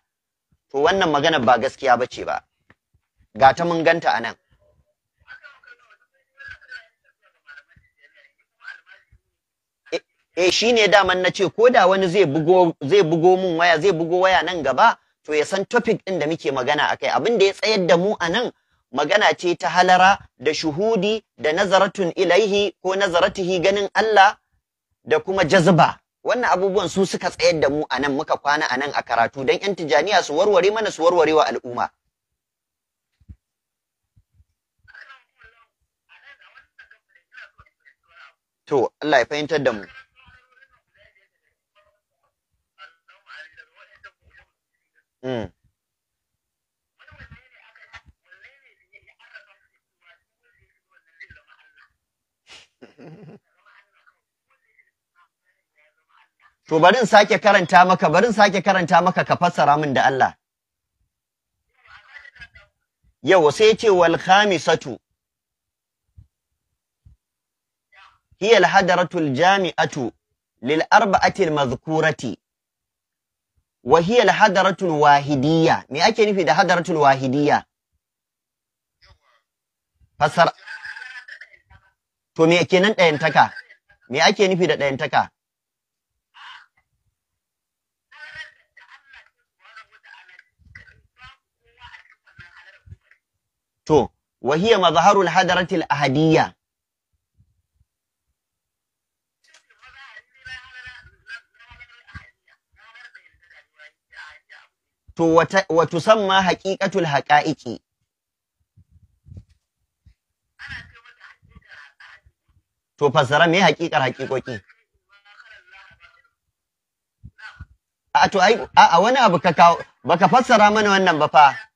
to wannan magana ba gaskiya ba ce ba ga ta mun ganta a nan eh, eh shi ne daman na ce ko da wani zai bugo mun waya zai bugo waya nan gaba to ya san topic ɗin da muke magana akai abin da ya tsayar da mu a nan magana ce ta halara da shuhudi da nazaratun ilaihi ko nazaratihi ganin Allah da kuma jazuba. wannan abubuwan su suka tsayar da mu a nan, muka kwana anan a karatu dan yan tijaniya su warware mana su warware wa al'umma to Allah ya fahimtar da mu mm To barin sake karanta maka, barin sake karanta maka ka fassara min da Allah. Yau sai ce wal khamisatu hiya al hadaratul jami'atu lil arba'ati al madhkurati wa hiya al hadaratul wahidiyya. Me ake nufi da hadaratul wahidiyya? Fassara To me kenan ɗayantaka? Me ake nufi da ɗayantaka? to wa hiya mazharul hadaratil ahadiyya to wa tusamma haqiqatul haqa'iqi to fassara me haƙiƙar haƙiƙoƙi a to ai a wani abu ka kawo baka fassara mana wannan ba fa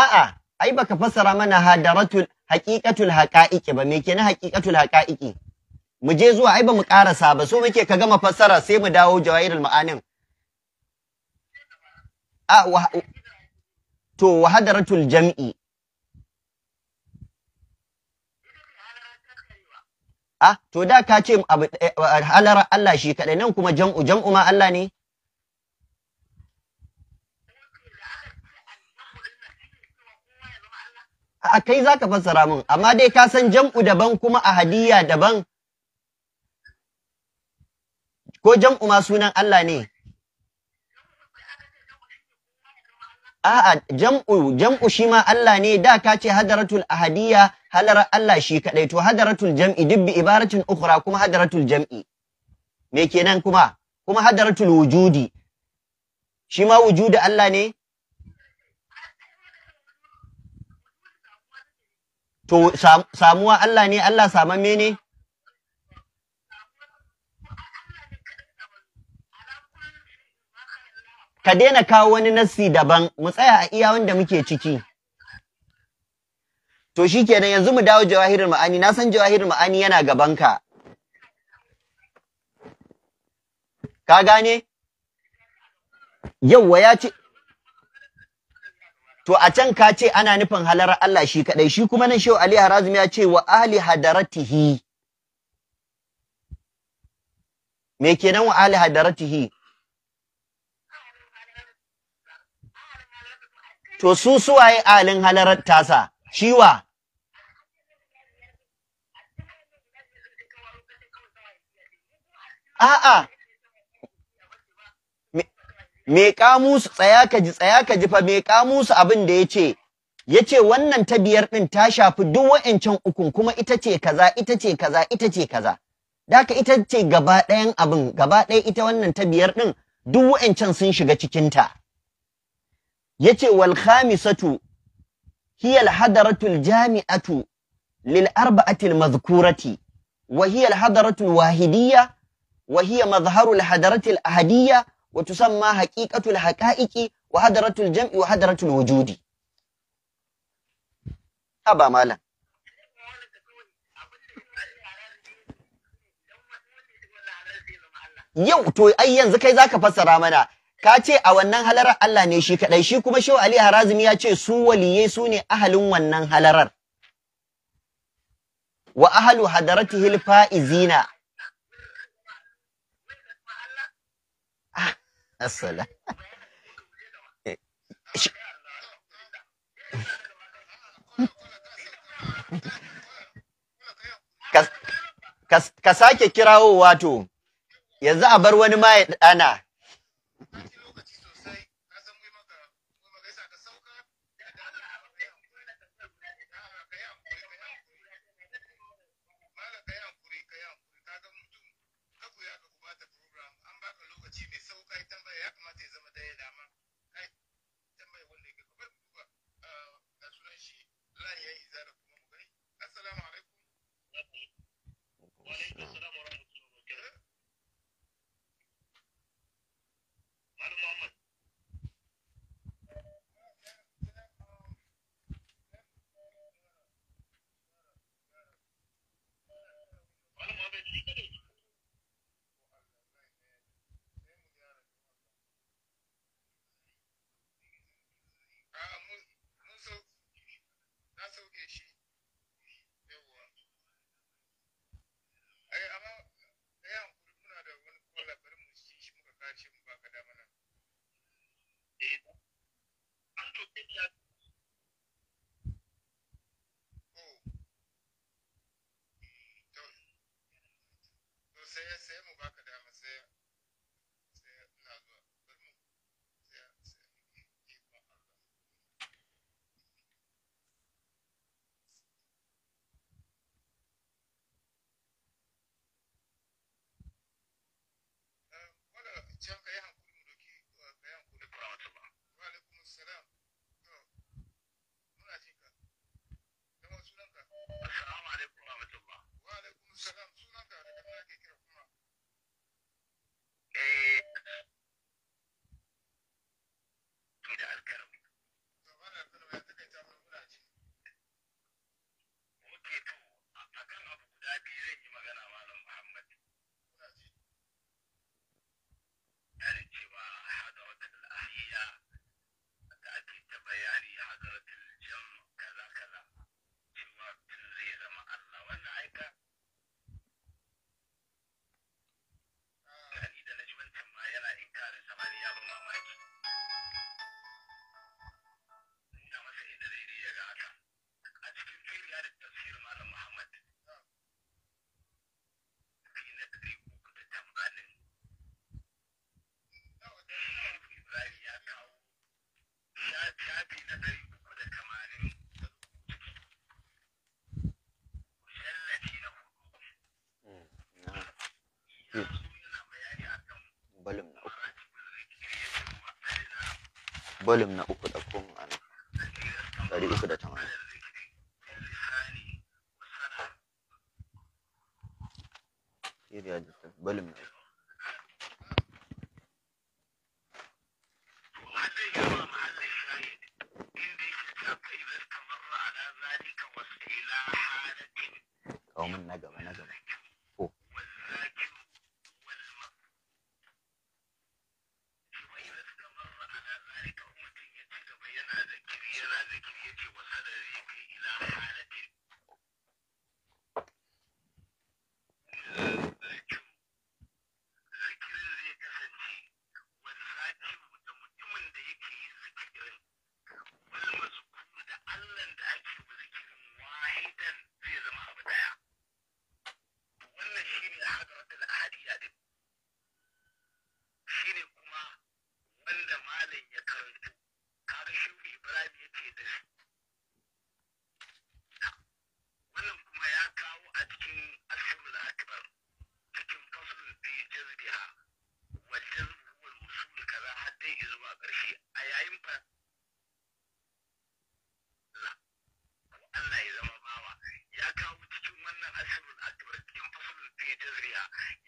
a'a ai baka fassara mana hadaratul haqiqatul haqa'iqi ba me kenan haqiqatul haqa'iqi mu je zuwa ai ba mu karasa ba so muke ka gama fassara sai mu dawo jawairul ma'anin a wa to wa hadaratul jam'i a to da ka ce abu eh, halara Allah shi kadai nan kuma jam'u jam'u ma Allah ne a kai za ka fassara min amma dai ka san jam'u daban kuma a hadiyya daban ko jam'u ma sunan Allah ne a'a jam'u jam'u shi ma Allah ne da ka ce hadaratul ahadiyya hadarar Allah shi kadai to hadaratul jam'i dubbi Ibaratun Ukura kuma hadaratul jam'i me kenan kuma kuma hadaratul wujudi shi ma wujudi Allah ne To, samuwa Allah ne, Allah samamme ne? Ka daina kawo wani nassi daban, mu tsaya a iya wanda muke ciki. To shi kenan yanzu mu dawo jawahirin ma'ani, na san jawahirin ma'ani yana gabanka. Ka gane? wa ya ce, to a can ka ce ana nufin halarar Allah shi kadai shi kuma nan Shehu Ali Harazim ya ce wa ahli hadaratihi me kenan wa ahli hadaratihi to su suwaye alin halarar tasa shiwa a'a me kamusu tsaya ka ji tsaya ka ji fa me kamusu abin da yace yace wannan ta biyar din ta shafi duk wa'ancan ukun kuma ita ce kaza ita ce kaza ita ce kaza daka ita ce gaba ɗayan abin gaba ɗaya ita wannan ta biyar din duk wa'ancan sun shiga cikin ta yace wal khamisatu hiya al hadaratul jami'atu lil arba'ati al wa hiya al hadaratu al wahidiyya wa hiya al ahadiyya وتسمى حقيقة الحقائق وحضرة الجمع وحضرة الوجود أبا مالا yau to ai yanzu kai zaka fassara mana ka ce a wannan halarar Allah ne shi kaɗai. shi kuma Shehu Ali Harazimi ya ce su waliye su ne ahalin wannan halarar wa ahlu hilfa faizina Assalam. Ka sake kirawo wato, yanzu a bar wani ma ya ɗana. boleh nak ukur aku ano. Dari ukur datang ano. Okay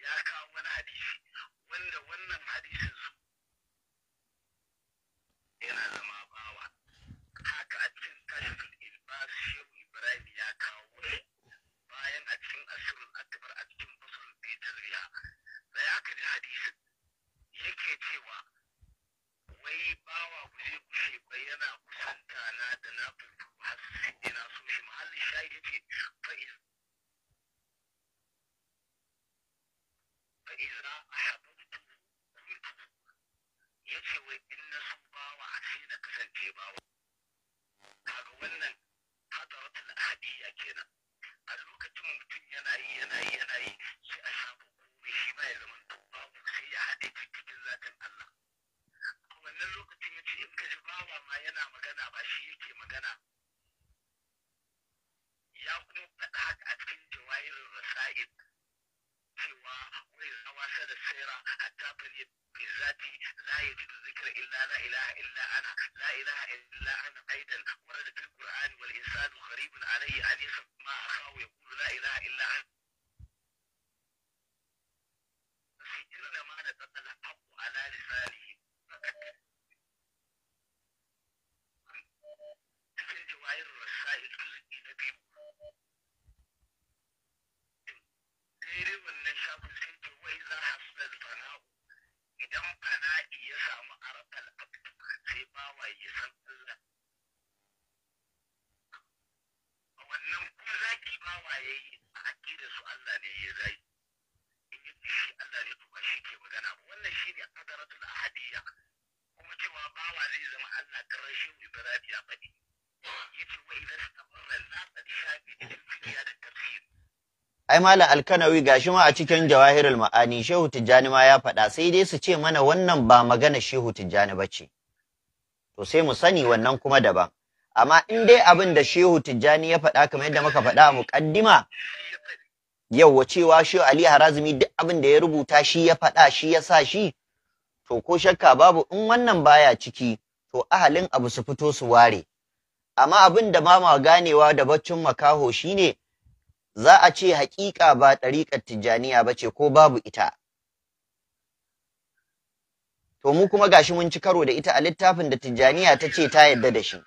ai malam alkanawi gashi ma a cikin jawahirul ma'ani shehu tijjani ma ya faɗa sai dai su ce mana wannan ba magana shehu tijjani ba ce to sai mu sani wannan kuma daban amma in dai abin da shehu tijjani ya faɗa kamar yadda muka faɗa a muƙaddima yawwa cewa shehu ali harazmi duk abin da ya rubuta shi ya faɗa shi ya sa shi to ko shakka babu in wannan baya ciki to ahalin abu su fito su ware amma abin da ma ganewa da baccin makaho shine za a ce haƙiƙa ba ɗariƙar tijjaniya ba ce ko babu ita. To mu kuma gashi mun ci karo da ita a littafin da tijjaniya ta ce ta yadda da shi.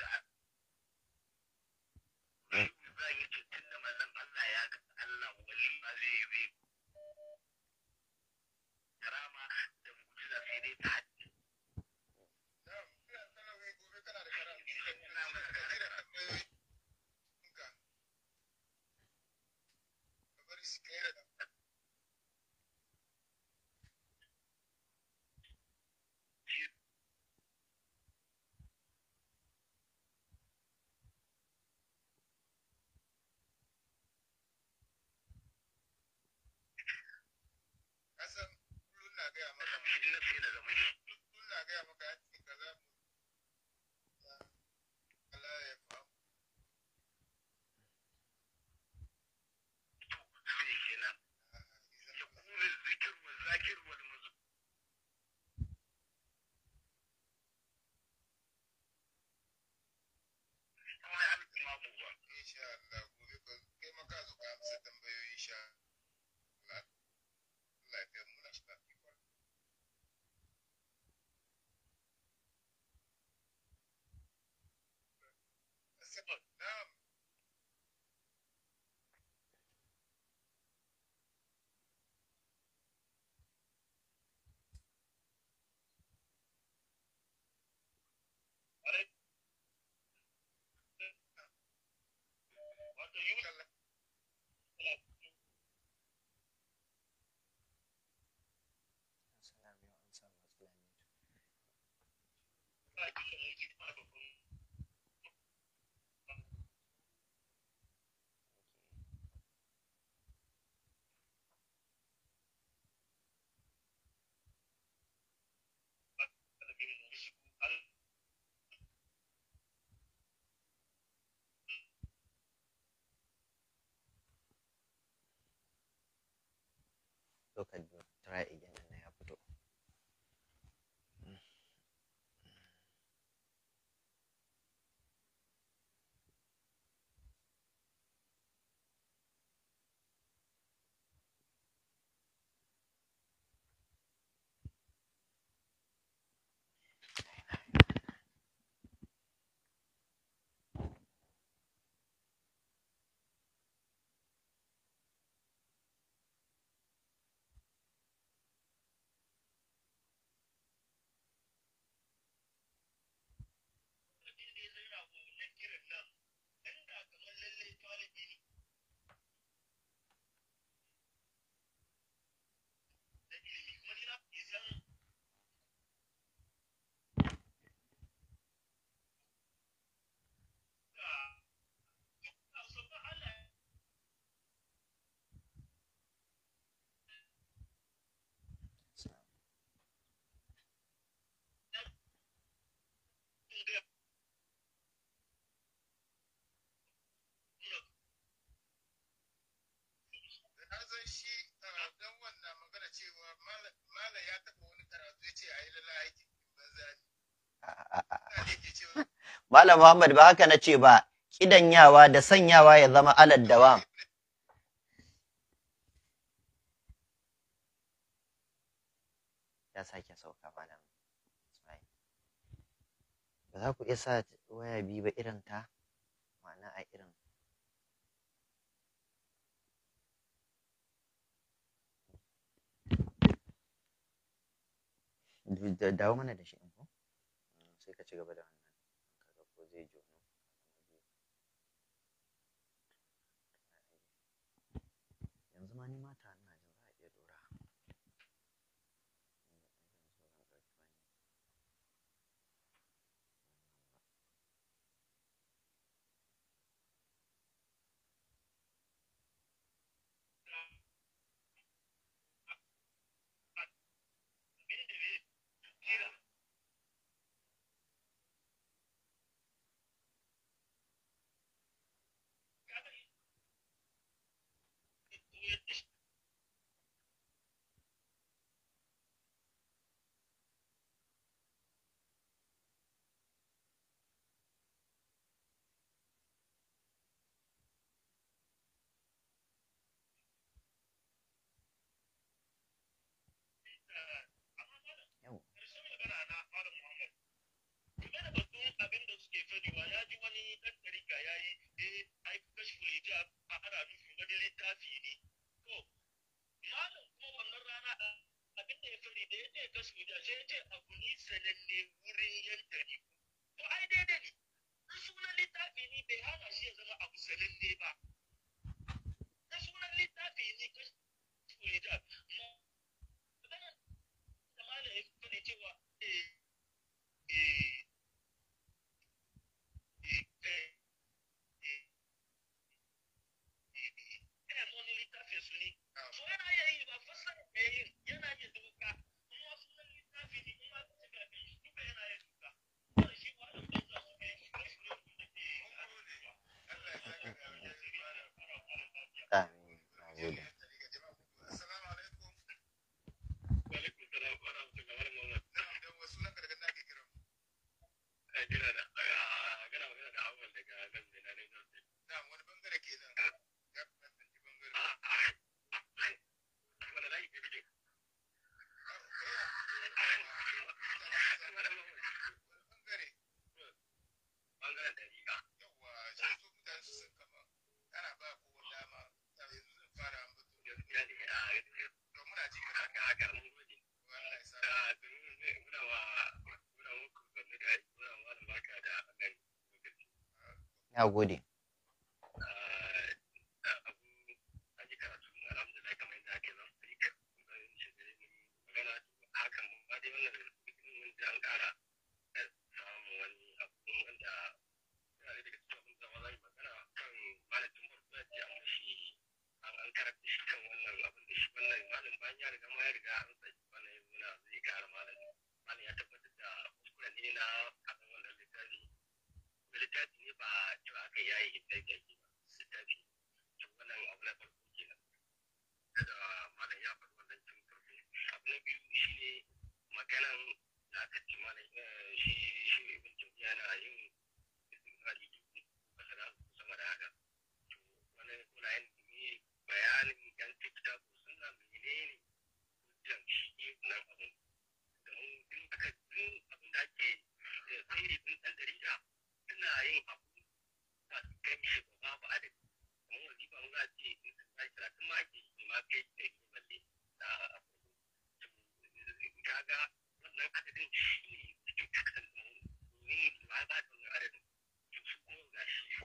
that. na zama shi. said, look, now you I Malam Muhammad ba haka na ce ba, kidanyawa da sanyawa ya zama alad dawam. Ya sake sauka malam. Ba za ku iya sa waya bi ba irin ta, ma'ana a irin dawo mana da shi in ko sai ka ci gaba da how would he?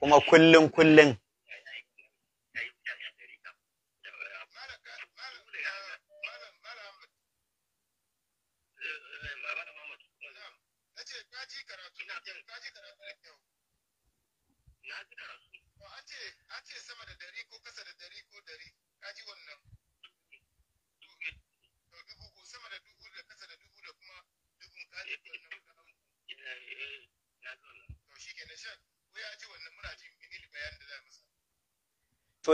kuma kullum kullum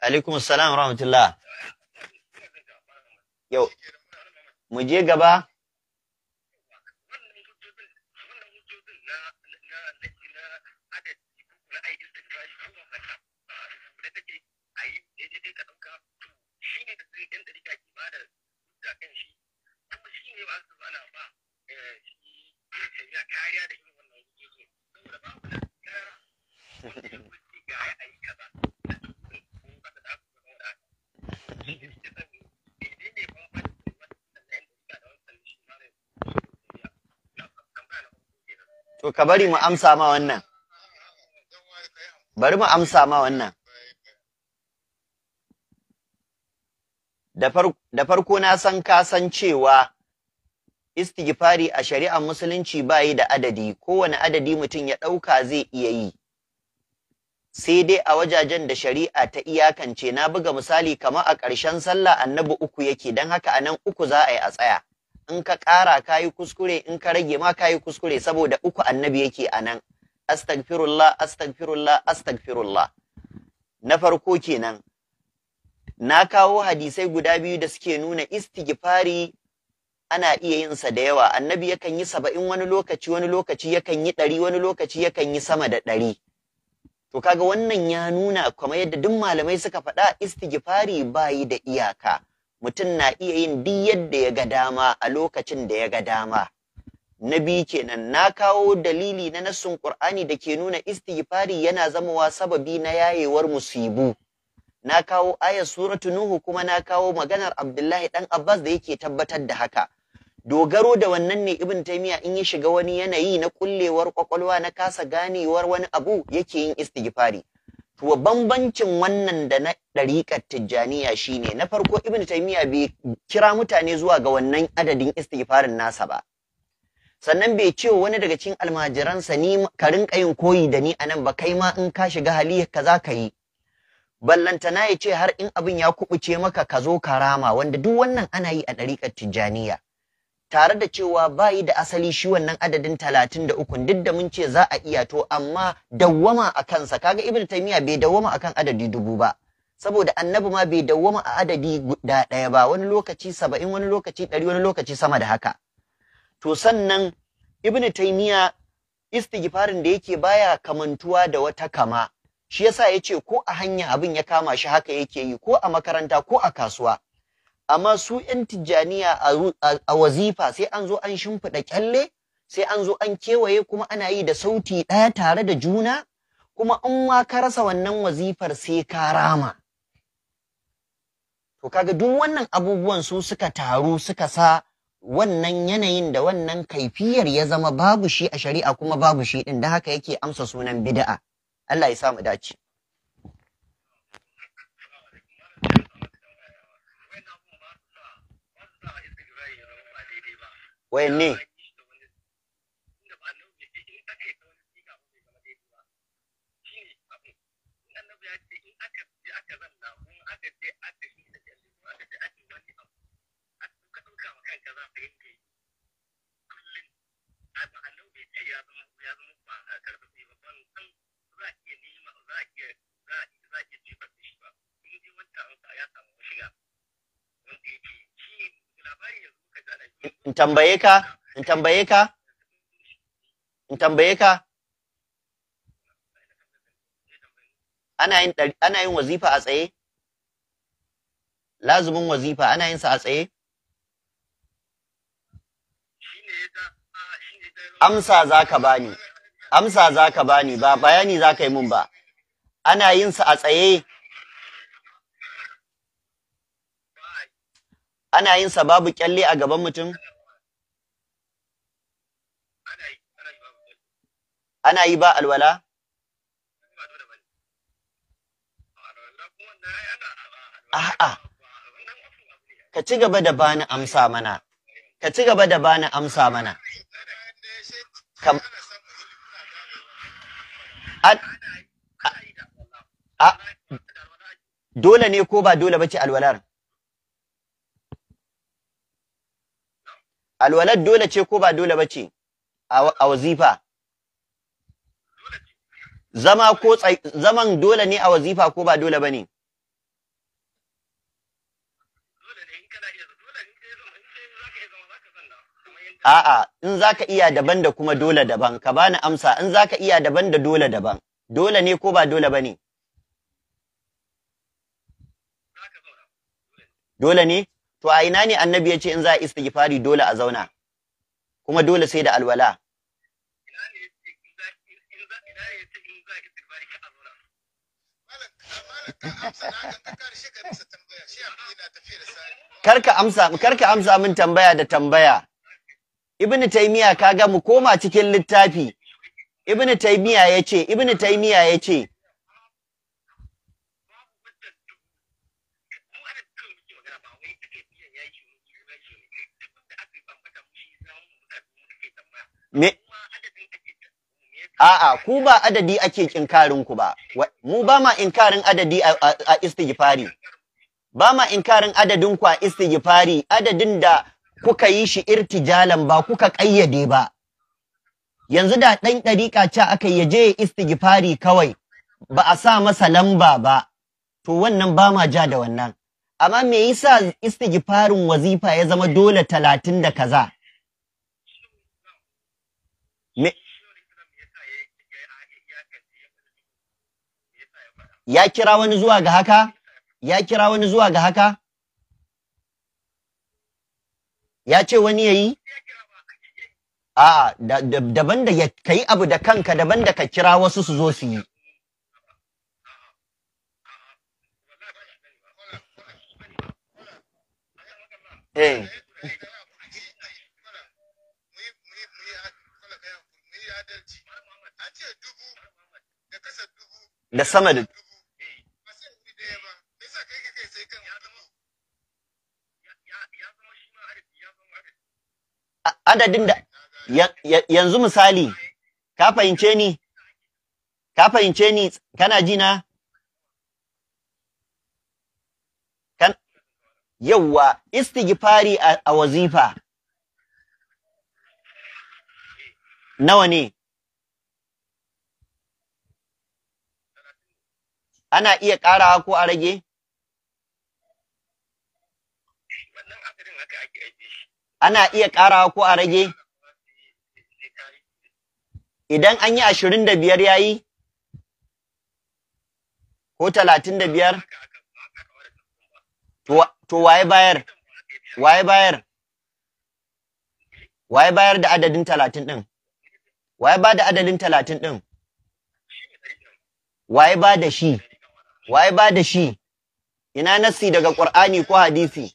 alaikum assalam rahmatullah yau mu je gaba ka bari mu amsa ma wannan bari mu amsa ma wannan da farko na san ka san cewa istighfari a shari'ar musulunci bayi da adadi kowane adadi mutum ya ɗauka zai iya yi sai dai a wajajen da shari'a ta iyakance na buga misali kamar a ƙarshen sallah annabi uku yake don haka a nan uku za a yi a tsaya in ka ƙara ka yi kuskure in ka rage ma ka yi kuskure saboda uku annabi yake a nan astagfirullah astagfirullah astagfirullah na farko kenan na kawo hadisai guda biyu da suke nuna istighfari ana iya yin sa da yawa annabi yakan yi saba'in wani lokaci wani lokaci yakan yi ɗari wani lokaci yakan yi sama da ɗari to kaga wannan ya nuna kamar yadda duk malamai suka faɗa istighfari bayi da iyaka mutum na iya yin duk yadda ya ga dama a lokacin da ya ga dama na biyu kenan na kawo dalili na nassun qur'ani da ke nuna istighfari yana zamawa sababi na yayewar musibu na kawo ayar suratu nuhu kuma na kawo maganar abdullahi ɗan abbas da yake tabbatar da haka dogaro da wannan ne ibn taymiya in ya shiga wani yanayi na ƙullewar kwakwalwa na kasa ganewar wani abu yake yin istighfari Tuwa bambancin wannan da na ɗariƙar tijjaniya shine na farko Ibn Taymiyyah bai kira mutane zuwa ga wannan adadin istighfarin nasa ba. Sannan bai ce wani daga cikin almajiransa ni ka rinƙa yin koyi da ni a nan ba kai ma in ka shiga hali za ka yi. Ballantana ya ce har in abin ya kuɓuce maka ka zo ka rama wanda duk wannan ana yi a ɗariƙar tijjaniya. tare da cewa bayi da asali shi wannan adadin talatin da ukun duk da mun ce za a iya to amma dawwama a kansa kaga ibn taimiyya bai dawwama akan adadi dubu ba saboda annabi ma bai dawwama a adadi guda ɗaya ba wani lokaci saba'in wani lokaci ɗari wani lokaci sama da haka to sannan ibn taimiyya istighfarin da yake baya kamantuwa da wata kama shi yasa yace ko a hanya abin ya kama shi haka yake yi ko a makaranta ko a kasuwa amma su ‘yan tijjaniya a wazifa sai an zo an shimfiɗa kyalle, sai an zo an kewaye kuma ana yi da sauti ɗaya tare da juna, kuma in ma ka rasa wannan wazifar sai ka rama. To kaga duk wannan abubuwan su suka taru suka sa wannan yanayin da wannan kaifiyar ya zama babu shi a shari'a kuma babu shi ɗin da haka yake amsa sunan bida'a. Allah ya sa dace. 喂，你。in tambaye ka in tambaye ka in tambaye ka ana yin ana yin wazifa a tsaye lazumin wazifa ana yin sa a tsaye amsa zaka bani amsa zaka bani ba bayani zaka yi mun ba ana yin sa a tsaye ana yin sa babu kyalle a gaban mutum ana yi ba alwala a'a ka ci gaba da bani amsa mana ka ci gaba da bani amsa mana dole ne ko ba dole bace alwalar Alwalad dole ce ko ba dole ba ce a wazifa zama ko zaman dole ne a wazifa ko ba dole ba ne A'a, in za ka iya daban da kuma dole daban, ka bani amsa, in za ka iya daban da dole daban, dole ne ko ba dole ba ne? Dole ne? to a ina ne annabi ya ce in za a istighfari dole a zauna kuma dole sai da alwala karka amsa karka amsa min tambaya da tambaya ibnu taymiya kaga mu koma cikin littafi ibnu taymiya yace ibnu taymiya yace A'a, ku ba adadi ake inkarin ku ba, mu ba ma inkarin adadi a istighfari. Ba ma inkarin adadin ku a istighfari, adadin da kuka yi shi irtijalan ba kuka ƙayyade ba. Yanzu da ɗan ɗariƙa ce aka ya je istighfari kawai, ba a sa masa lamba ba, to wannan ba ma ja da wannan. Amma me yasa istighfarin wazifa ya zama dole talatin da kaza? ya kira wani zuwa ga haka ya kira wani zuwa ga haka ya ce wani yayi a daban da ka yi abu da kanka daban da ka kira wasu su zo su yi eh da sama da adadin da yanzu misali ka fahimce ni ka fahimce ni kana ji na kan yawa istighfari a wazifa nawa ne ana iya ƙarawa ko a rage ana iya ƙarawa ko a rage? Idan an yi ashirin da biyar ya yi? Ko talatin da biyar? To waye bayar? Waye bayar? Waye bayar da adadin talatin ɗin? Waye ba da adadin talatin ɗin? Waye ba da shi? Waye ba da shi? Ina nasi daga Ƙur'ani ko hadisi?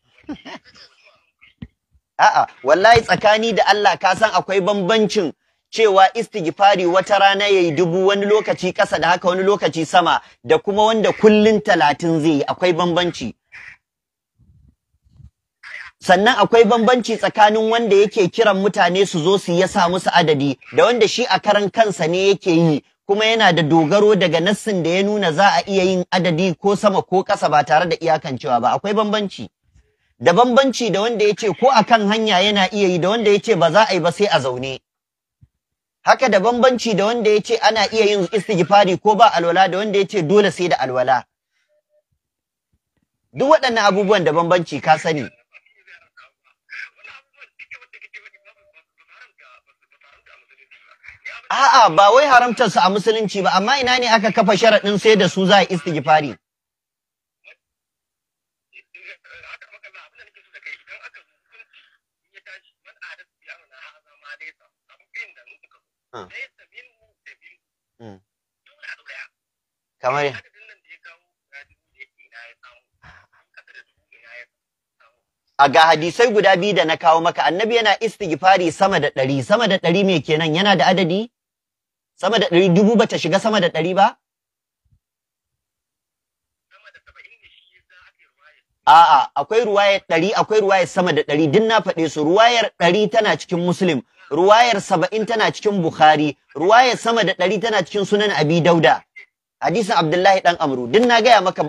A'a, wallahi tsakani da Allah ka san akwai bambancin cewa istighfari wata rana yayi dubu wani lokaci ƙasa da haka wani lokaci sama da kuma wanda kullun talatin zai yi akwai bambanci. Sannan akwai bambanci tsakanin wanda yake kiran mutane su zo su yasa musu adadi da wanda shi a karan kansa ne yake yi kuma yana da dogaro daga nassin da ya nuna za a iya yin adadi ko sama ko ƙasa ba tare da iyakancewa ba akwai bambanci. da bambanci da wanda ya ce ko a kan hanya yana iya yi da wanda ya ce ba za a yi ba sai a zaune haka da bambanci da wanda ya ce ana iya yin istighfari ko ba alwala da wanda ya ce dole sai da alwala duk waɗannan abubuwan da bambanci ka sani A'a ba wai haramtarsu a musulunci ba amma ina ne aka kafa sharaɗin sai da su za a istighfari kamar ya a ga hadisai guda biyu da na kawo maka annabi yana istighfari sama da ɗari sama da ɗari me kenan yana da adadi sama da ɗari dubu bata shiga sama da ɗari ba A'a, akwai ruwayar ɗari, akwai ruwayar sama da ɗari, din na faɗe su, ruwayar ɗari tana cikin musulun ruwayar saba'in tana cikin Bukhari, ruwayar sama da ɗari tana cikin sunan Abi Dauda. Hadisin Abdullahi ɗan Amru, duk na gaya maka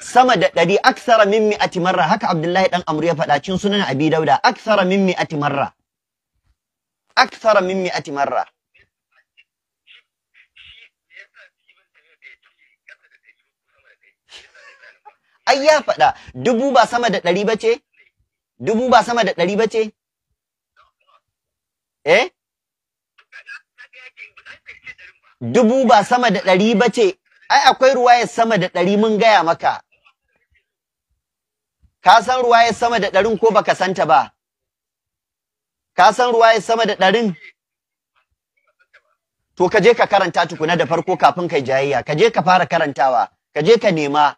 sama da ɗari aksara min mi'ati marra haka Abdullahi ɗan Amru ya faɗa cikin sunan Abi Dauda aksara min mi'ati marra aksara min mi'ati marra ai ya faɗa dubu ba sama da ɗari ba ce? Dubu ba sama da ɗari ba ce? Eh? Dubu ba sama da ɗari ba ce, ai akwai ruwaye sama da ɗari mun gaya maka. Ka san ruwaye sama da ɗarin ko baka santa ba? Ka san ruwaye sama da ɗarin? To ka je ka karanta tukuna da farko kafin kai jayayya, ka je ka fara karantawa, ka je ka nema.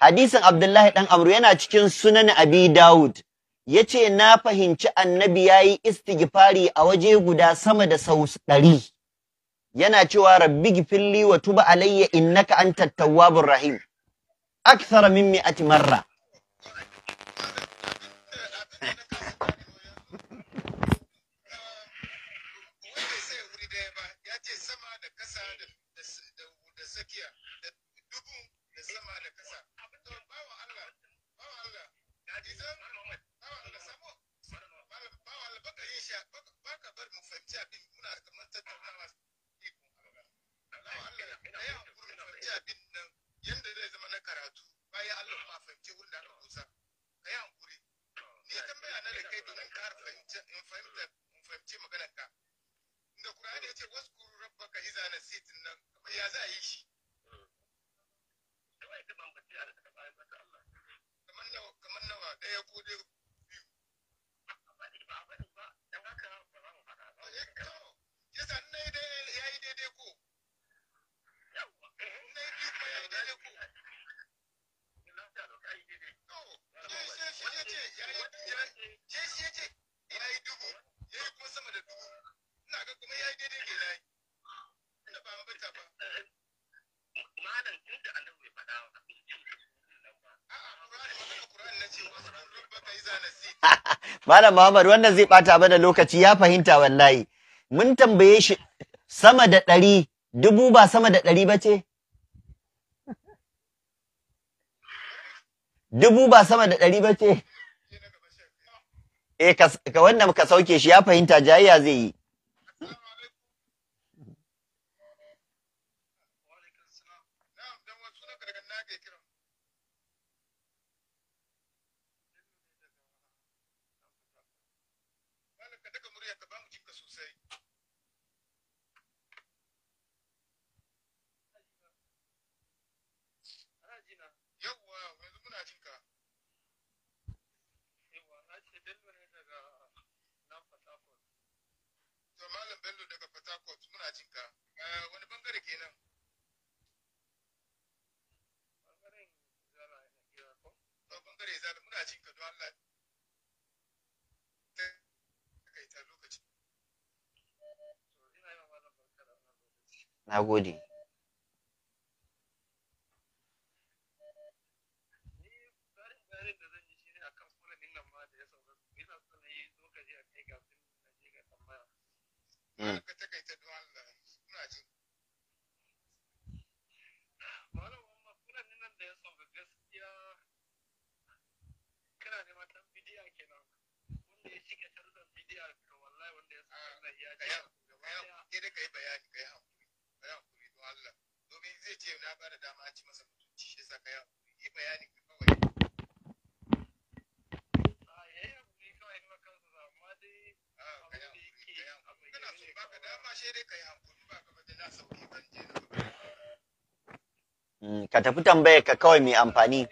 hadisin Abdullahi ɗan Amru yana cikin sunan Abi Dawud. Ya ce, Na fahimci annabi ya yi istighfari a waje guda sama da sau ɗari. Yana cewa rabbi gifilli wa tuba alayya innaka an tawwabur rahim. aksara min mi'ati marra. Malam Muhammad wannan zai bata mana lokaci ya fahimta wallahi. Mun tambaye shi sama da ɗari, dubu ba sama da ɗari ba ce? Dubu ba sama da ɗari ba ce? Eh, ka wannan ka sauke shi ya fahimta jayya zai yi. Na gode. tafi ka kawai mai amfani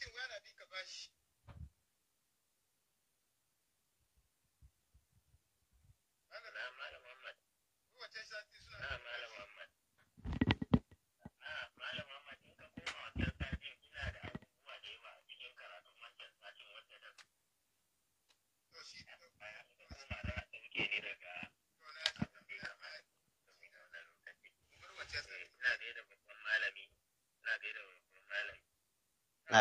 talatin waya na bin ka bashi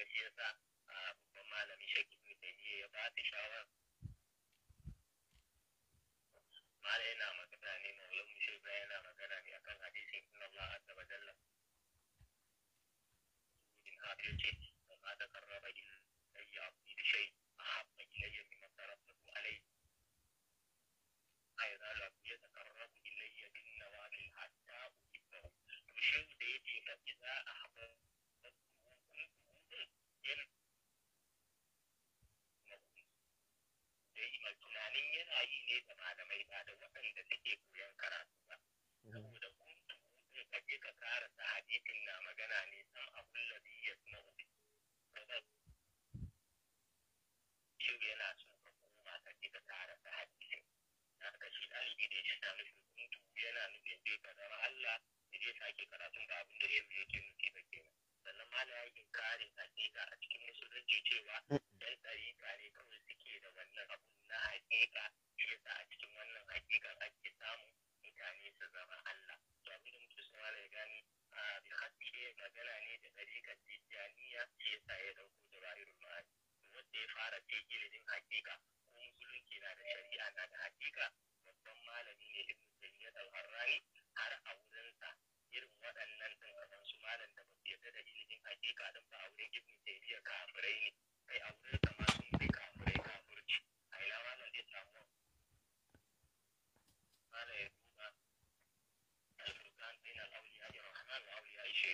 ga shi yasa babban malamin shakki ne da ya ba ta shawara mala yana magana ne maulan mushe ba yana magana ne akan hadisin inna Allah azza wa jalla in ce yi ne da malamai ba da waɗanda suke koyon karatu ba saboda kun tuhu ka je ka karasa hadisin na magana ne sam lafiya suna yasma'u kaza yau yana so ka koma ka je ka karasa hadisin ka shi ɗalibi da ya sha nufin kun tuhu yana nufin zai ka zama Allah ya je sake karatun da abin da ya fi yake nufi ba kenan sannan mana ya yi kare hakika a cikin musulunci cewa Ɗan mm. ɗariƙa ne kawai suke da wannan abun na hakika hakikan ake samun mutane su zama Allah to abin da muke so malai gani a ah, bi haske magana ne da ɗariƙar tijjaniya shi yasa ya ɗauko da ra'irul ma'ani wanda ya fara ce ilimin hakika ko musulunci na da shari'a na da hakika babban malami ne ibn taymiyyah al-harrani har a wurinsa irin waɗannan din kamar su malam da ba su yarda da ilimin hakika din ba a wurin ibn taymiyyah kafirai ne kai a wurin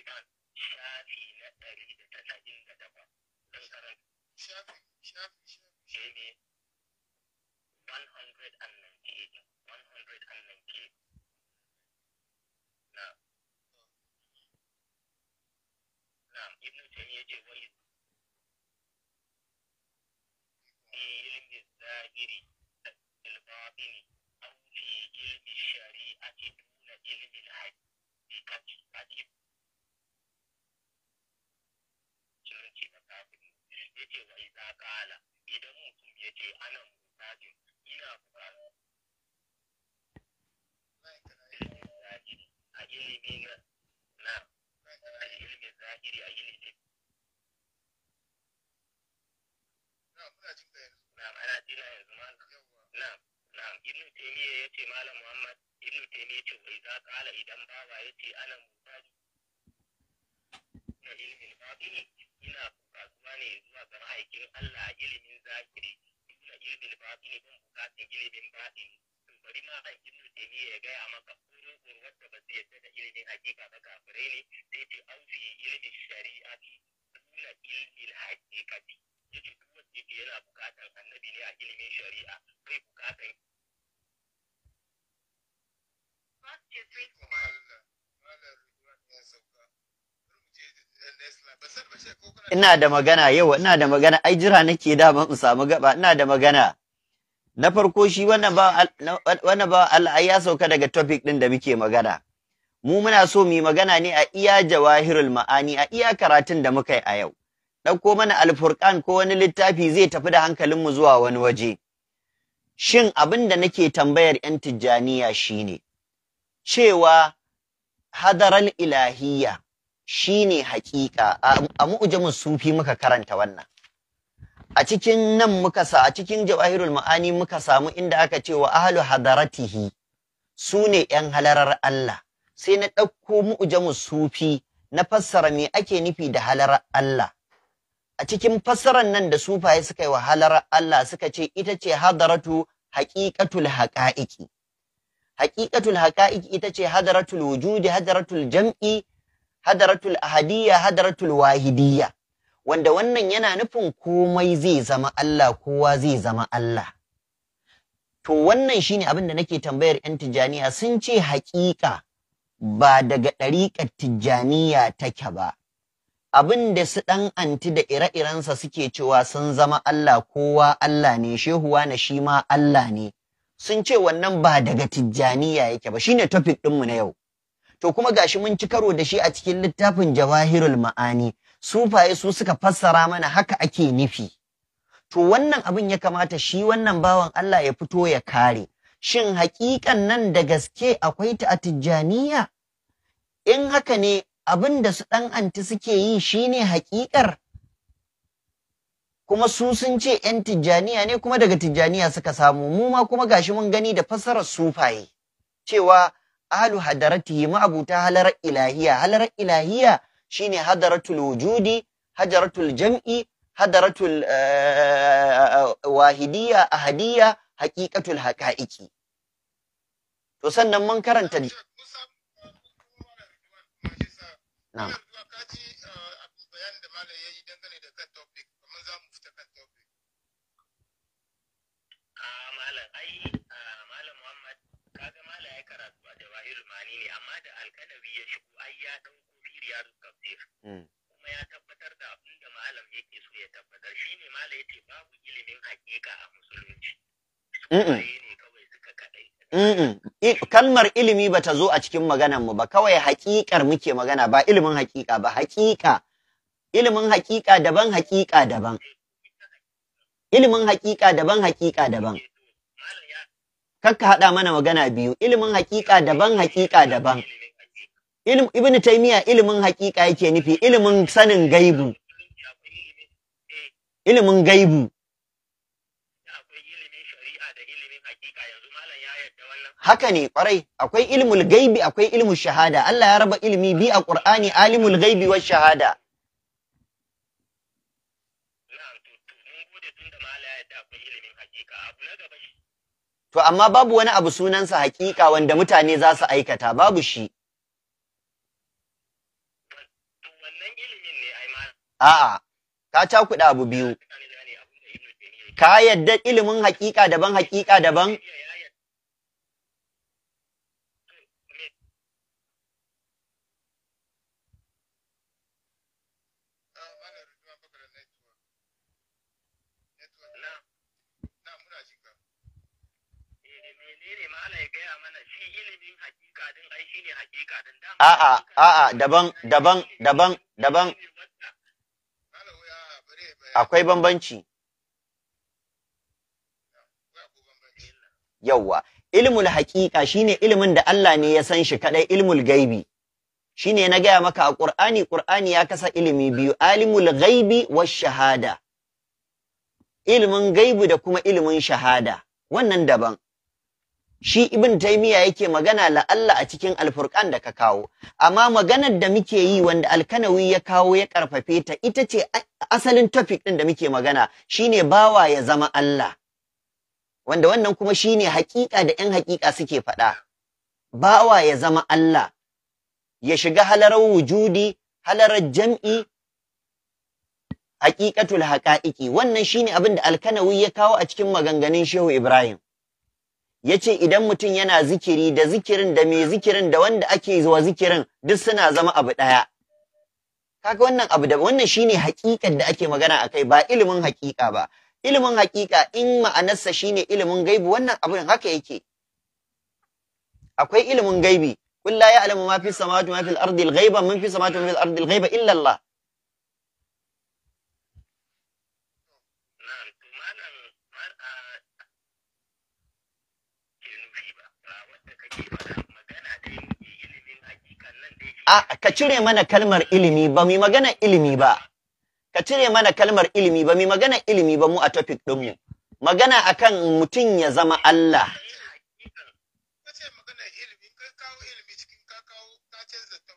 Sudan shafi na ɗari da tasa'in da takwas. Don karanta. Shafi, shafi, shafi. Shi ne 198, 198. Na. Na, Ibn Tani ya ce wai ilmi zahiri da ilbatini, an fi ilmi shari'a ke nuna ilmin ce wa iza kala idan mutum ya ce ana musajin ina bukatu a ilimi na a ilimin zahiri a ilimin na muna jin ka yanzu na ana jina yanzu na na ibnu taymiya yace malam muhammad ibnu taymiya wai za iza kala idan bawa yace ana musajin na ilimin zahiri bayuwa ne zuwa ga ma'aikin Allah ilimin zakiri na ilimin batini don bukatun ilimin batini bari ma a ibnu taymiya ya gaya maka kuma kuru wanda ba zai yadda da ilimin hakika ba kafirai ne sai dai an fi ilimin shari'a shari'ati duna ilimin hakikati yake duk wanda yake yana bukatar annabi ne a ilimin shari'a kai bukatan Thank you. ina da magana yau ina da magana ai jira nake dama in samu gaba ina da magana na farko shi wannan ba Allah ya sauka daga topic din da muke magana mu muna so mu yi magana ne a iya jawahirul ma'ani a iya karatun da muka yi a yau ɗauko mana alfurkan ko wani littafi zai tafi da hankalin mu zuwa wani waje shin abin da nake tambayar yan tijjaniya shine cewa hadaral ilahiyya Shi ne haƙiƙa a mu'jamus sufi muka karanta wannan a cikin nan muka sa a cikin jawahirul ma'ani muka samu inda aka ce wa ahlu hadaratihi su ne ‘yan halarar Allah sai na ɗauko mu'jamus sufi na fassara me ake nufi da halarar Allah a cikin fassarar nan da sufaye suka yi wa halarar Allah suka ce ita ce hadaratu haƙiƙatul haƙa'iƙi haƙiƙatul haƙa'iƙi ita ce hadaratul wujudi hadaratul jam'i hadaratul ahadiyya hadaratul wahidiyya wanda wannan yana nufin komai zai zama Allah kowa zai zama Allah to wannan shine abin da nake tambayar yan tijaniya sun ce haƙiƙa ba daga ɗariƙar tijaniya take ba abin da su ɗan anti da ire-irensa suke cewa sun zama Allah kowa Allah ne shehuwa na shi ma Allah ne sun ce wannan ba daga tijjaniya yake ba shine topic ɗinmu na yau to kuma gashi mun ci karo da shi a cikin littafin jawahirul ma'ani sufaye su suka fassara mana haka ake nufi to wannan abin ya kamata shi wannan bawan Allah ya fito ya kare shin haƙiƙan nan da gaske akwai ta a in haka ne abin da su dan anti suke yi shine haƙiƙar kuma su sun ce 'yan tijjaniya ne kuma daga tijjaniya suka samu mu ma kuma gashi mun gani da fassarar sufaye cewa Alu hadaratihi ma'abuta halarar ilahiya halarar ilahiya shine hadaratul wujudi hadaratul jam'i hadaratul wahidiyya ahadiyya haqiqatul haqa'iqi to sannan mun karanta na'am hakika a musulunci. Kalmar ilimi ba ta zo a cikin maganarmu ba, kawai hakikar muke magana ba ilimin hakika ba, hakika. Ilimin hakika daban hakika daban. Ilimin hakika daban hakika daban. Eh, Kakka haɗa mana magana biyu, ilimin hakika daban hakika daban. Ibn Taymiyyah ilimin hakika yake nufi ilimin sanin gaibu. Ilimin eh. gaibu. haka ne kwarai akwai ilmul gaibi akwai ilmul shahada Allah ya raba ilmi bi a Qur'ani alimul gaibi wa shahada To amma babu wani abu sunansa hakika wanda mutane za su aikata babu shi A'a ka cakuɗa abu biyu ka yadda ilimin hakika daban hakika daban a'a a'a daban daban daban daban akwai bambanci yawwa ilmul haƙiƙa shine ilmin da Allah ne ya san shi kadai ilmul gaibi shine na gaya maka a Qur'ani Qur'ani ya kasa ilimi biyu alimul gaibi was shahada ilimin gaibi da kuma ilmin shahada wannan daban shi ibn taymiya yake magana la Allah a cikin Alfurkan da ka kawo amma maganar da muke yi wanda alkanawi ya kawo ya karfafe ta ita ce asalin topic din da muke magana shine bawa ya zama Allah wanda wannan kuma shine hakika da yan hakika suke faɗa bawa ya zama Allah ya shiga halarar wujudi halarar jam'i hakikatul haqa'iqi wannan shine abin da alkanawi ya kawo a cikin maganganun Shehu Ibrahim Ya ce idan mutum yana zikiri da zikirin da mai zikirin da wanda ake zuwa zikirin duk suna zama abu ɗaya kaga wannan abu da wannan shine haƙiƙar da ake magana a kai ba ilimin hakika ba ilimin hakika in ma'anarsa shine ilimin gaibi wannan abin haka yake akwai ilimin gaibi Kullaya alamu ya'lamu ma fi samawati ma fil ardi al-ghaiba man fi samawati ma fil ardi al-ghaiba illa Allah A ka cire mana kalmar ilimi ba mu magana ilimi ba. Ka cire mana kalmar ilimi ba mu magana ilimi ba mu a topic ɗinmu. Magana akan mutum ya zama Allah.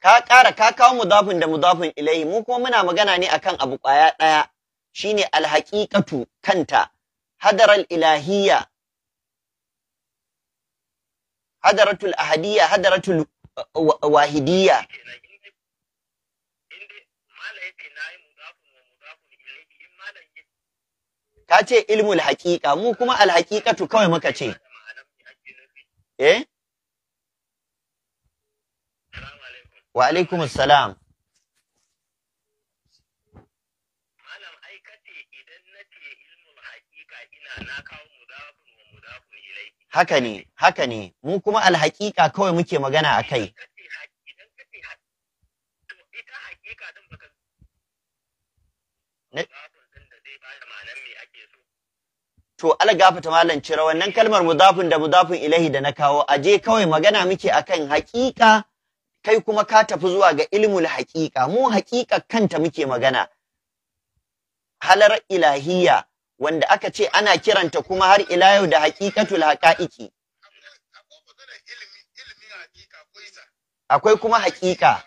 Ka ƙara ka kawo mudafin da mudafin ilai mu kuma muna magana ne akan abu ƙwaya ɗaya shine alhaƙiƙatu kanta hadaral ilahiyya hadaratul ahadiyya hadaratul uh, wahidiyya ka ce ilmul haƙiƙa mu kuma alhaƙiƙatu kawai muka ce eh wa alaikumus salam haka ne haka ne mu kuma alhaƙiƙa kawai muke magana a kai to algafata malam cira wannan kalmar mudafin da mudafin ilahi da na kawo aje kawai magana muke akan haƙiƙa kai kuma ka tafi zuwa ga ilmul haƙiƙa mu haƙiƙa kanta muke magana halar ilahiyya wanda aka ce ana kiranta kuma har ila yau da haƙiƙatul haƙa'iƙi. Akwai kuma haƙiƙa.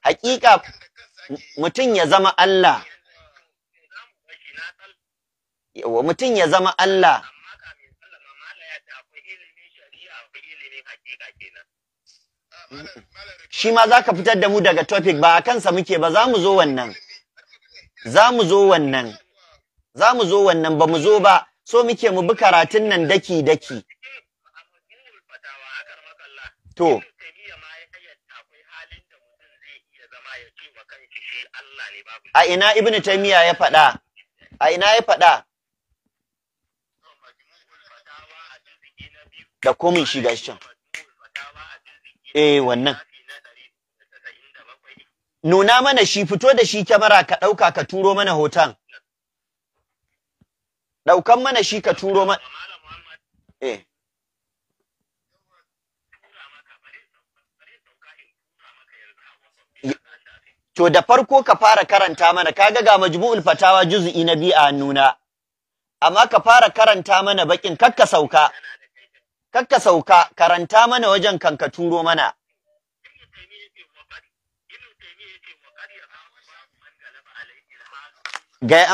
Haƙiƙa mutum ya zama Allah. Yawa mutum ya zama Allah. Shi ma za ka fitar da mu daga topic ba a kansa muke ba za mu zo wannan. Za mu zo wannan. za mu zo wannan ba mu zo ba so muke mu bi karatun nan daki daki to a ina Ibn taymiya ya faɗa a ina ya faɗa da komin shi gashi can eh wannan nuna mana shi fito da shi kyamara ka ɗauka ka turo mana hoton Ɗaukan mana shi ka turo ma. Eh. To da farko ka fara karanta mana, kaga ga majmu'ul fatawa juz'i na biyu a hannuna, amma ka fara karanta mana bakin kakka sauka, kakka sauka, karanta mana wajen kan ka turo mana.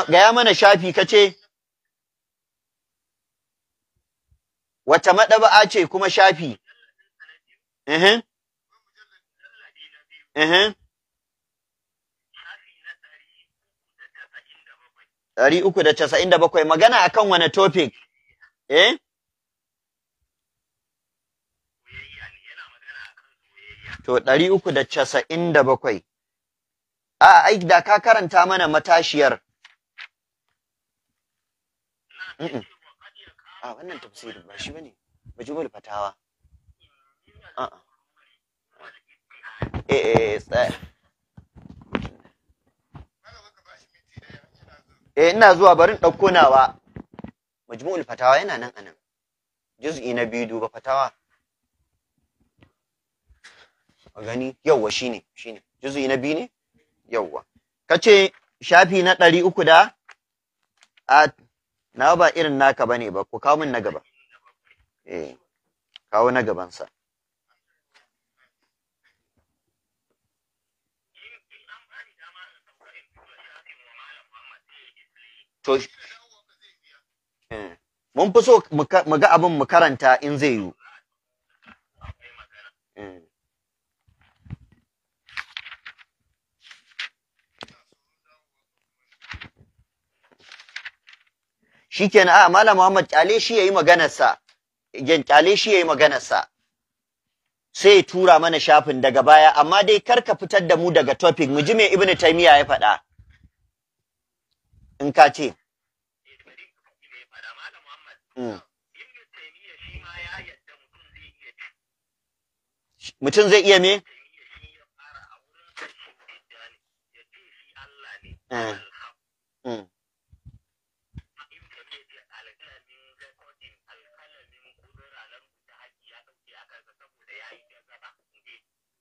Gaya mana shafi kace? wace maɗaba'a ce kuma shafi ehem ehem ɗari uku da casa'in da bakwai magana akan wane topic eh to ɗari uku da casa'in da bakwai a ai da ka karanta mana matashiyar mm a wannan tafsirin ba shi bane ba ji a'a fatawa eh, eh, eh, eh ina zuwa barin ɗauko nawa majmu'ul fatawa yana nan anan juz'i na biyu duba fatawa a gani yawwa shine shine juz'i na biyu ne yawwa kace shafi na ɗari uku da na ba irin naka bane ba ko kawo min na gaba eh kawo na gabansa to eh, mun fi so mu ga abin mu karanta in zai yiwu eh. shikenan a malam Muhammad kyale shi ya yi maganarsa. gen kyale shi ya yi maganarsa sai tura mana shafin daga baya amma dai kar ka fitar da mu daga topic mu ji me Ibn Taymiyyah ya faɗa in ka ce hmm. mutum zai iya me? Eh.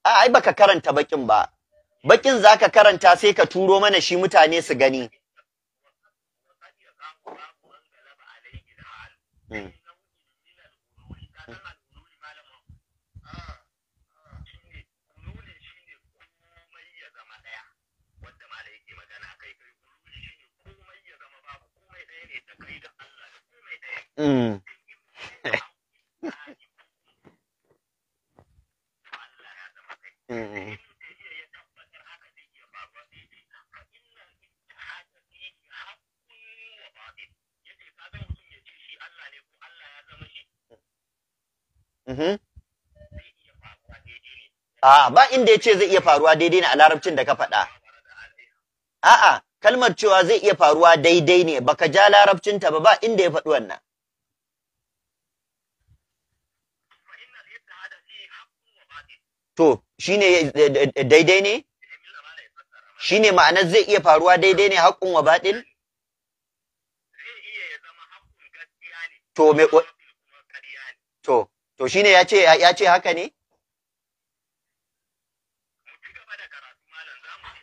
ai baka karanta bakin ba bakin zaka karanta sai ka turo mana shi mutane su gani Mm. Mm-hmm. Mm-hmm. A'a ah, ba inda ya ce zai iya faruwa daidai ne a larabcin da ka faɗa. A'a, kalmar cewa zai iya faruwa daidai ne, baka ja larabcinta ba ba inda ya faɗi wannan. to shine eh, eh, eh, daidai ne shine ma'anar zai iya faruwa daidai ne haƙƙun wa baɗin to me to to shine ya ce ya ce haka ne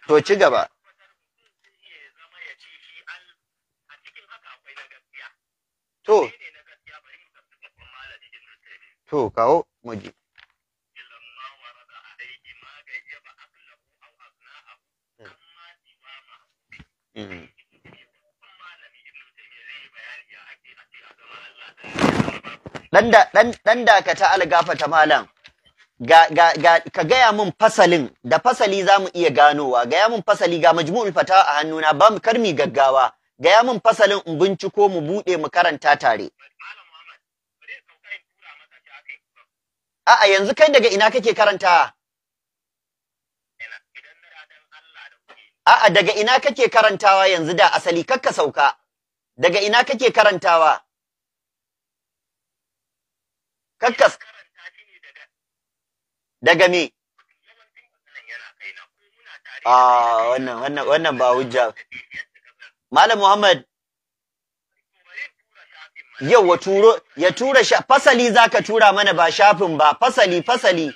to ci gaba to to kawo mu ji Mm. Dan dakata ta malam, ka gaya mun fasalin, da fasali za mu iya ganowa, gaya mun fasali ga majmu'ul fata a hannuna ba mu karmi gaggawa, gaya mun fasalin in binciko mu buɗe mu karanta tare. A'a yanzu kai daga ina kake karanta? A'a daga ina kake karantawa yanzu da asali kakka sauka, daga ina kake karantawa? Kakka daga me? A ah, wannan wannan wannan ba hujja. Malam Muhammad yau wa turo ya tura fasali zaka tura mana ba shafin ba fasali fasali.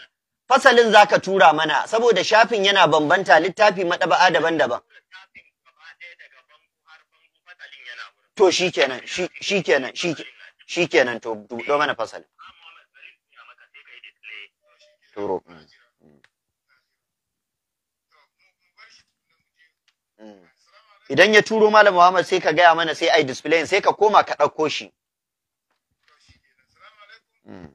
fasalin za ka tura mana saboda shafin yana bambanta littafi maɗaba'a daban-daban. To shi kenan, shi to buɗo mana fasalin. Mm. Mm. Idan ya turo Malam Muhammad sai ka gaya mana sai ai display sai ka koma ka ɗauko shi. Mm.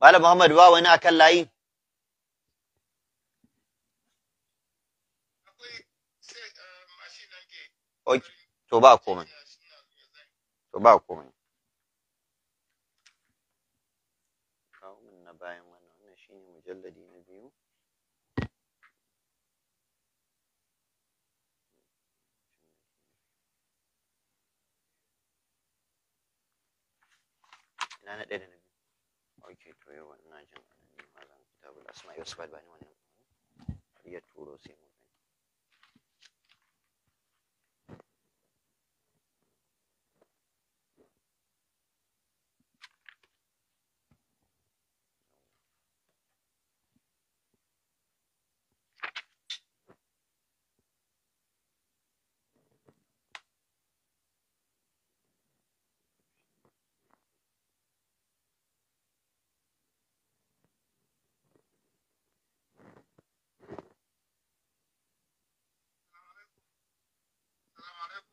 والا محمد وا وینا کل لائی اوی تو با کومن تو با کومن من نشین مجلدی نبیو okay to you and imagine and imagine that will ask my husband whatever.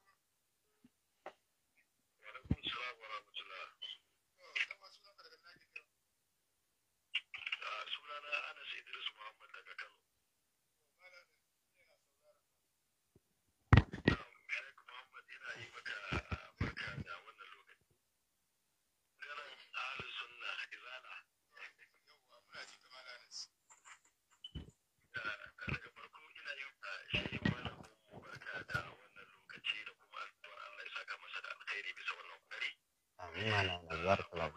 ما انا نورت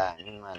啊，明白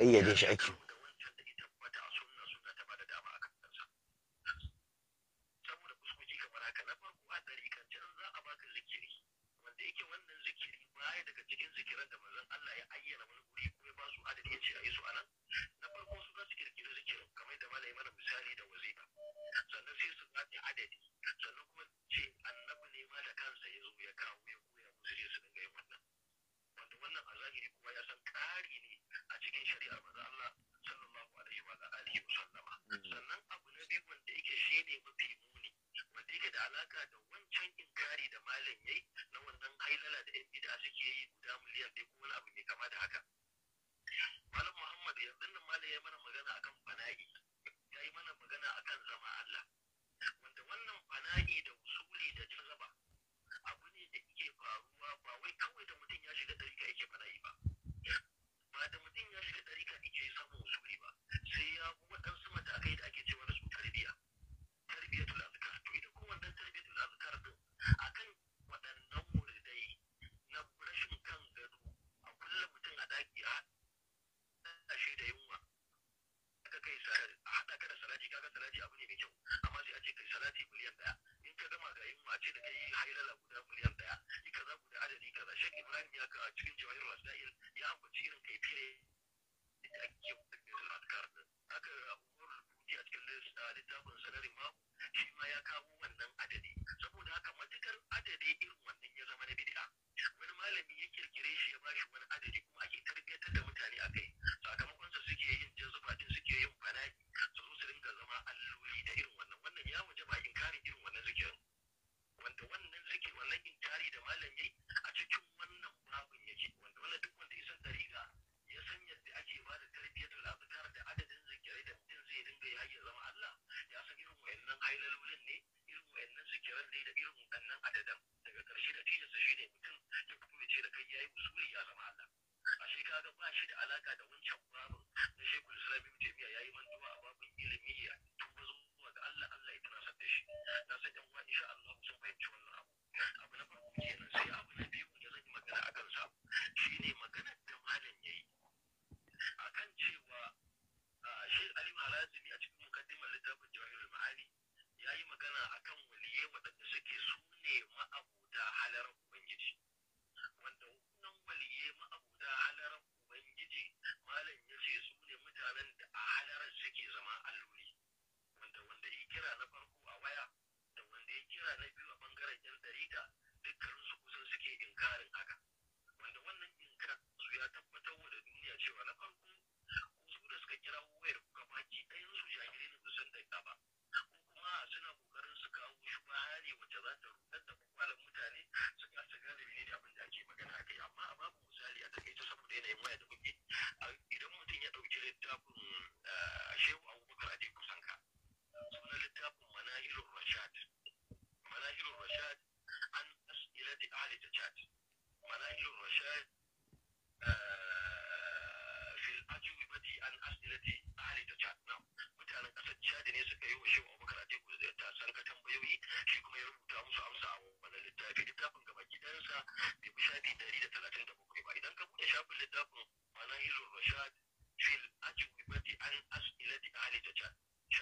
هي إيه دي شقتهم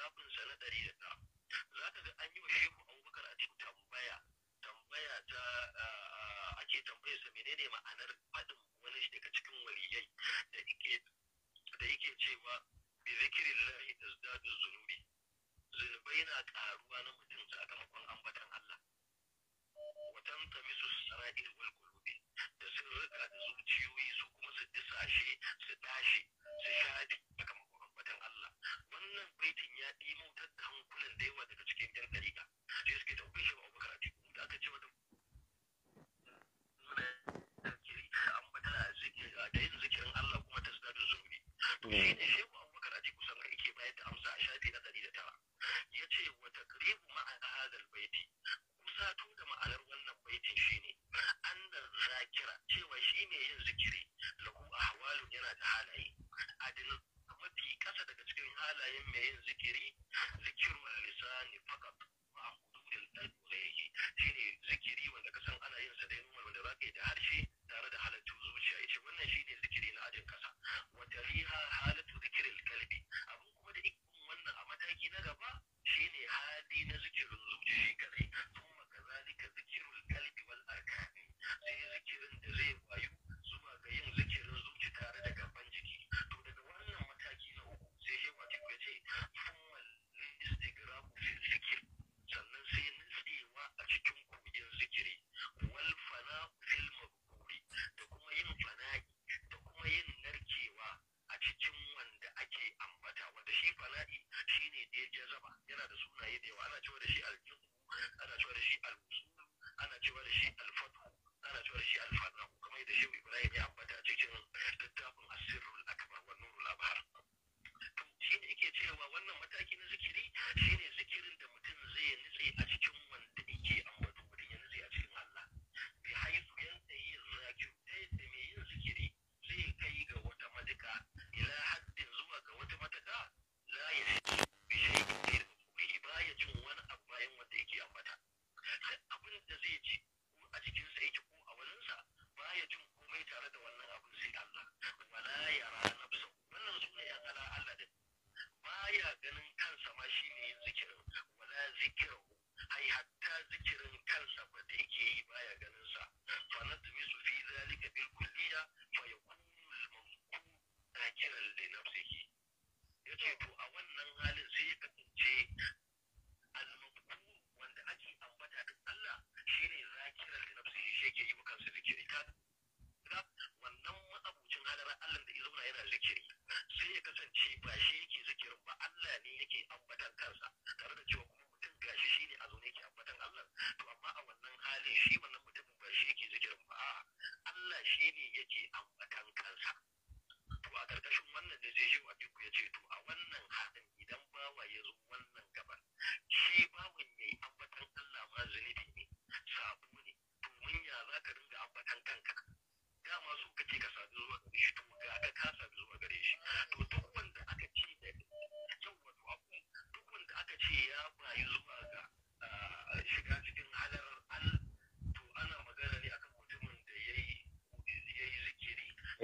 ஷாப்னு சொல்ல தெரியலன்னா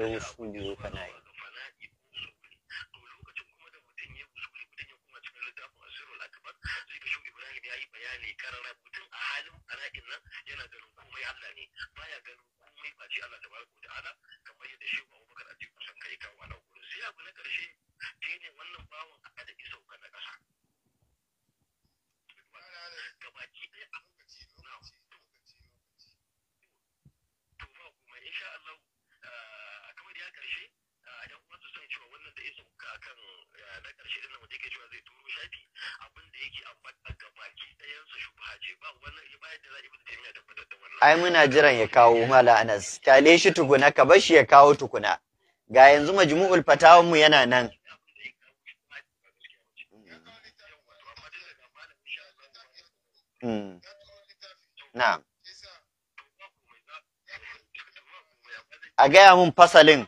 E y'o o de ai muna jiran ya kawo mala anas kyale shi tukuna ka bar shi ya kawo tukuna ga yanzu majmu'ul fatawun mu yana nan hmm. na'am a gaya mun fasalin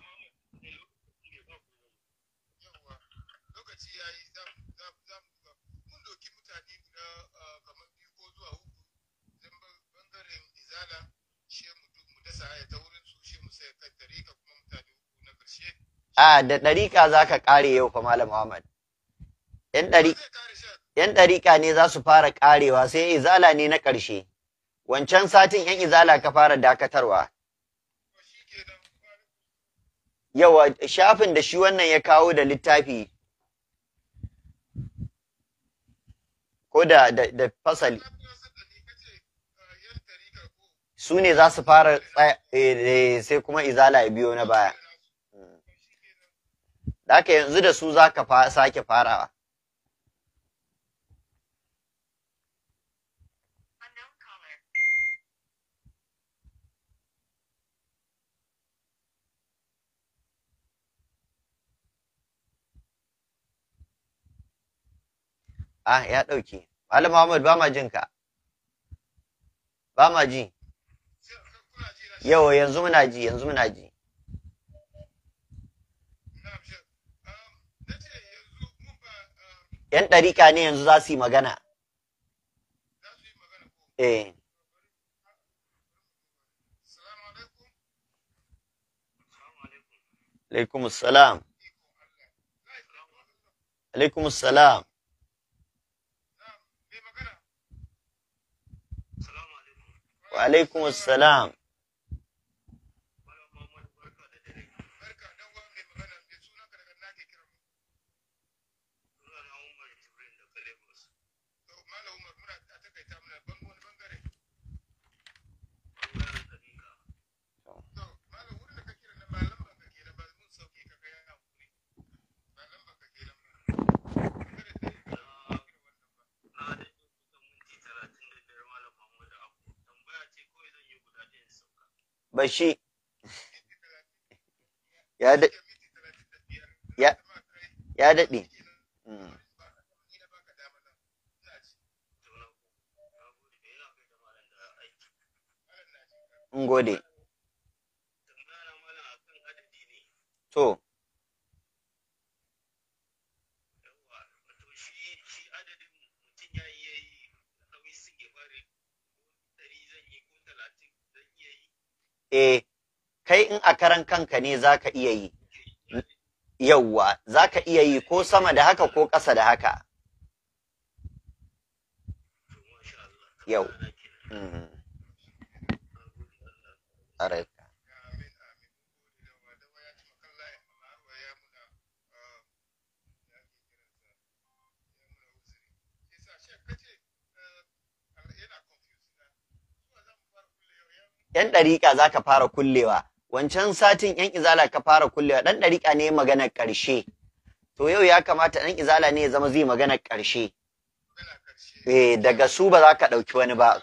da ɗariƙa za ka ƙare yau fa Malam Ahmad. ‘Yan ɗariƙa ne za su fara ƙarewa sai izala ne na ƙarshe. Wancan satin ‘yan izala ka fara dakatarwa. Yawa shafin da shi wannan ya kawo da littafi ko da fasali. Su ne za su fara eh, eh, sai kuma izala ya biyo na baya. da haka yanzu da su za ka sake farawa Ah, ya ɗauke. Malam Muhammad ba ma jin ka. Ba ma ji. Yau yanzu muna ji, yanzu muna ji. ‘yan ɗariƙa ne yanzu za su yi magana. Eh. Alaikum salam. Alaikum salam. Wa alaikum salam. bashi ya daɗe ya daɗe mm. gode to eh kai in a karan kanka ne zaka iya yi yawwa zaka iya yi ko sama da haka ko ƙasa da haka yau mm. yan ɗariƙa za ka fara kullewa wancan satin yan izala ka fara kullewa ɗan ɗariƙa ne maganar ƙarshe to yau ya kamata ɗan izala ne ya zama zai maganar ƙarshe eh daga su ba za ka ɗauki wani ba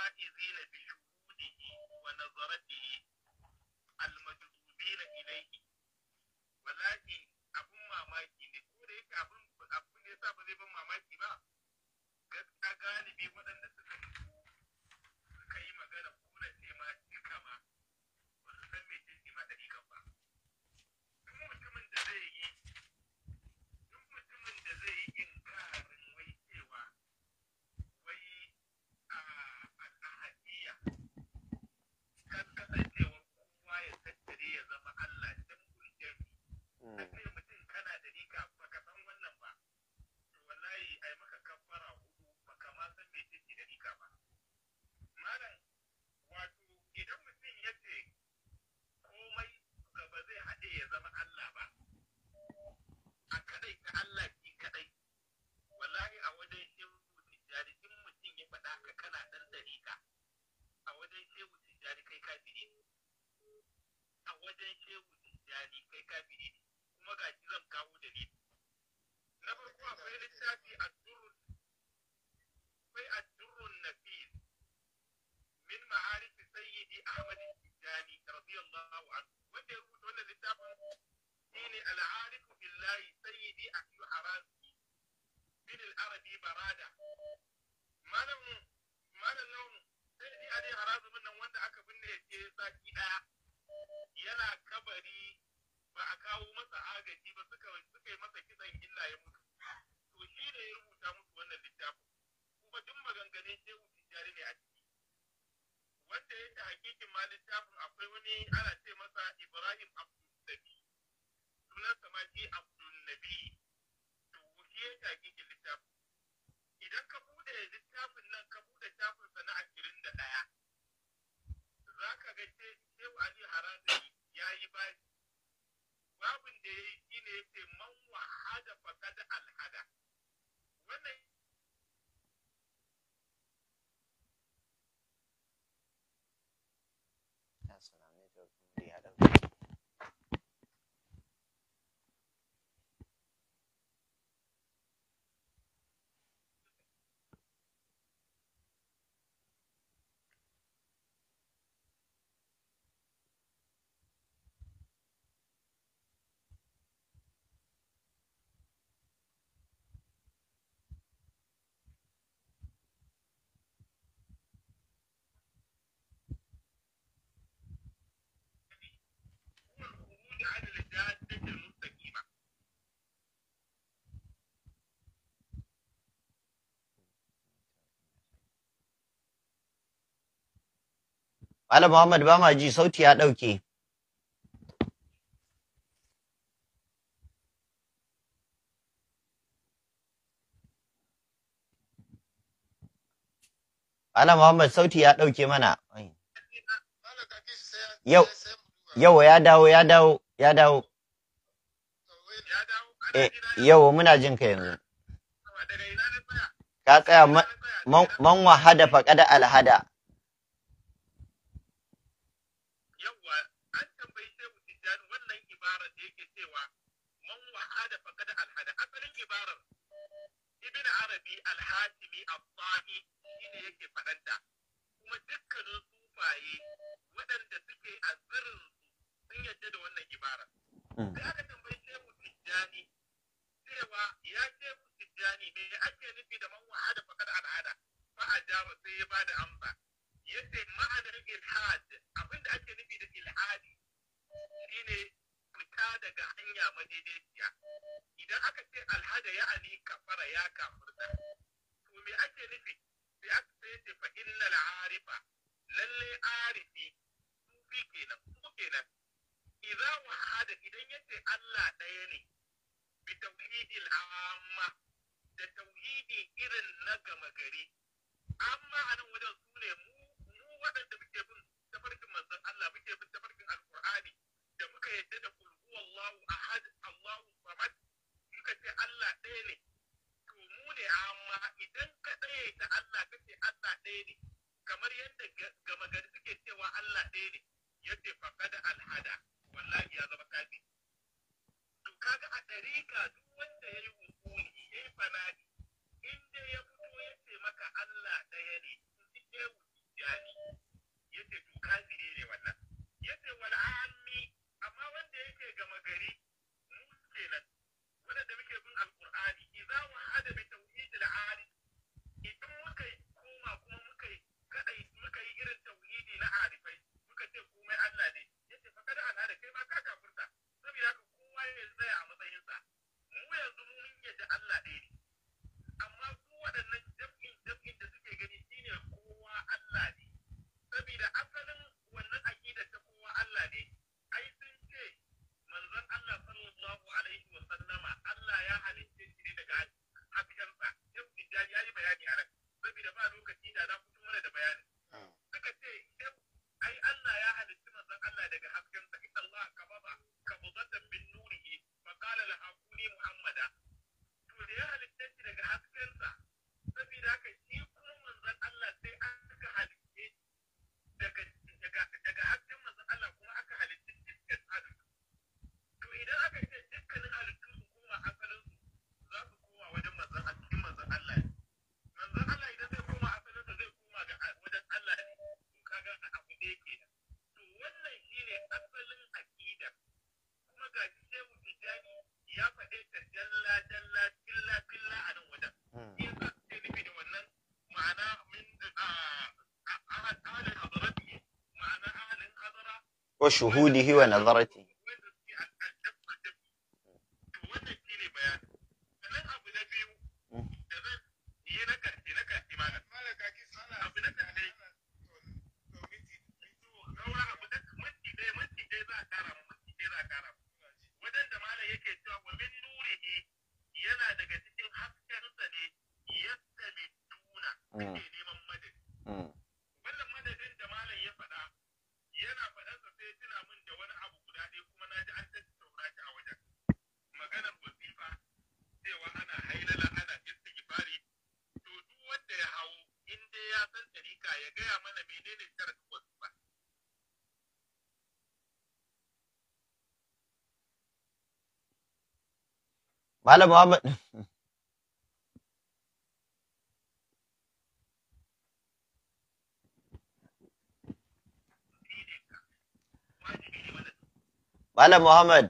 الفائزين بشهوده ونظرته المجذوبين إليه ولكن abun mamaki ne ko da yake da yasa ba zai ban mamaki ba gaskiya galibi waɗanda wajen shehu tijjani kai kafiri ne kuma ga shi zan kawo dalili na farko akwai littafi addurrun akwai addurrun nafis min ma'arif sayyidi ahmad tijjani radiyallahu anhu wanda ya rubuta wannan littafin shine al-arif billahi sayyidi ahmad harazi bin al barada malamin malam lawan sayyidi ali harazi nan wanda aka binne ya ce saki daya yana kabari ba a kawo masa agaji ba suka yi masa kisan illa ya mutu to shi ne ya rubuta musu wannan littafin kuma duk maganganun shehu tijjani ne a ciki wanda ya ta hakikin ma littafin akwai wani ana ce masa ibrahim abdul sunan samaki ma to shi ya ta hakikin Malam Muhammad ba ma ji sauti ya ɗauke. Malam Muhammad sauti ya ɗauke mana. Yau, yau ya dawo, ya dawo, ya dawo. Eh, yau muna jin ka yanzu. Ka tsaya man wahada faƙada alhada. faɗanta kuma dukkanin sufaye waɗanda suke a zirin sun yadda da wannan ibara hmm. sai aka tambayi shehu tijjani cewa ya ce shehu tijjani me ake nufi da man da faƙar al'ada ba a sai ya bada amsa yadda ma'anar ilhad abinda ake nufi da ilhadi shine fita daga hanya madaidaiciya idan aka ce alhada ya'ani kafara ya kafurta to me ake nufi sai aka sai fa innal arifa lalle arifi sufi kenan su kenan idza wahada idan yace Allah ɗaya ne bi tauhidil amma da tauhidi irin na gama gari amma anan wajen su وشهوده ونظرته على محمد وعلى محمد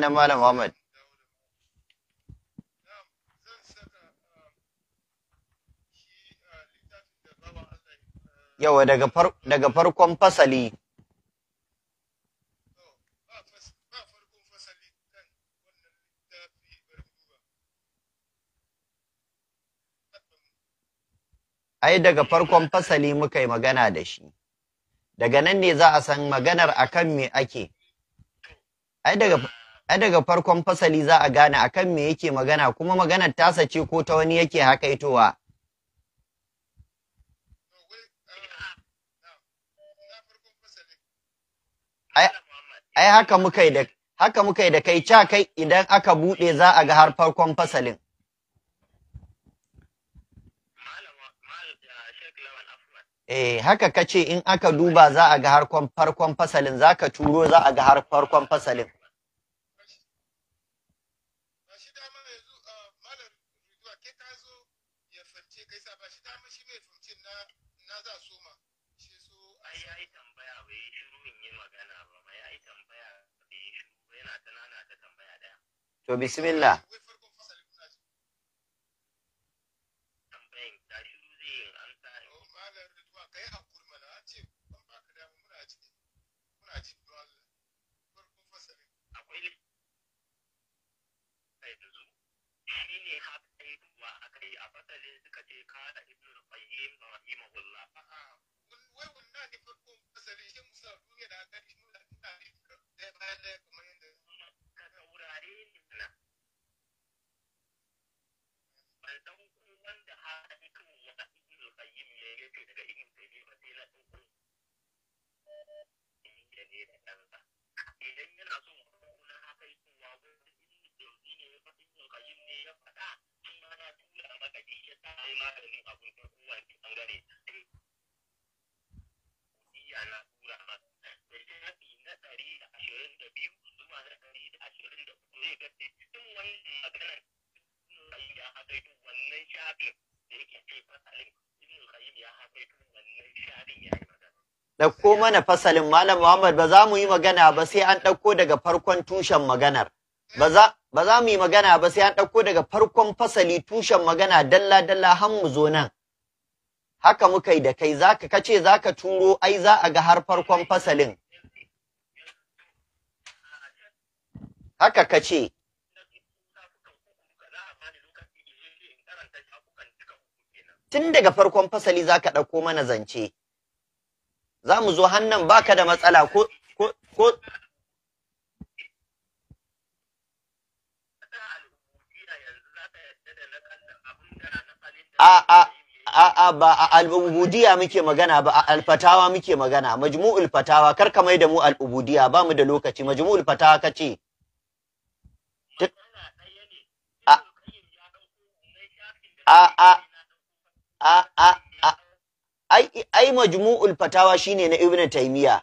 tambaya na Malam Ahmad. Yawa daga farkon fasali. Ai, daga farkon fasali muka yi magana da shi. Daga nan ne za a san maganar akan me ake. Ai, daga ai daga farkon fasali za a gane akan me yake magana kuma maganar tasa ce ko ta wani yake hakaitowa ai haka muka yi da haka muka yi da kai ca kai idan aka bude za a ga har farkon fasalin Eh, haka kace in aka duba za a ga har farkon fasalin, za ka turo za a ga har farkon fasalin. فبسم الله mana fasalin Malam Muhammad ba za mu yi magana ba sai an ɗauko daga farkon tushen maganar. Ba za mu yi magana ba sai an ɗauko daga farkon fasali tushen magana dalla-dalla har mu zo nan. Haka muka yi da kai za ka kace ka turo ai za a ga har farkon fasalin. Haka kace. Tun daga farkon fasali za ka ɗauko mana zance. za mu zo hannan baka da matsala ko ko a a a ba a al'ubudiya muke magana ba a alfatawa muke magana majmu'ul fatawa kar ka maida mu al'ubudiya ba mu da lokaci majmu'ul fatawa kace a a a a ai majmu'ul fatawa shine na ibnu taymiya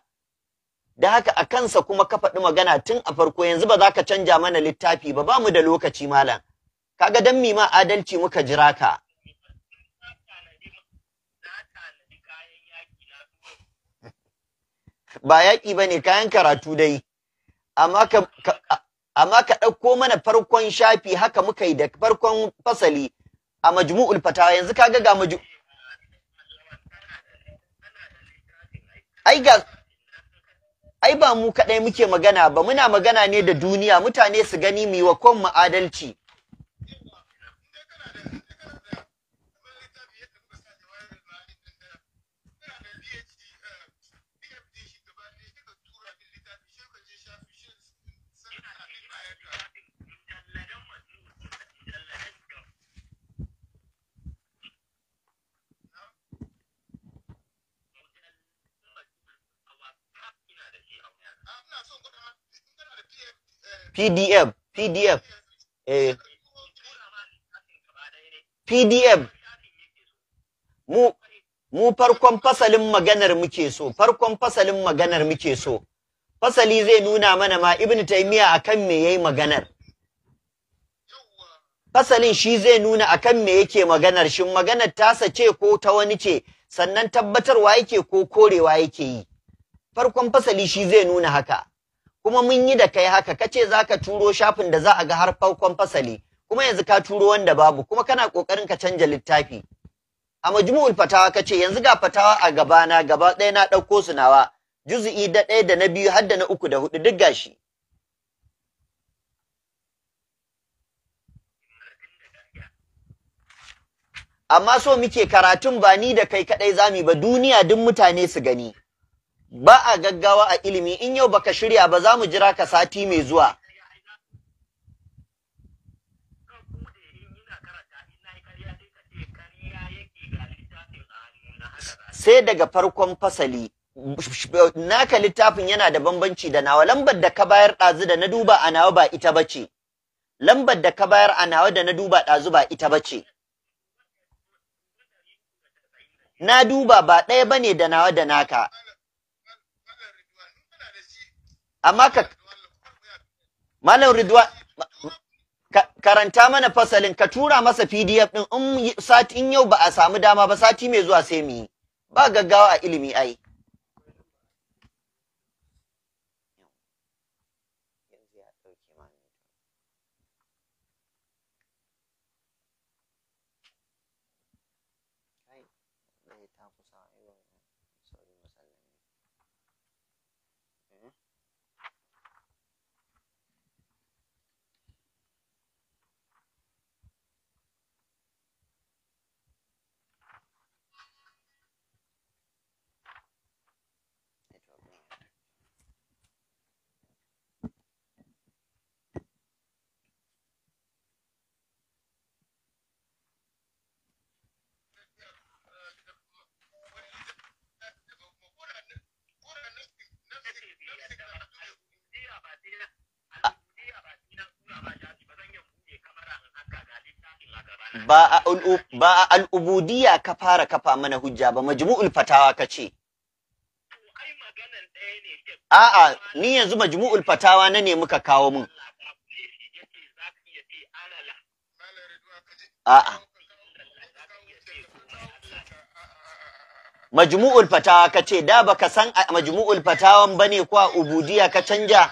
da haka a kansa kuma ka faɗi magana tun a farko yanzu ba za ka canja mana littafi ba ba mu da lokaci malam kaga dan mi ma adalci muka jira ka ba yaƙi ba ne kayan karatu dai amma ka amma ka ɗauko mana farkon shafi haka muka yi da farkon fasali a majmu'ul fatawa yanzu kaga ga majmu'ul ai ga ai ba mu kaɗai muke magana ba muna magana ne da duniya mutane su gani mu yi wa kwan mu adalci pdf PDM eh PDM mu mu farkon fasalin maganar muke so farkon fasalin maganar muke so fasali zai nuna mana ma ibnu taymiya akan me yayi maganar fasalin shi zai nuna akan me yake maganar shin maganar tasa ce ko ta wani ce sannan tabbatarwa yake ko korewa yake yi farkon fasali shi zai nuna haka kuma mun yi da kai haka kace ka turo shafin da za a ga har farkon fasali kuma yanzu ka turo wanda babu kuma kana kokarin ka canja littafi a majmu'ul fatawa kace yanzu ga fatawa a gaba na gaba ɗaya na ɗauko su nawa juz'i da ɗaya da na biyu har da na uku da hudu duk gashi amma so muke karatun ba ni da kai kadai zamu ba duniya duk mutane su gani ba a gaggawa a ilimi in yau baka shirya ba za mu jira ka sati mai zuwa sai daga farkon fasali naka littafin yana da bambanci da nawa lambar da ka bayar ɗazu da na duba a nawa ba ita ba ce lambar da ka bayar a nawa da na duba ɗazu ba ita ba ce na duba ba ɗaya ba ne da nawa da naka amma ka Malam ridwa karanta mana fasalin ka tura masa PDF din in yau ba a samu dama ba sati mai zuwa sai mu yi ba gaggawa a ilimi ai ba a al'ubudiyya ka fara kafa mana hujja ba majmu'ul fatawa ka ce a'a ni yanzu majmu'ul fatawa na ne muka kawo mun a majmu'ul fatawa ka ce da baka san majmu'ul fatawan bane kuwa ubudiya ka canja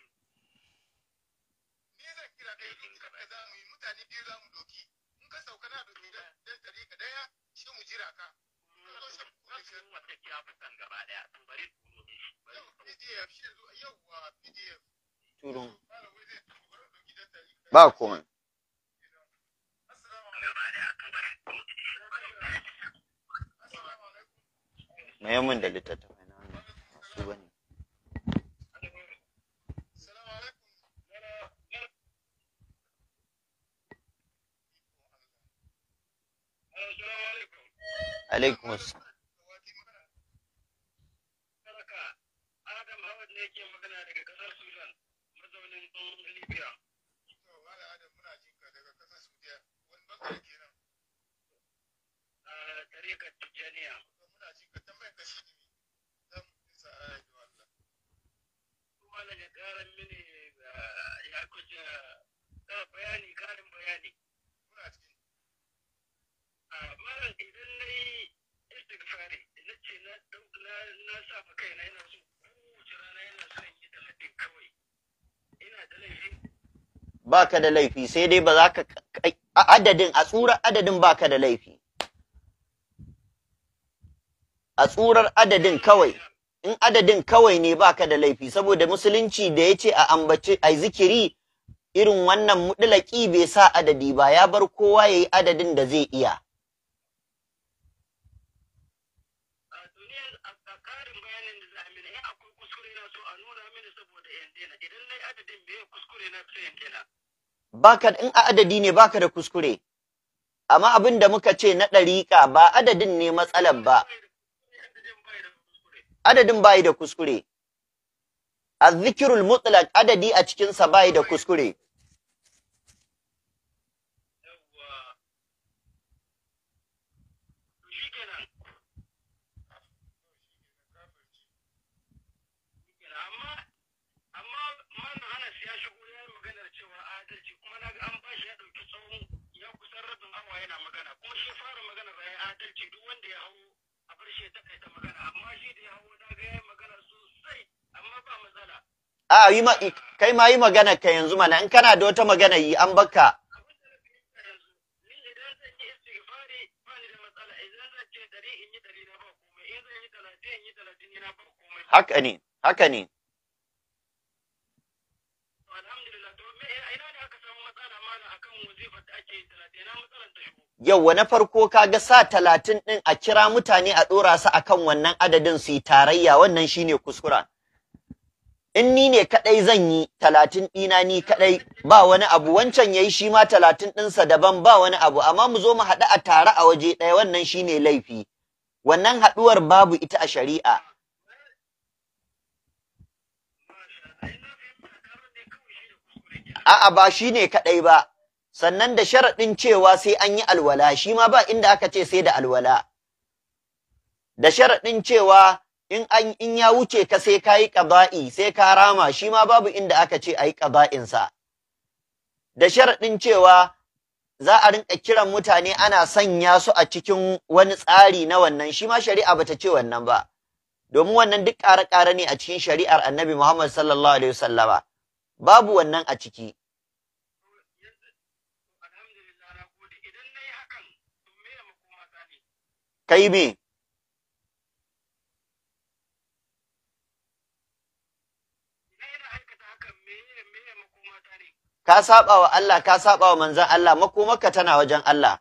kira ɗaya in ka za mu yi mutane ka sauka na daya shi mu Ba komai. da littattafai na su bane. عليكم السلام na sa so kowace rana yana yi da kawai ina da laifi baka da laifi sai dai ba za ka adadin a tsurar adadin baka da laifi a tsurar adadin kawai in adadin kawai ne baka da laifi saboda musulunci da ya ce a ambaci a zikiri irin wannan mudulaki bai sa adadi ba ya bar kowa ya yi adadin da zai iya baka in a adadi ne baka da kuskure amma abin da muka ce na ɗariƙa ba adadin ne matsalar ba adadin bayi da kuskure azzikirul mutlaq adadi a cikin sa bayi da kuskure adalci duk wanda ya hau a farshe ta kai ta magana amma shi da ya hau na ga yayin magana sosai amma ba matsala a yi ma kai ma yi magana ka yanzu mana in kana da wata magana yi an baka haka ne haka ne Yau na farko ka ga sa talatin ɗin a kira mutane a ɗora su akan wannan adadin su yi tarayya wannan shine kuskura. In ni ne kaɗai zan yi talatin ɗina ni kaɗai ba wani abu wancan ya yi shi ma talatin ɗinsa daban ba wani abu amma mu zo mu haɗu a tare a waje ɗaya wannan shine laifi. Wannan haɗuwar babu ita a shari'a. A'a ba shi ne kaɗai ba, sannan da sharaɗin cewa sai an yi alwala shi ma ba inda aka ce sai da alwala da sharaɗin cewa in an in ya wuce ka sai ka yi ƙaba'i sai ka rama shi ma babu inda aka ce a yi ƙaba'insa da sharaɗin cewa za a rinka kiran mutane ana sanya su a cikin wani tsari na wannan shi ma shari'a bata ce wannan ba domin wannan duk ƙara ƙara ne a cikin shari'ar annabi Muhammad sallallahu alaihi wasallama babu wannan a ciki kai me ka saba wa Allah ka saba wa manzan Allah makomarka tana wajen Allah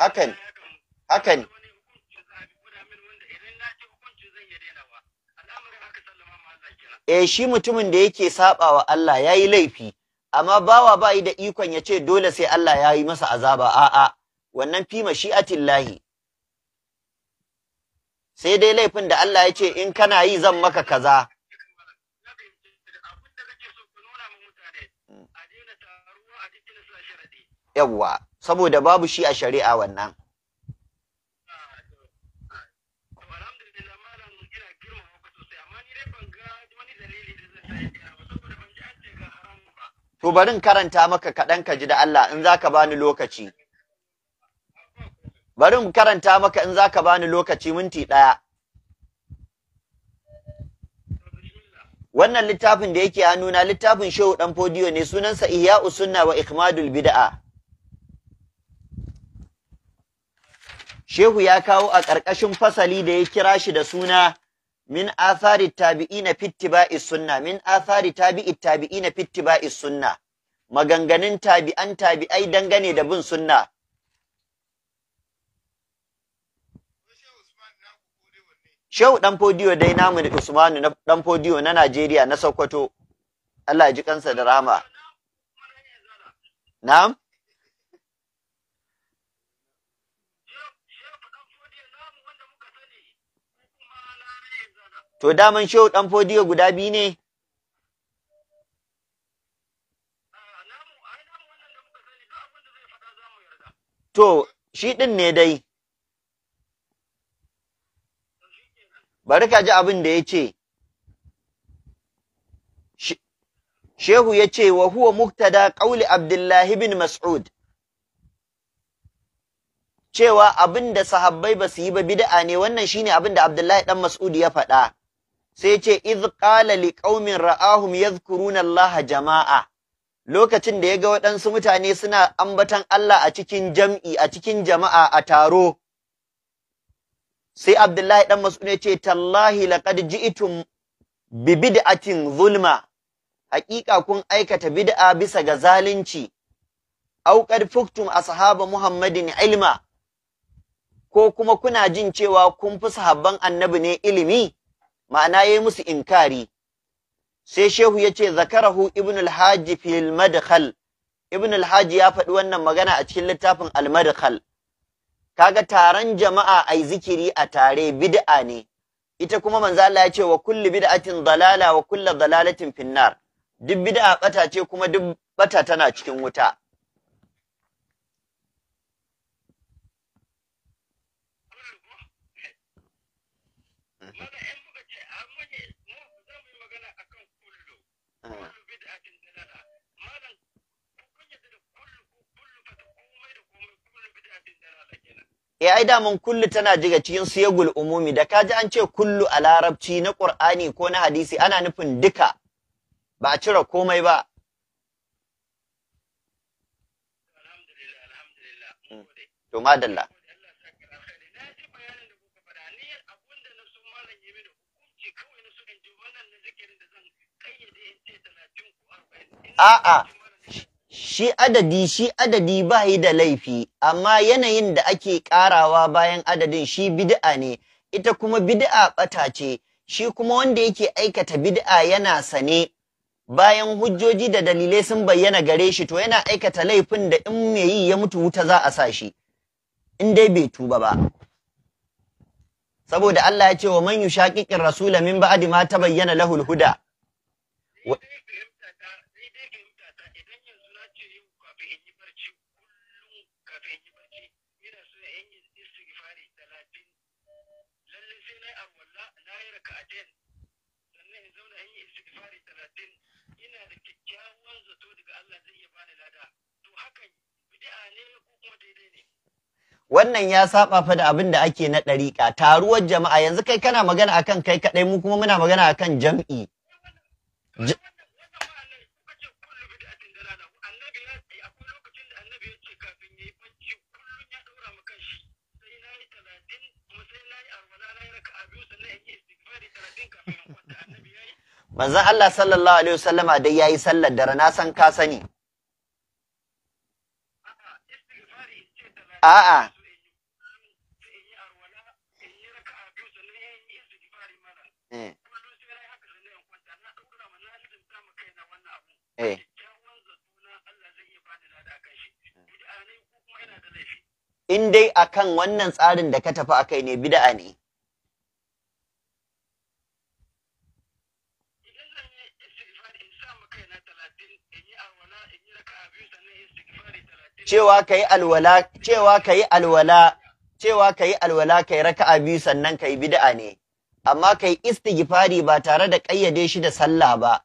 hakan hakan eh shi mutumin da yake wa Allah yayi laifi amma bawa ba yi da ikon ya ce dole sai Allah ya yi masa azaba a'a wannan fima shi atillahi sai dai laifin da Allah ya ce in kana yi zan maka kaza yawwa saboda babu shi a shari'a wannan To barin in karanta maka kaɗan ka ji da Allah in za ka bani lokaci. Bari in karanta maka in za ka bani lokaci minti ɗaya. Wannan littafin da yake hannuna littafin Shehu ɗan Fodiyo ne sunansa Ihya'u Usunna wa Ikmadul Bid'a. Shehu ya kawo a ƙarƙashin fasali da ya kira shi da suna min athari tabi'ina fi ittiba'i sunna min athari tabi'i tabi'ina fi ittiba'i sunna maganganun tabi'an tabi'ai dangane da bin sunna Shehu ɗan fodiyo dai namu da Usmanu na ɗan fodiyo na Najeriya na Sokoto. Allah ji kansa da rama. Na'am? to daman shehu ɗan fodiyo guda biyu ne to shi ɗin ne dai bari ka ji abin da ya ce shehu ya ce wa huwa muktada ƙauli abdullahi bin mas'ud cewa abin da sahabbai ba yi ba bid'a ne wannan shine abin da abdullahi dan mas'ud ya faɗa sai ce idh qala qaumin ra'ahum yadhkuruna Allah jama'a lokacin da ya ga waɗansu mutane suna ambatan Allah a cikin jam'i a cikin jama'a a taro sai Abdullahi dan Mas'ud ne ce tallahi laqad ji'tum bi bid'atin zulma Haƙiƙa kun aikata bid'a bisa ga zalunci au qad fuktum ashabu Muhammadin ilma ko kuma kuna jin cewa kun fi sahabban annabi ne ilimi ma'ana ya yi musu inkari sai shehu ya ce zakarahu ibn al fil madkhal ibn al ya faɗi wannan magana a cikin littafin al-madkhal kaga taron jama'a ai zikiri a tare bid'a ne ita kuma manzo Allah ya ce wa kulli bid'atin dalala wa kulli dalalatin finnar duk bid'a bata ce kuma duk bata tana cikin wuta E ai da mun kullu tana jiga cikin siyagul umumi da kaji an ce kullu a larabci na Qur'ani ko na hadisi ana nufin duka ba a cire komai ba. To madalla. A'a, shi adadi shi adadi ba yi da laifi amma yanayin da ake karawa bayan adadin shi bid'a ne ita kuma bid'a bata ce shi kuma wanda yake aikata bid'a yana sane bayan hujjoji da dalilai sun bayyana gare shi to yana aikata laifin da in mai yi ya mutu wuta za a sa shi in dai bai tuba ba saboda Allah ya ce wa manyu yushaqiqir rasula min ba'di ma tabayyana lahul huda wannan ya saba fa da abin da ake na ɗariƙa taruwar jama'a yanzu kai kana magana akan kai kaɗai mu kuma muna magana akan jam'i Manzon Allah sallallahu alaihi wasallama dai ya yi sallar dare na san ka sani. A'a, Eh. Hmm. in dai akan wannan tsarin da ka tafi akai ne bid'a ne cewa ka yi alwala cewa ka yi alwala cewa ka yi alwala ka raka'a biyu sannan ka yi bid'a ne amma ka yi istighfari ba tare da ƙayyade shi da sallah ba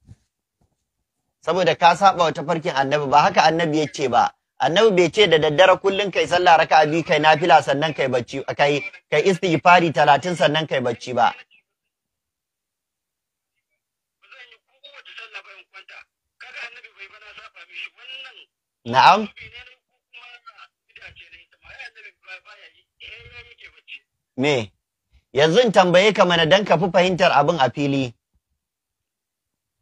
saboda ka saba wa tafarkin annabi ba haka annabi ya ce ba annabi bai ce da daddare kullum kai sallah raka'a biyu kai nafila sannan kai bacci kai kai istighfari talatin sannan kai bacci ba Na'am. Me, yanzu tambaye ka mana don ka fi fahimtar abin a fili.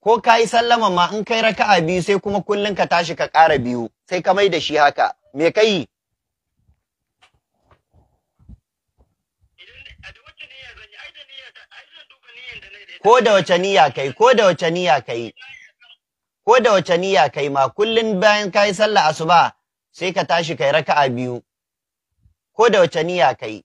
ko ka yi sallama ma in kai raka'a biyu sai kuma kullum ka tashi ka ƙara biyu sai ka mai da shi haka me ka yi ko da wace niyya kai ko da wace niyya kai ko da wace niyya kai ma kullun bayan ka yi sallah asuba sai ka tashi kai raka'a biyu ko da wace niyya kai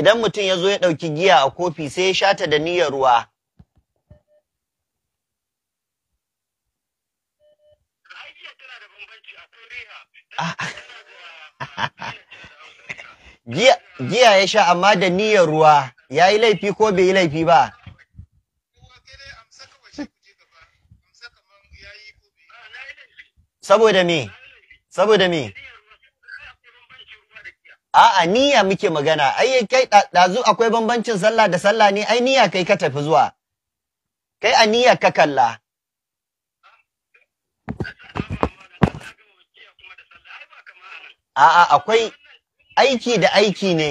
idan mutum ya zo ya ɗauki giya a kofi sai ya shata da niyyar ruwa [LAUGHS] giya ya sha amma da niyyar ruwa ya yi laifi ko bai yi laifi ba saboda me saboda me a'a niyya muke magana ai kai ɗazu, akwai bambancin sallah da sallah ne ai niyya kai ka tafi zuwa kai a niyya ka kalla a'a akwai aiki da aiki ne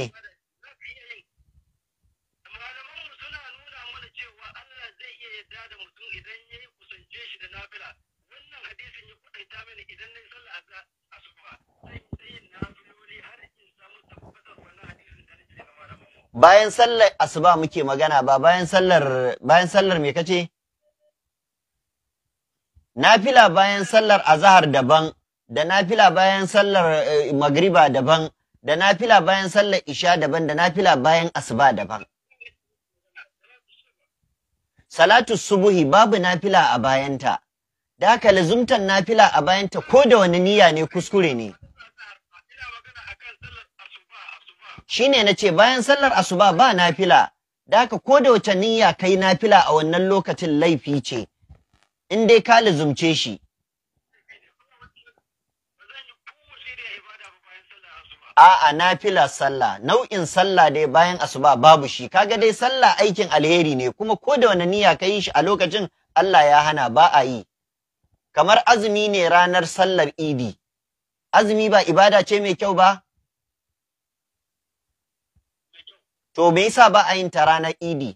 bayan sallar asuba muke magana ba bayan sallar bayan sallar me kace nafila bayan sallar azahar daban da nafila bayan sallar eh, magriba daban da nafila bayan sallar isha daban da nafila bayan asuba daban salatu subuhi babu nafila a bayanta da haka lazumtan nafila a bayanta ko da wani niyya ne kuskure ne Shi ne na ce bayan sallar asuba ba nafila da haka ko da wace niyya kai nafila a wannan lokacin laifi ce in dai ka lizumce shi a'a nafila sallah nau'in sallah dai bayan asuba babu shi kaga dai sallah aikin alheri ne kuma ko da wani niyya ka yi shi a lokacin Allah ya hana ba a yi kamar azumi ne ranar sallar idi azumi ba ibada ce mai kyau ba to me yasa ba a yin ta ranar idi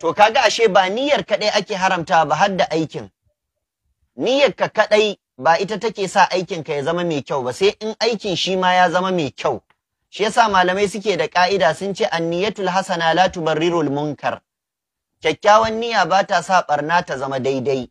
To kaga ashe ba niyyar kaɗai ake haramta ba har da aikin. Niyyarka kaɗai ba ita take sa aikinka ya zama mai kyau ba sai in aikin shi ma ya zama mai kyau. Shi yasa malamai suke da ƙa'ida sun ce anniyatul hasana la tubarrirul munkar. Kyakkyawan niyya ba ta sa ɓarna ta zama daidai.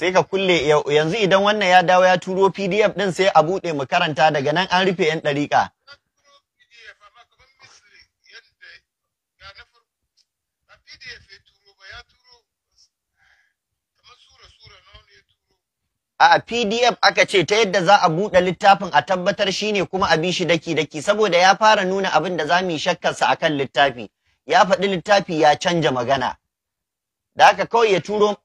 sai ka kulle yanzu idan wannan ya dawo ya turo PDF din sai a buɗe mu karanta daga nan an rufe 'yan ɗariƙa. a PDF aka ce ta yadda za a buɗe littafin a tabbatar shi ne kuma a bi shi daki-daki saboda ya fara nuna abin da za mu yi shakkarsa a kan littafi ya faɗi littafi ya canja magana da haka kawai ya turo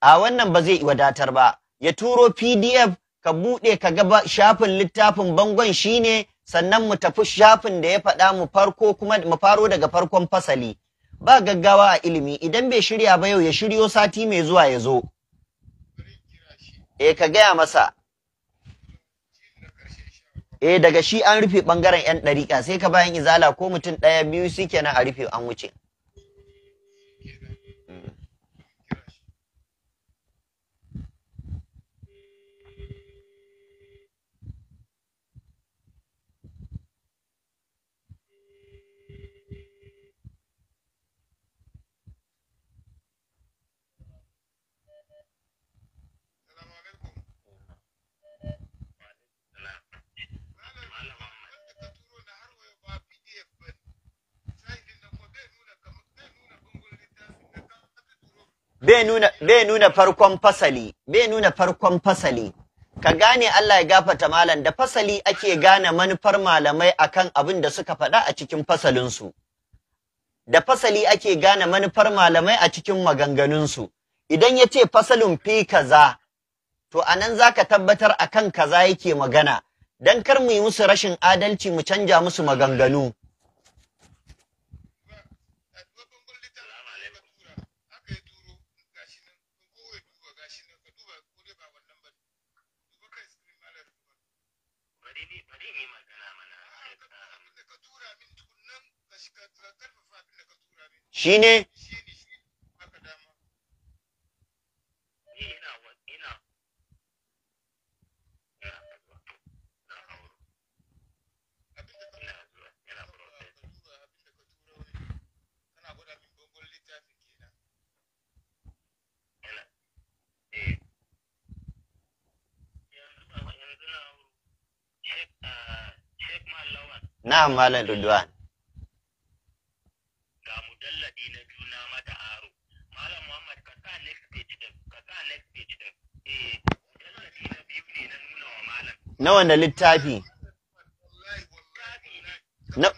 a wannan ba zai wadatar ba ya turo pdf ka buɗe ka ga shafin littafin bangon shine sannan mu tafi shafin da ya faɗa mu farko kuma mu faro daga farkon fasali ba gaggawa a ilimi idan bai shirya ba yau ya shiryo sati mai zuwa ya zo eh ka gaya masa eh daga shi an rufe bangaren yan ɗariƙa sai ka bayan izala ko mutum ɗaya biyu su a rufe an wuce bai nuna farkon fasali bai nuna farkon fasali ka gane Allah ya gafata malam da fasali ake gane manufar malamai akan abin da suka faɗa a cikin fasalinsu da fasali ake gane manufar malamai a cikin maganganunsu idan ya ce fasalin fi kaza to anan za ka tabbatar kan kaza yake magana don kar mu yi musu rashin adalci mu canja musu maganganu shine Na'am Malam Ridwan. na wanda littafi na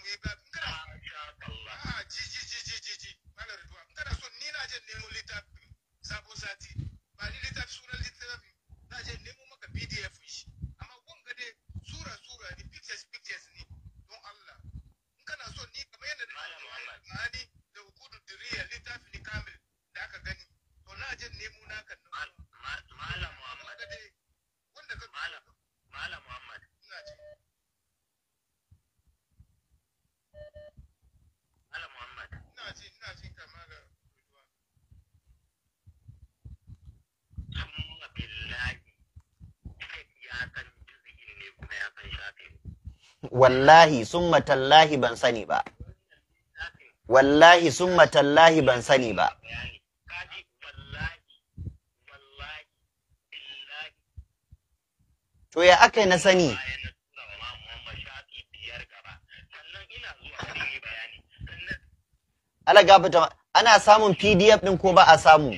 wallahi sun matallahi ban sani ba wallahi sun matallahi ban sani ba to ya aka na sani ala gafata ana samun pdf din ko ba a samu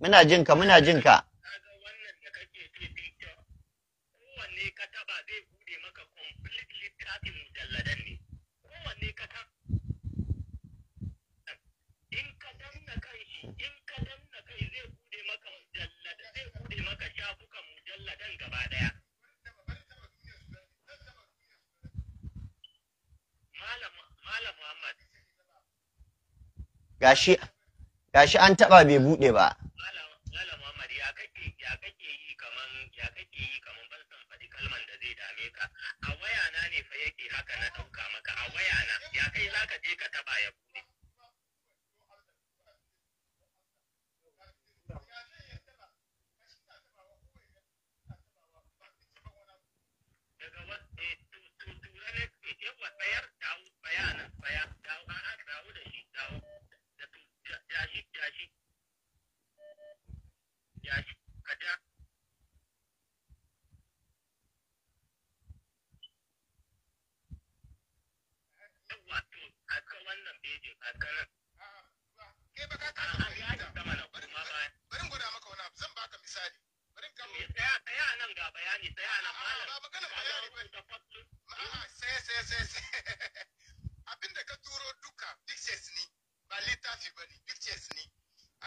muna jinka muna jinka gashi an taɓa bai buɗe ba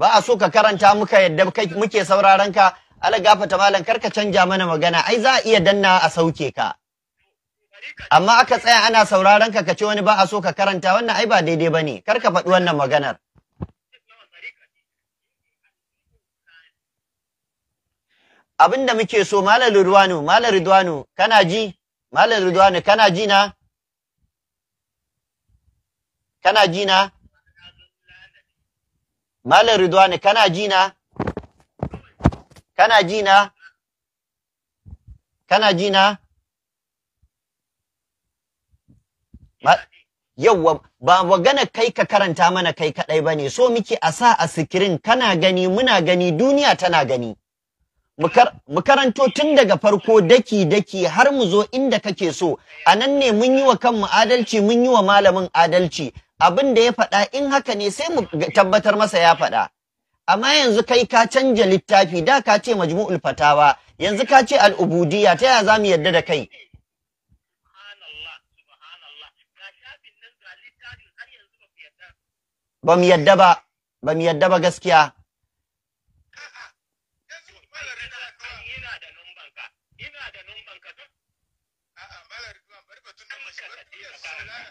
ba a so ka karanta muka yadda muke sauraron ka ala gafata malam karka canja mana magana ai za a iya danna a sauke ka amma aka tsaya ana sauraron ka kace wani ba a so ka karanta wannan ai ba daidai bane karka faɗi wannan maganar Abinda muke so malam Ridwanu malam Ridwanu kana ji malam Ridwanu kana ji na kana ji na Malam Ridwani kana ji na? Kana ji na? Kana ji na? Yawwa ba magana kai ka karanta mana kai kaɗai ba ne, so muke a sa a sikirin kana gani muna gani duniya tana gani. Mu karanto tun daga farko daki-daki har mu zo inda kake so, a nan ne mun yi wa kanmu adalci mun yi wa malamin adalci, abin da ya faɗa in haka ne sai mu tabbatar masa ya faɗa amma yanzu kai ka canja littafi da ka ce majmu'ul fatawa yanzu ka ce al'ubudiyya ta yaya za mu yarda da kai ba mu yadda ba ba mu yadda ba gaskiya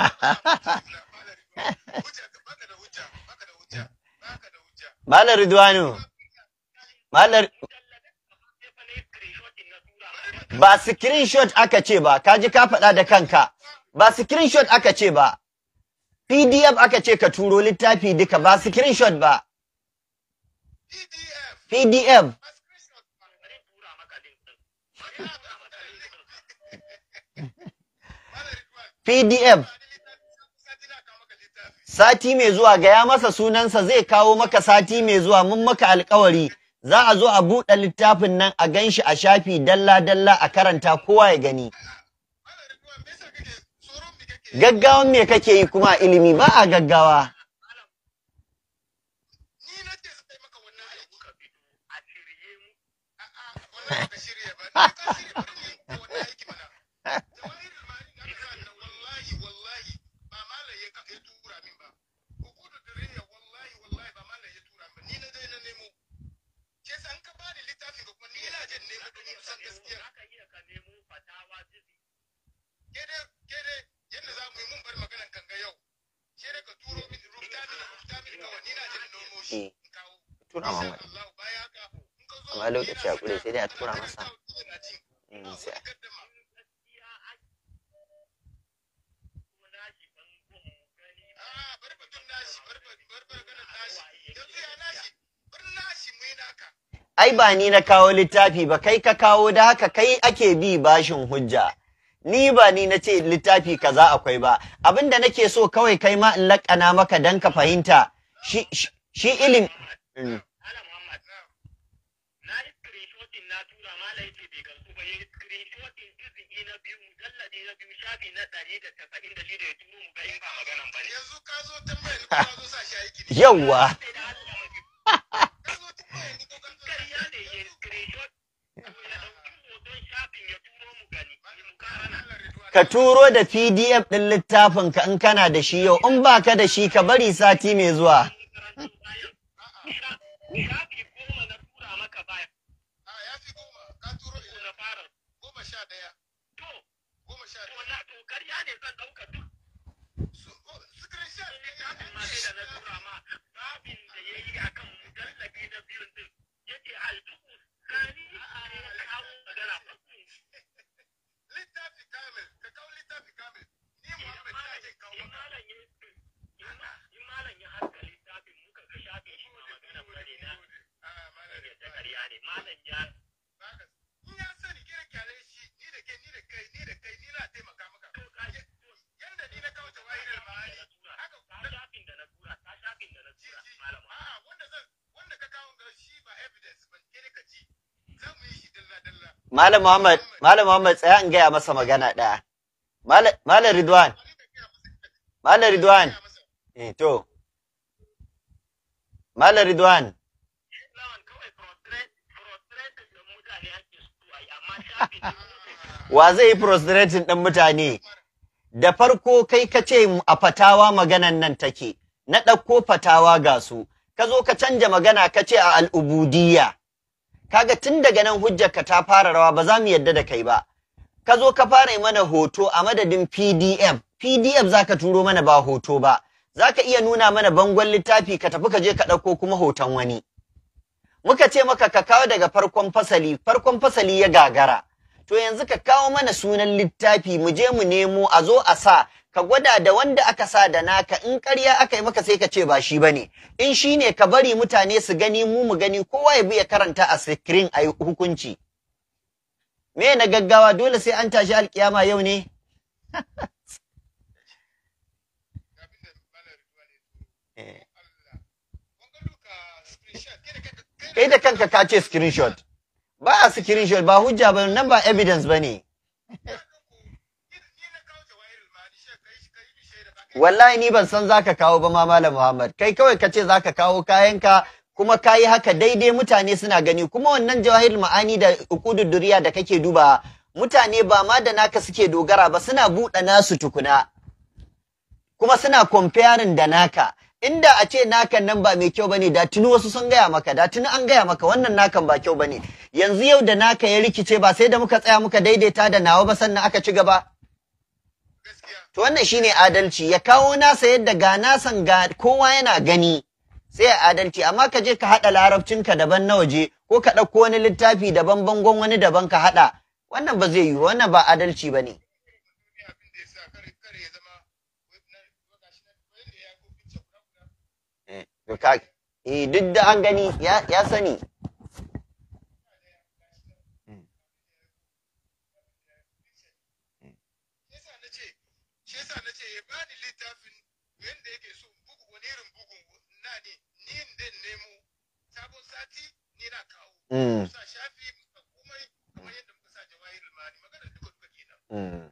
[LAUGHS] Malar Ridwanu. Malar Ba screenshot aka ce ba, kaji ka faɗa da kanka. Ba screenshot aka ce ba. PDF aka ce ka turo littafi duka ba screenshot ba. PDF. PDF. sati mai zuwa gaya masa sunansa zai kawo maka sati mai zuwa mun maka alkawari za a zo a buɗe littafin nan a gan shi a shafi dalla-dalla a karanta kowa ya gani. Gaggawan me kake yi kuma ilimi ba a gaggawa. [LAUGHS] tura ma mai amma lokaci a kure sai dai a tura masa mm, ai ba ni na kawo littafi ba kai ka kawo da haka kai ake bi bashin hujja ni ba ni na ce littafi kaza akwai ba abin da nake so kawai kai ma in lakana maka dan ka fahimta shi ilim mm. shi ka turo da pdf ɗin littafin ka in kana da shi yau in baka da shi ka bari sati mai zuwa Malam Muhammad, Malam Muhammad tsaya in gaya masa magana ɗaya. Malam Ridwan. Malam Ridwan. Eh to. Malam Ridwan. Wa zai yi prostrating ɗin mutane? Da farko kai ka ce a fatawa maganan nan take, na ɗauko fatawa ga su, ka zo ka canja magana ka ce a al'ubudiyya. kaga tun daga nan hujjarka ta fara rawa ba za mu yadda da kai ba ka zo ka fara mana hoto a madadin pdf pdf za ka turo mana ba hoto ba za ka iya nuna mana bangon littafi ka tafi ka je ka ɗauko kuma hoton wani muka ce maka ka kawo daga farkon fasali farkon fasali ya gagara to yanzu ka kawo mana sunan littafi mu je mu nemo a zo a sa ka gwada da wanda aka sa da naka in ƙarya aka yi maka sai ka ce ba shi ba ne. in shi ne ka bari mutane su gani mu mu gani kowa ya bi karanta a sikirin a hukunci me na gaggawa dole sai an tashi alkiyama yau ne [LAUGHS] eh. kai da kanka ka ce screenshot ba a screenshot ba hujja ba nan ba evidence ba ne [LAUGHS] wallahi ni ban san zaka kawo ba ma malam Muhammad kai kawai ka ce zaka kawo kayanka kuma kayi haka daidai mutane suna gani kuma wannan jawahir ma'ani da uqudud duriya da kake duba mutane ba ma da naka suke dogara ba suna buɗe nasu tukuna kuma suna comparing da naka inda a ce naka nan ba mai kyau bane da tuni wasu sun gaya maka da tuni an gaya maka wannan nakan ba kyau bane yanzu yau da naka ya rikice ba sai da muka tsaya muka daidaita da nawa ba sannan aka ci gaba wannan shi ne adalci ya kawo nasa yadda ga nasan ga kowa yana gani sai ya adalci amma ka je ka haɗa larabcinka daban na waje ko ka ɗauko wani littafi daban bangon wani daban ka haɗa wannan ba zai yi wannan ba adalci ba ne. Eh, eh, duk da an gani ya sani Mm. shafi magana duka Mm.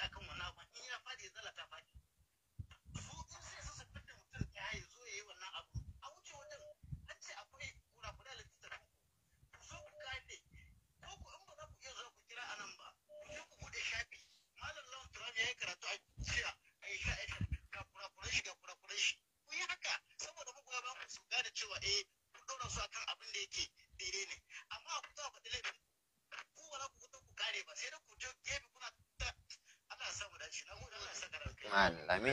在跟我闹翻。อ่านอะไรไม่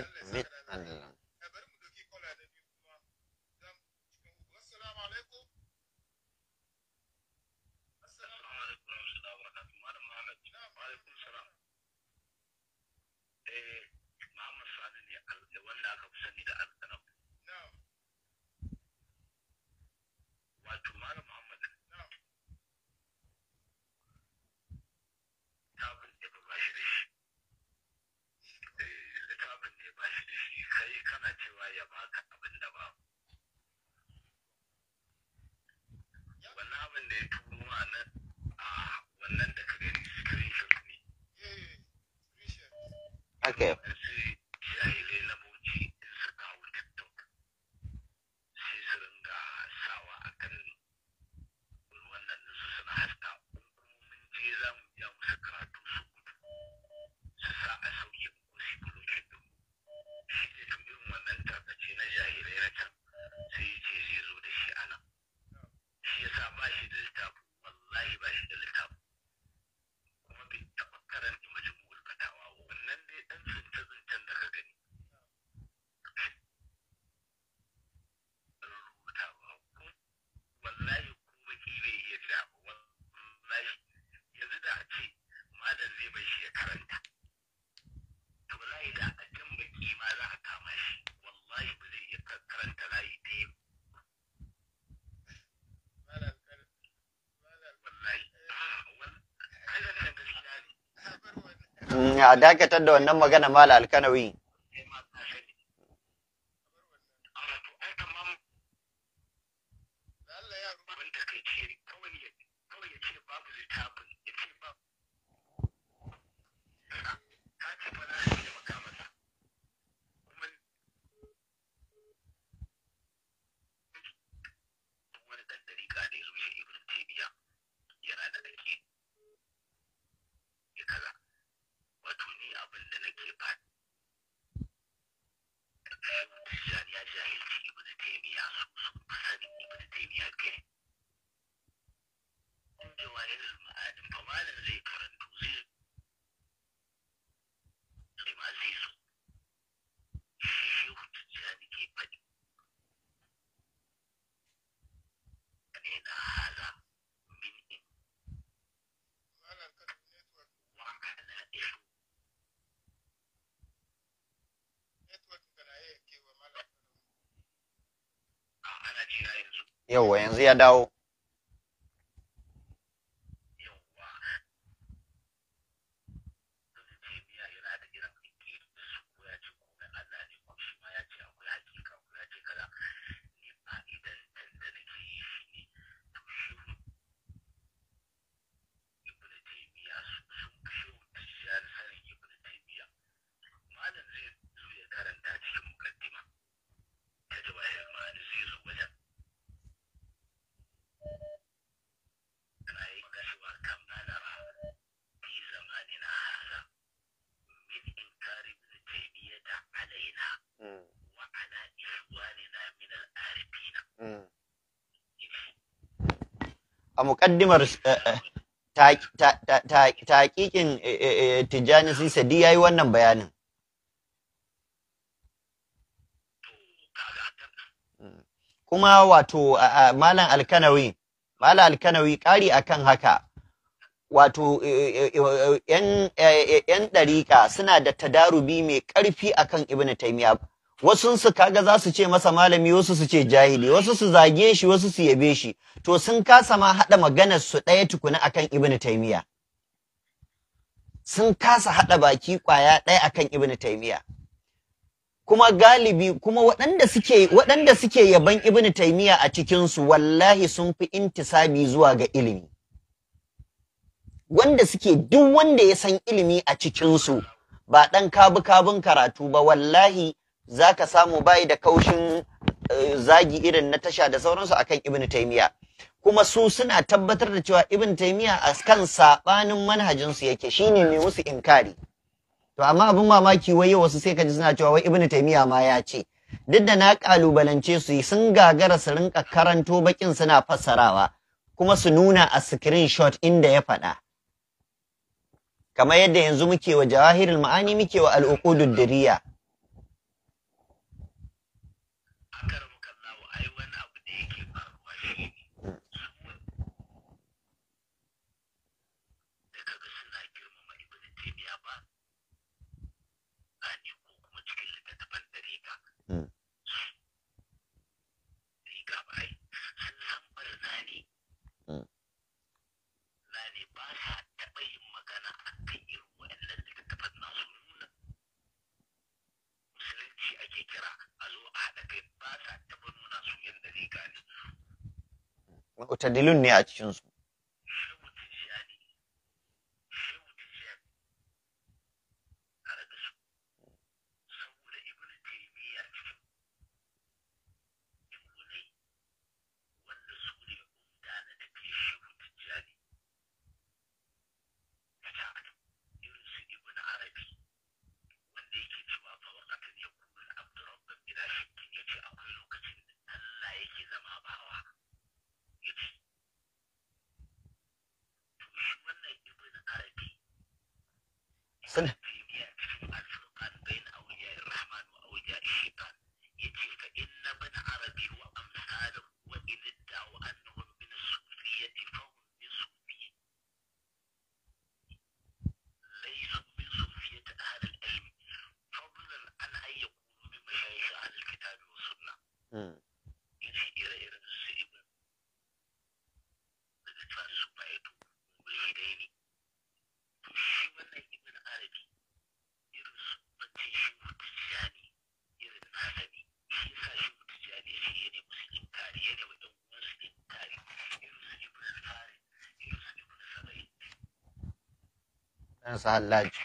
a dakatar da wannan magana mala alkanawi ria à, đâu muƙaddimar eh, eh, taƙiƙin eh, Tijjani Sisadi ya yi wannan bayanin. Kuma wato Malam Alkanawi, Malam Alkanawi ƙari akan haka, wato ‘yan ɗariƙa suna da tadarubi mai ƙarfi akan Ibn Taymiyyah. wasu su kaga za su ce masa malami wasu su ce jahili wasu su zage shi wasu su yabe shi to sun kasa ma haɗa maganar su ɗaya tukuna akan ibn taymiya sun kasa haɗa baki ƙwaya ɗaya akan ibn taymiya kuma galibi kuma waɗanda suke waɗanda suke yaban ibn taymiya a cikin su wallahi sun fi intisabi zuwa ga ilimi wanda suke duk wanda ya san ilimi a cikin su ba ɗan kabu kabun karatu ba wallahi za ka samu bayi da kaushin eh, zagi irin na tasha da sauransu akan ibn taimiya kuma su suna tabbatar da cewa ibn taimiya a kan saɓanin manhajinsu yake shine mai musu inkari to amma abin mamaki wai wasu sai kaji suna cewa wai ibn taimiya ma ya ce duk da na kalubalance su sun gagara su rinka karanto bakin suna fassarawa kuma su nuna a screenshot inda ya faɗa kamar yadda yanzu muke wa jawahirul ma'ani muke wa al'uqudud diriya Utadilun ne a cikinsu ታነሳላችሁ።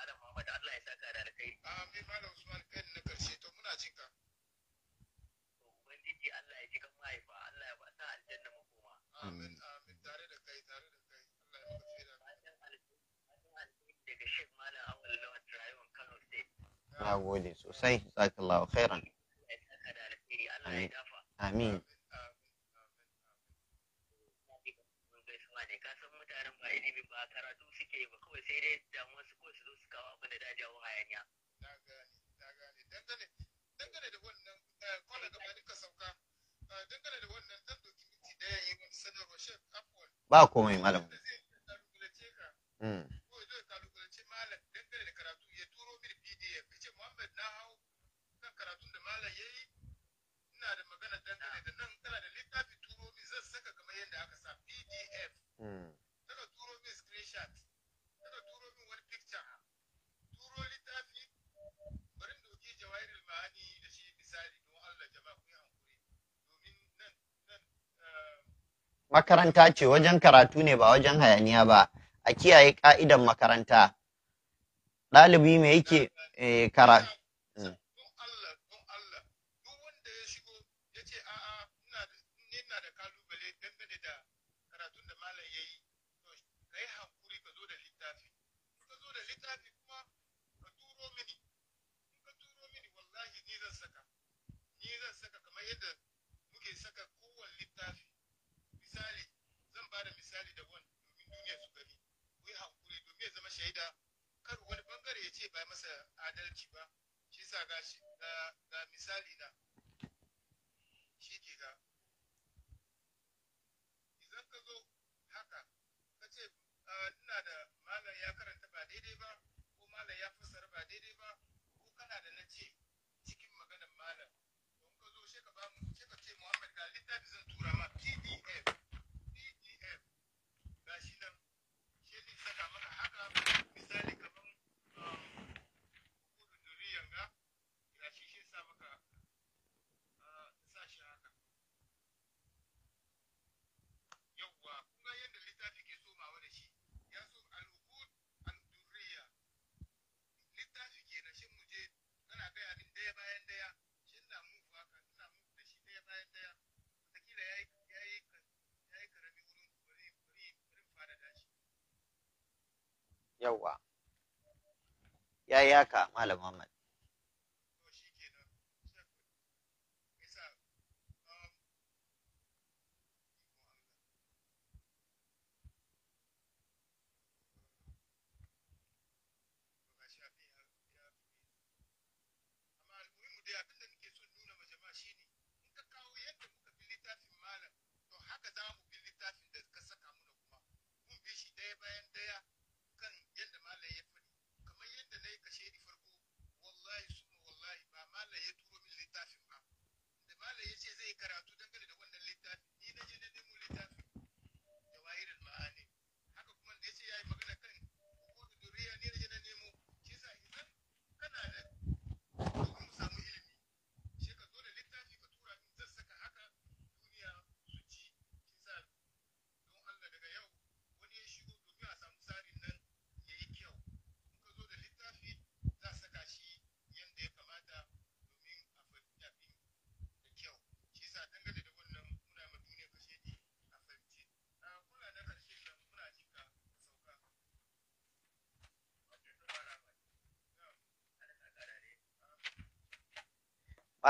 gode sosai jazakallahu khairan amin ba komai malam makaranta ce wajen karatu ne ba wajen hayaniya ba a kiyaye ka'idan makaranta ɗalibi mai yake eh, karatu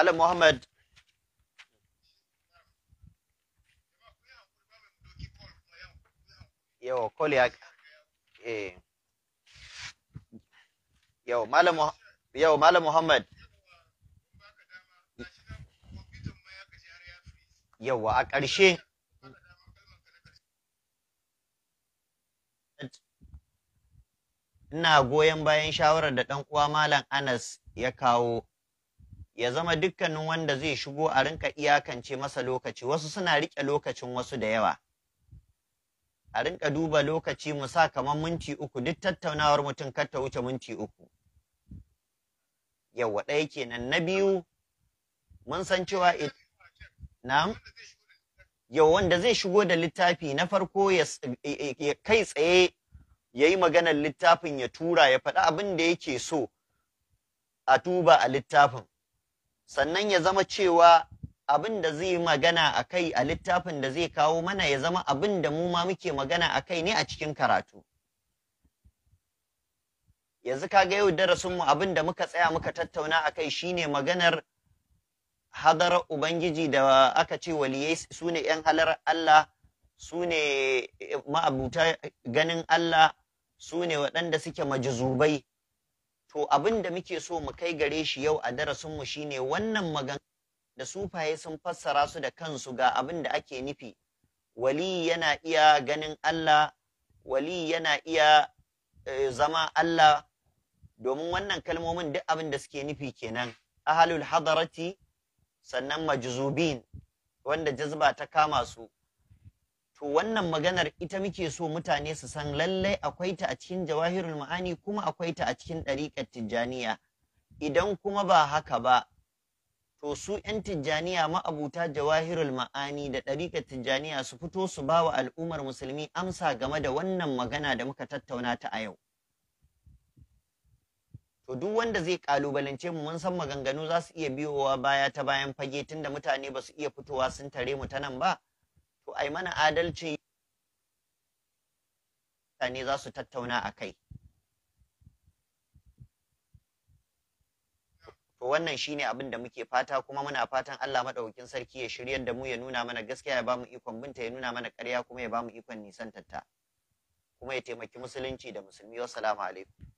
Malam Muhammad. Yo, kol ya eh. Malam Malam Muhammad. Yo, a ƙarshe. Ina goyon bayan shawarar da ɗan uwa Malam Anas ya kawo ya zama dukkanin wanda zai shigo a rinka iyakance masa lokaci wasu suna riƙe lokacin wasu da yawa a rinka duba lokaci mu sa kamar minti uku duk tattaunawar mutum kar ta wuce minti uku yawa ɗaya kenan na biyu mun san cewa nam yau wanda zai shigo da littafi na farko ya kai tsaye ya yi maganar littafin ya tura ya faɗi abin da yake so a tuba a littafin sannan ya zama cewa abin da zai magana a kai a littafin da zai kawo mana ya zama abin da mu ma muke magana a kai ne a cikin karatu yanzu kaga yau darasinmu abin da muka tsaya muka tattauna a kai shi ne maganar hadarar ubangiji da aka ce waliyai su ne 'yan halar Allah su ne ma'abuta ganin Allah su ne waɗanda suke majizubai to abin da muke so mu kai gare shi yau a darasin darasinmu shine wannan magana da sufaye sun fassara su da kansu ga abin da ake nufi wali yana iya ganin Allah wali yana iya eh, zama Allah domin wannan kalmomin duk abin da suke nufi kenan ahalul hadarati sannan majzubin wanda jazba ta kama su to wannan maganar ita muke so mutane su san lallai akwai ta a cikin jawahirul ma'ani kuma akwai ta a cikin ɗariƙar tijjaniya idan kuma ba haka ba to su 'yan tijjaniya ma'abuta jawahirul ma'ani da ɗariƙar tijjaniya su fito su ba wa al'ummar musulmi amsa game da wannan magana da muka tattauna ta a yau to duk wanda zai kalubalance mu mun san maganganu za su iya biyowa baya ta bayan fage tunda mutane ba su iya fitowa sun tare mu ta nan ba to ai mana adalcin mutane za su tattauna a kai to wannan shine abin da muke fata kuma muna fatan Allah madaukakin sarki ya shiryar da mu ya nuna mana gaskiya ya bamu ikon binta ya nuna mana ƙarya kuma ya ba mu ikon nisan tatta kuma ya taimaki musulunci da musulmi wassalamu alaikum